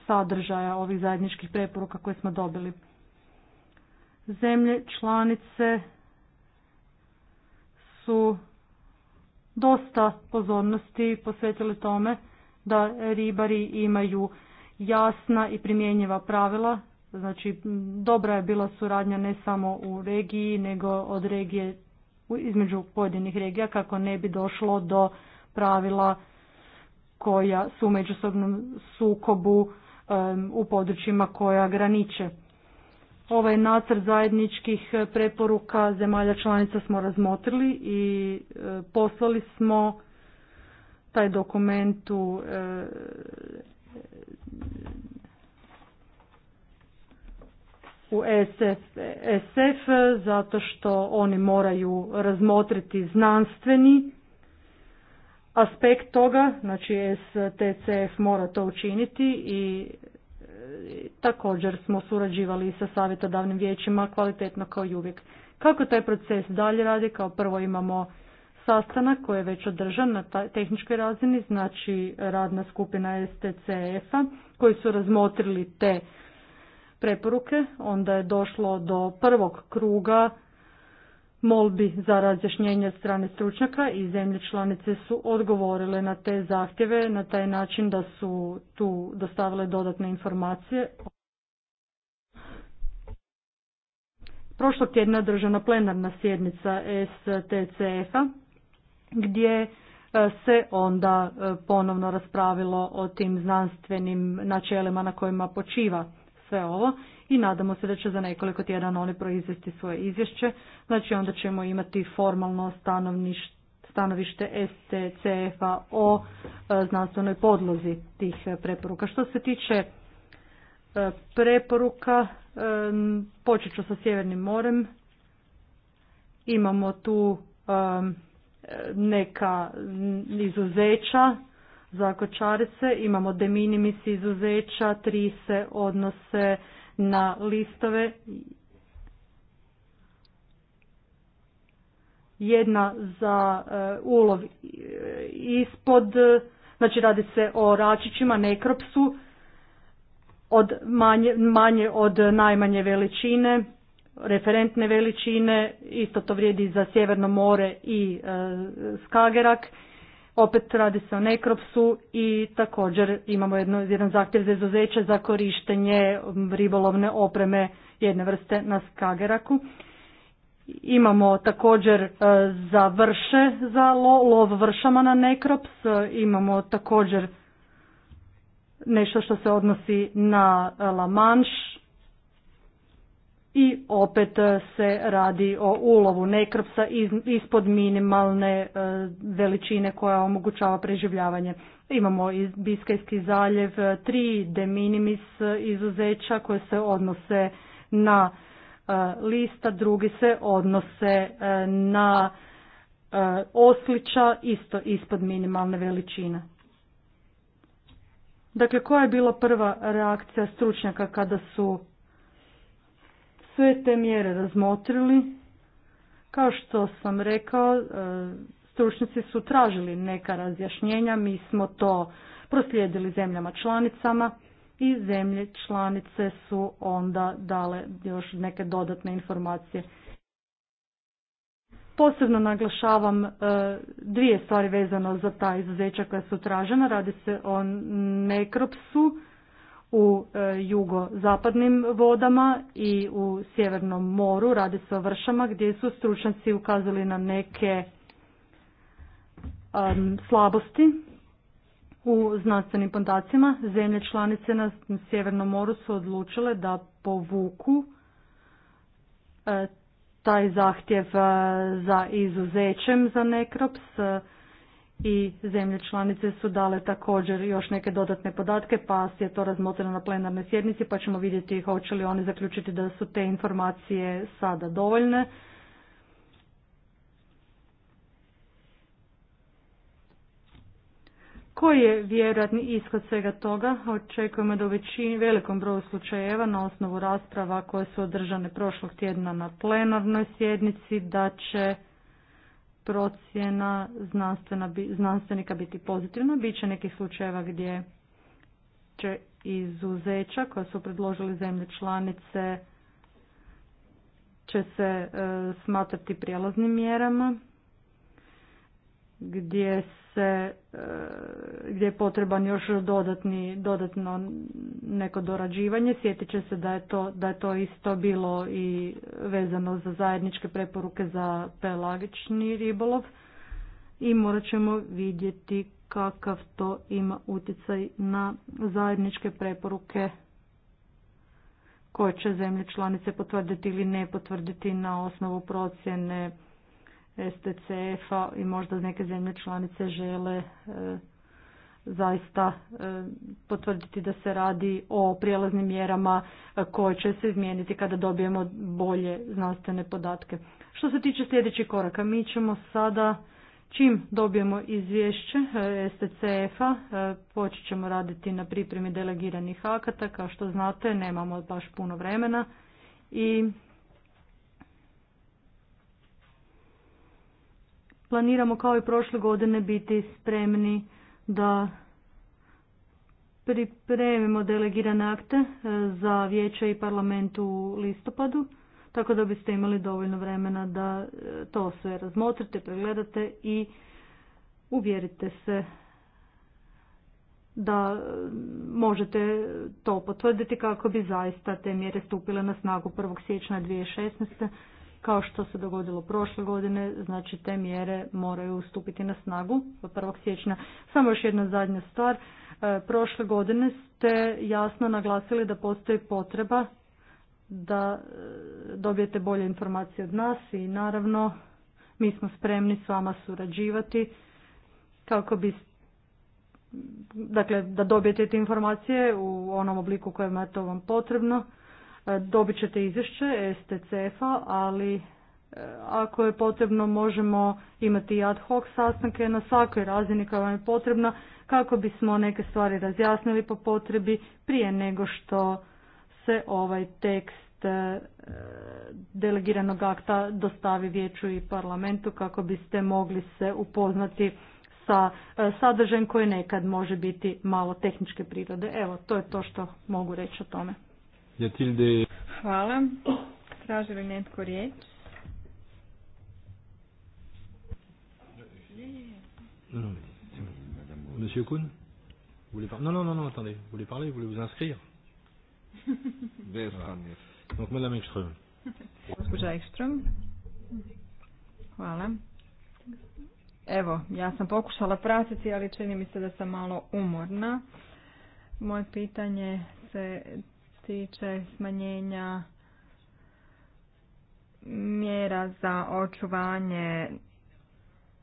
sadržaja ovih zajedničkih preporuka koje smo dobili zemlje članice su dosta pozornosti posvetili tome da ribari imaju jasna i primjenjiva pravila. Znači, dobra je bila suradnja ne samo u regiji, nego od regije između pojedinih regija kako ne bi došlo do pravila koja su u međusobnom sukobu u područjima koja graniče. Ovaj nacrt zajedničkih e, preporuka zemalja članica smo razmotrili i e, poslali smo taj dokument u e, u SF, SF zato što oni moraju razmotriti znanstveni aspekt toga, znači STCF mora to učiniti i također smo surađivali sa savjetodavnim vijećima kvalitetno kao i uvijek. Kako taj proces dalje radi? Kao prvo imamo sastanak koji je već održan na tehničkoj razini, znači radna skupina STCF-a koji su razmotrili te preporuke. Onda je došlo do prvog kruga molbi za razjašnjenje strane stručnjaka i zemlje članice su odgovorile na te zahtjeve na taj način da su tu dostavile dodatne informacije. Prošlog tjedna držana plenarna sjednica STCF-a gdje e, se onda e, ponovno raspravilo o tim znanstvenim načelima na kojima počiva sve ovo i nadamo se da će za nekoliko tjedana oni proizvesti svoje izvješće. Znači onda ćemo imati formalno stanovište STCF-a o e, znanstvenoj podlozi tih e, preporuka. Što se tiče e, preporuka, počet ću sa Sjevernim morem. Imamo tu neka izuzeća za kočarice, imamo de minimis izuzeća, tri se odnose na listove jedna za e, ulov e, ispod, e, znači radi se o račićima, nekropsu, od manje, manje od najmanje veličine, referentne veličine, isto to vrijedi za Sjeverno more i Skagerak opet radi se o nekropsu i također imamo jedno, jedan zahtjev za izuzeće za korištenje ribolovne opreme jedne vrste na Skageraku. Imamo također e, za vrše, za lov, vršama na nekrops, e, imamo također nešto što se odnosi na lamanš, i opet se radi o ulovu nekrpsa ispod minimalne e, veličine koja omogućava preživljavanje. Imamo i Biskajski zaljev e, tri de minimis izuzeća koje se odnose na e, lista, drugi se odnose na oslića isto ispod minimalne veličine. Dakle, koja je bila prva reakcija stručnjaka kada su sve te mjere razmotrili. Kao što sam rekao, e, stručnjaci su tražili neka razjašnjenja, mi smo to proslijedili zemljama članicama i zemlje članice su onda dale još neke dodatne informacije. Posebno naglašavam e, dvije stvari vezano za ta izuzeća koja su tražena. Radi se o nekropsu u e, jugozapadnim vodama i u sjevernom moru, radi se o vršama gdje su stručnjaci ukazali na neke slabosti u znanstvenim podacima. Zemlje članice na sjevernom moru su odlučile da povuku e, taj zahtjev e, za izuzećem za nekrops i zemlje članice su dale također još neke dodatne podatke pa je to razmotrilo na plenarnoj sjednici pa ćemo vidjeti hoće li oni zaključiti da su te informacije sada dovoljne. Koji je vjerojatni ishod svega toga? Očekujemo da u većini, velikom broju slučajeva na osnovu rasprava koje su održane prošlog tjedna na plenarnoj sjednici da će procjena znanstvenika biti pozitivna. Biće nekih slučajeva gdje će izuzeća koja su predložili zemlje članice će se e, smatrati prijelaznim mjerama gdje se e, gdje je potreban još dodatni, dodatno neko dorađivanje. Sjetit će se da je, to, da je to isto bilo i vezano za zajedničke preporuke za pelagični ribolov i morat ćemo vidjeti kakav to ima utjecaj na zajedničke preporuke koje će zemlje članice potvrditi ili ne potvrditi na osnovu procjene STCF-a i možda neke zemlje članice žele e, zaista e, potvrditi da se radi o prijelaznim mjerama e, koje će se izmijeniti kada dobijemo bolje znanstvene podatke. Što se tiče sljedećih koraka, mi ćemo sada čim dobijemo izvješće STCF-a, počet ćemo raditi na pripremi delegiranih akata. Kao što znate, nemamo baš puno vremena i planiramo kao i prošle godine biti spremni da pripremimo delegirane akte e, za vijeće i parlament u listopadu, tako da biste imali dovoljno vremena da e, to sve razmotrite, pregledate i uvjerite se da e, možete to potvrditi kako bi zaista te mjere stupile na snagu 1. siječnja 2016 kao što se dogodilo prošle godine, znači te mjere moraju stupiti na snagu od 1. siječnja. Samo još jedna zadnja stvar, e, prošle godine ste jasno naglasili da postoji potreba da e, dobijete bolje informacije od nas i naravno mi smo spremni s vama surađivati kako bi dakle da dobijete te informacije u onom obliku kojem je to vam potrebno Dobit ćete izvješće STCF-a, ali e, ako je potrebno možemo imati ad hoc sastanke na svakoj razini koja vam je potrebna kako bismo neke stvari razjasnili po potrebi prije nego što se ovaj tekst e, delegiranog akta dostavi vijeću i parlamentu kako biste mogli se upoznati sa e, sadržajem koji nekad može biti malo tehničke prirode. Evo, to je to što mogu reći o tome. Hvala. Traži li netko riječ? Ne, Monsieur Kuhn, vous voulez parler Non, attendez. Vous voulez parler Ekström. Hvala. Evo, ja sam pokušala pratiti, ali čini mi se da sam malo umorna. Moje pitanje se tiče smanjenja mjera za očuvanje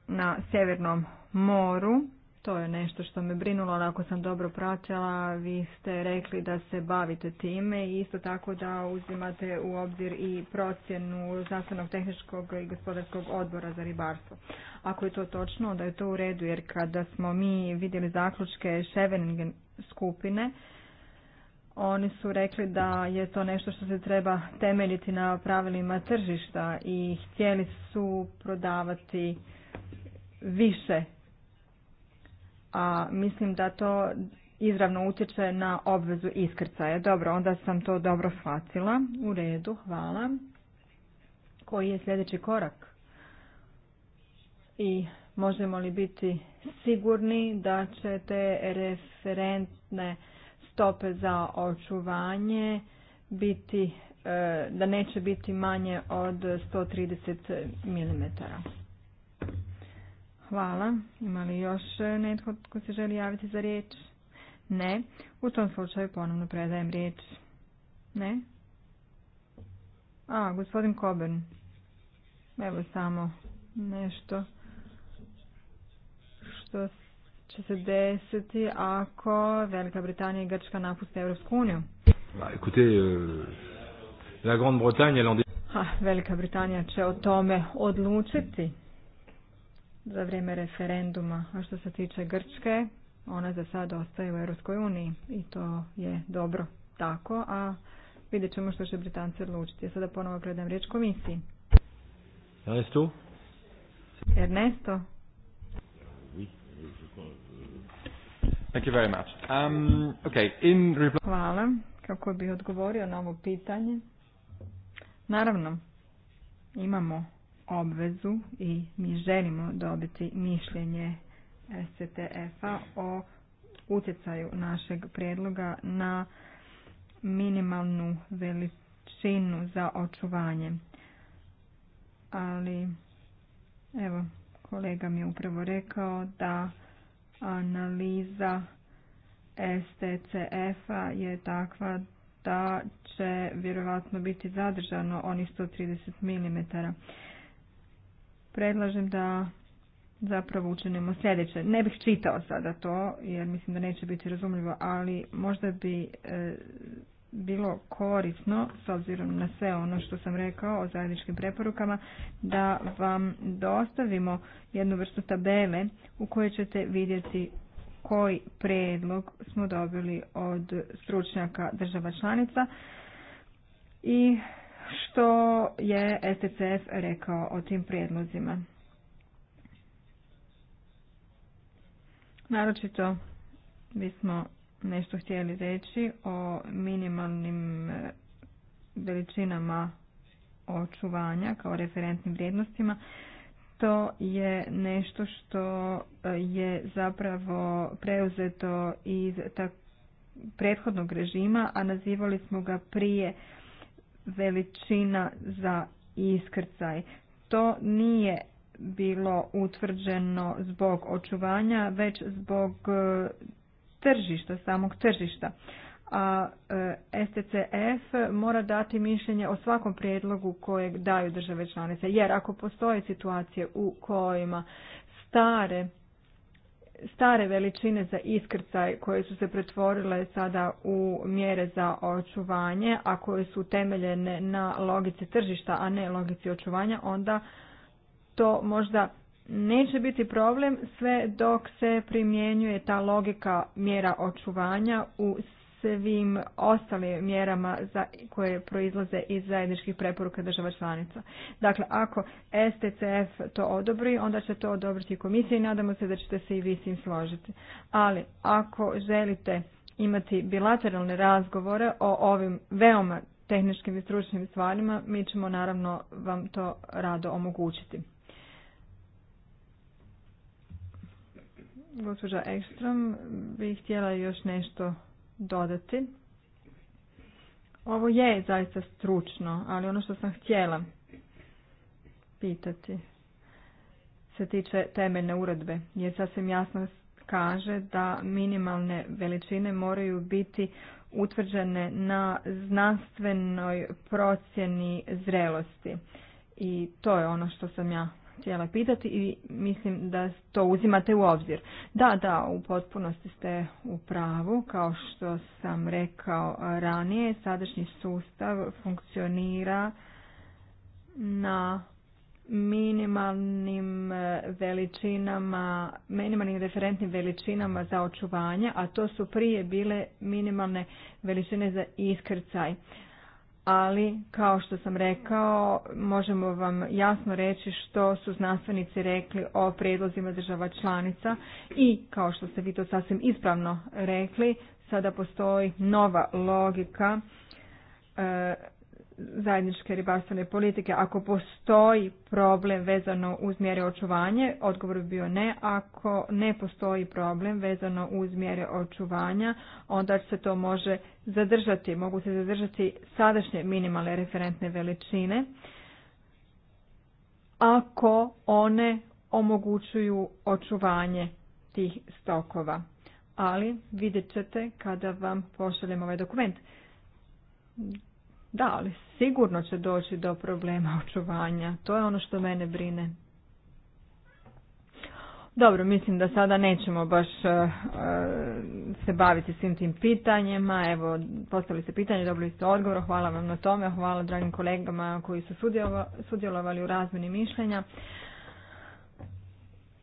na Sjevernom moru. To je nešto što me brinulo, ali ako sam dobro pratila, vi ste rekli da se bavite time i isto tako da uzimate u obzir i procjenu znanstvenog tehničkog i gospodarskog odbora za ribarstvo. Ako je to točno, onda je to u redu, jer kada smo mi vidjeli zaključke Ševeningen skupine, oni su rekli da je to nešto što se treba temeljiti na pravilima tržišta i htjeli su prodavati više. A mislim da to izravno utječe na obvezu iskrcaja. Dobro, onda sam to dobro shvatila. U redu, hvala. Koji je sljedeći korak? I možemo li biti sigurni da će te referentne tope za očuvanje biti, e, da neće biti manje od 130 mm. Hvala. Ima li još e, netko ko se želi javiti za riječ? Ne. U tom slučaju ponovno predajem riječ. Ne? A, gospodin Koben. Evo samo nešto što će se desiti ako Velika Britanija i Grčka napuste Europsku uniju? Euh, la Grande Bretagne, Velika Britanija će o tome odlučiti za vrijeme referenduma. A što se tiče Grčke, ona za sad ostaje u Europskoj uniji i to je dobro tako, a vidjet ćemo što će Britanci odlučiti. Ja sada ponovo predam riječ komisiji. Ernesto? Ernesto? Oui, je Thank you very much. Um, okay, in... Hvala. Kako bih odgovorio na ovo pitanje? Naravno, imamo obvezu i mi želimo dobiti mišljenje SCTF-a o utjecaju našeg prijedloga na minimalnu veličinu za očuvanje. Ali, evo, kolega mi je upravo rekao da analiza STCF-a je takva da će vjerojatno biti zadržano onih 130 mm. Predlažem da zapravo učinimo sljedeće. Ne bih čitao sada to jer mislim da neće biti razumljivo, ali možda bi e, bilo korisno, s obzirom na sve ono što sam rekao o zajedničkim preporukama, da vam dostavimo jednu vrstu tabele u kojoj ćete vidjeti koji predlog smo dobili od stručnjaka država članica i što je STCF rekao o tim prijedlozima. Naročito bismo nešto htjeli reći o minimalnim e, veličinama očuvanja kao referentnim vrijednostima. To je nešto što e, je zapravo preuzeto iz prethodnog režima, a nazivali smo ga prije veličina za iskrcaj. To nije bilo utvrđeno zbog očuvanja, već zbog e, tržišta, samog tržišta. A e, STCF mora dati mišljenje o svakom prijedlogu kojeg daju države članice. Jer ako postoje situacije u kojima stare stare veličine za iskrcaj koje su se pretvorile sada u mjere za očuvanje, a koje su temeljene na logici tržišta, a ne logici očuvanja, onda to možda neće biti problem sve dok se primjenjuje ta logika mjera očuvanja u svim ostalim mjerama za, koje proizlaze iz zajedničkih preporuka država članica. Dakle, ako STCF to odobri, onda će to odobriti komisija i nadamo se da ćete se i vi s tim složiti. Ali ako želite imati bilateralne razgovore o ovim veoma tehničkim i stručnim stvarima, mi ćemo naravno vam to rado omogućiti. Gospođa Ekstrom bi htjela još nešto dodati. Ovo je zaista stručno, ali ono što sam htjela pitati se tiče temeljne uredbe, jer sasvim jasno kaže da minimalne veličine moraju biti utvrđene na znanstvenoj procjeni zrelosti. I to je ono što sam ja htjela pitati i mislim da to uzimate u obzir. Da, da, u potpunosti ste u pravu. Kao što sam rekao ranije, sadašnji sustav funkcionira na minimalnim e, veličinama, minimalnim referentnim veličinama za očuvanje, a to su prije bile minimalne veličine za iskrcaj ali kao što sam rekao možemo vam jasno reći što su znanstvenici rekli o predlozima država članica i kao što ste vi to sasvim ispravno rekli sada postoji nova logika e, zajedničke ribarstvene politike. Ako postoji problem vezano uz mjere očuvanje, odgovor bi bio ne. Ako ne postoji problem vezano uz mjere očuvanja, onda se to može zadržati. Mogu se zadržati sadašnje minimalne referentne veličine ako one omogućuju očuvanje tih stokova. Ali vidjet ćete kada vam pošaljem ovaj dokument da, ali sigurno će doći do problema očuvanja. To je ono što mene brine. Dobro, mislim da sada nećemo baš e, e, se baviti svim tim pitanjima. Evo, postavili ste pitanje, dobili ste odgovor. Hvala vam na tome. Hvala dragim kolegama koji su sudjelovali u razmjeni mišljenja.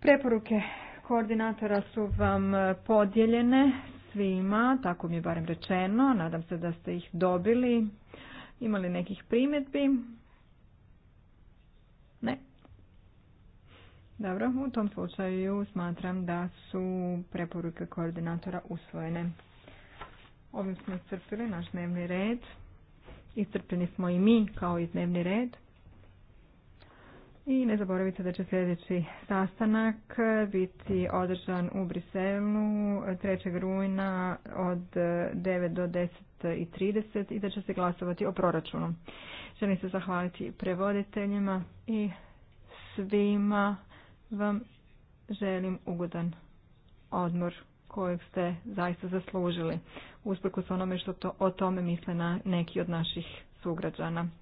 Preporuke koordinatora su vam e, podijeljene svima, tako mi je barem rečeno. Nadam se da ste ih dobili. Ima li nekih primjedbi? Ne. Dobro, u tom slučaju smatram da su preporuke koordinatora usvojene. Ovim smo iscrpili naš dnevni red. Iscrpljeni smo i mi kao i dnevni red. I ne zaboravite da će sljedeći sastanak biti održan u Briselu 3. rujna od 9 do 10 i i da će se glasovati o proračunu. Želim se zahvaliti prevoditeljima i svima vam želim ugodan odmor kojeg ste zaista zaslužili, usprkos onome što to, o tome misle na neki od naših sugrađana.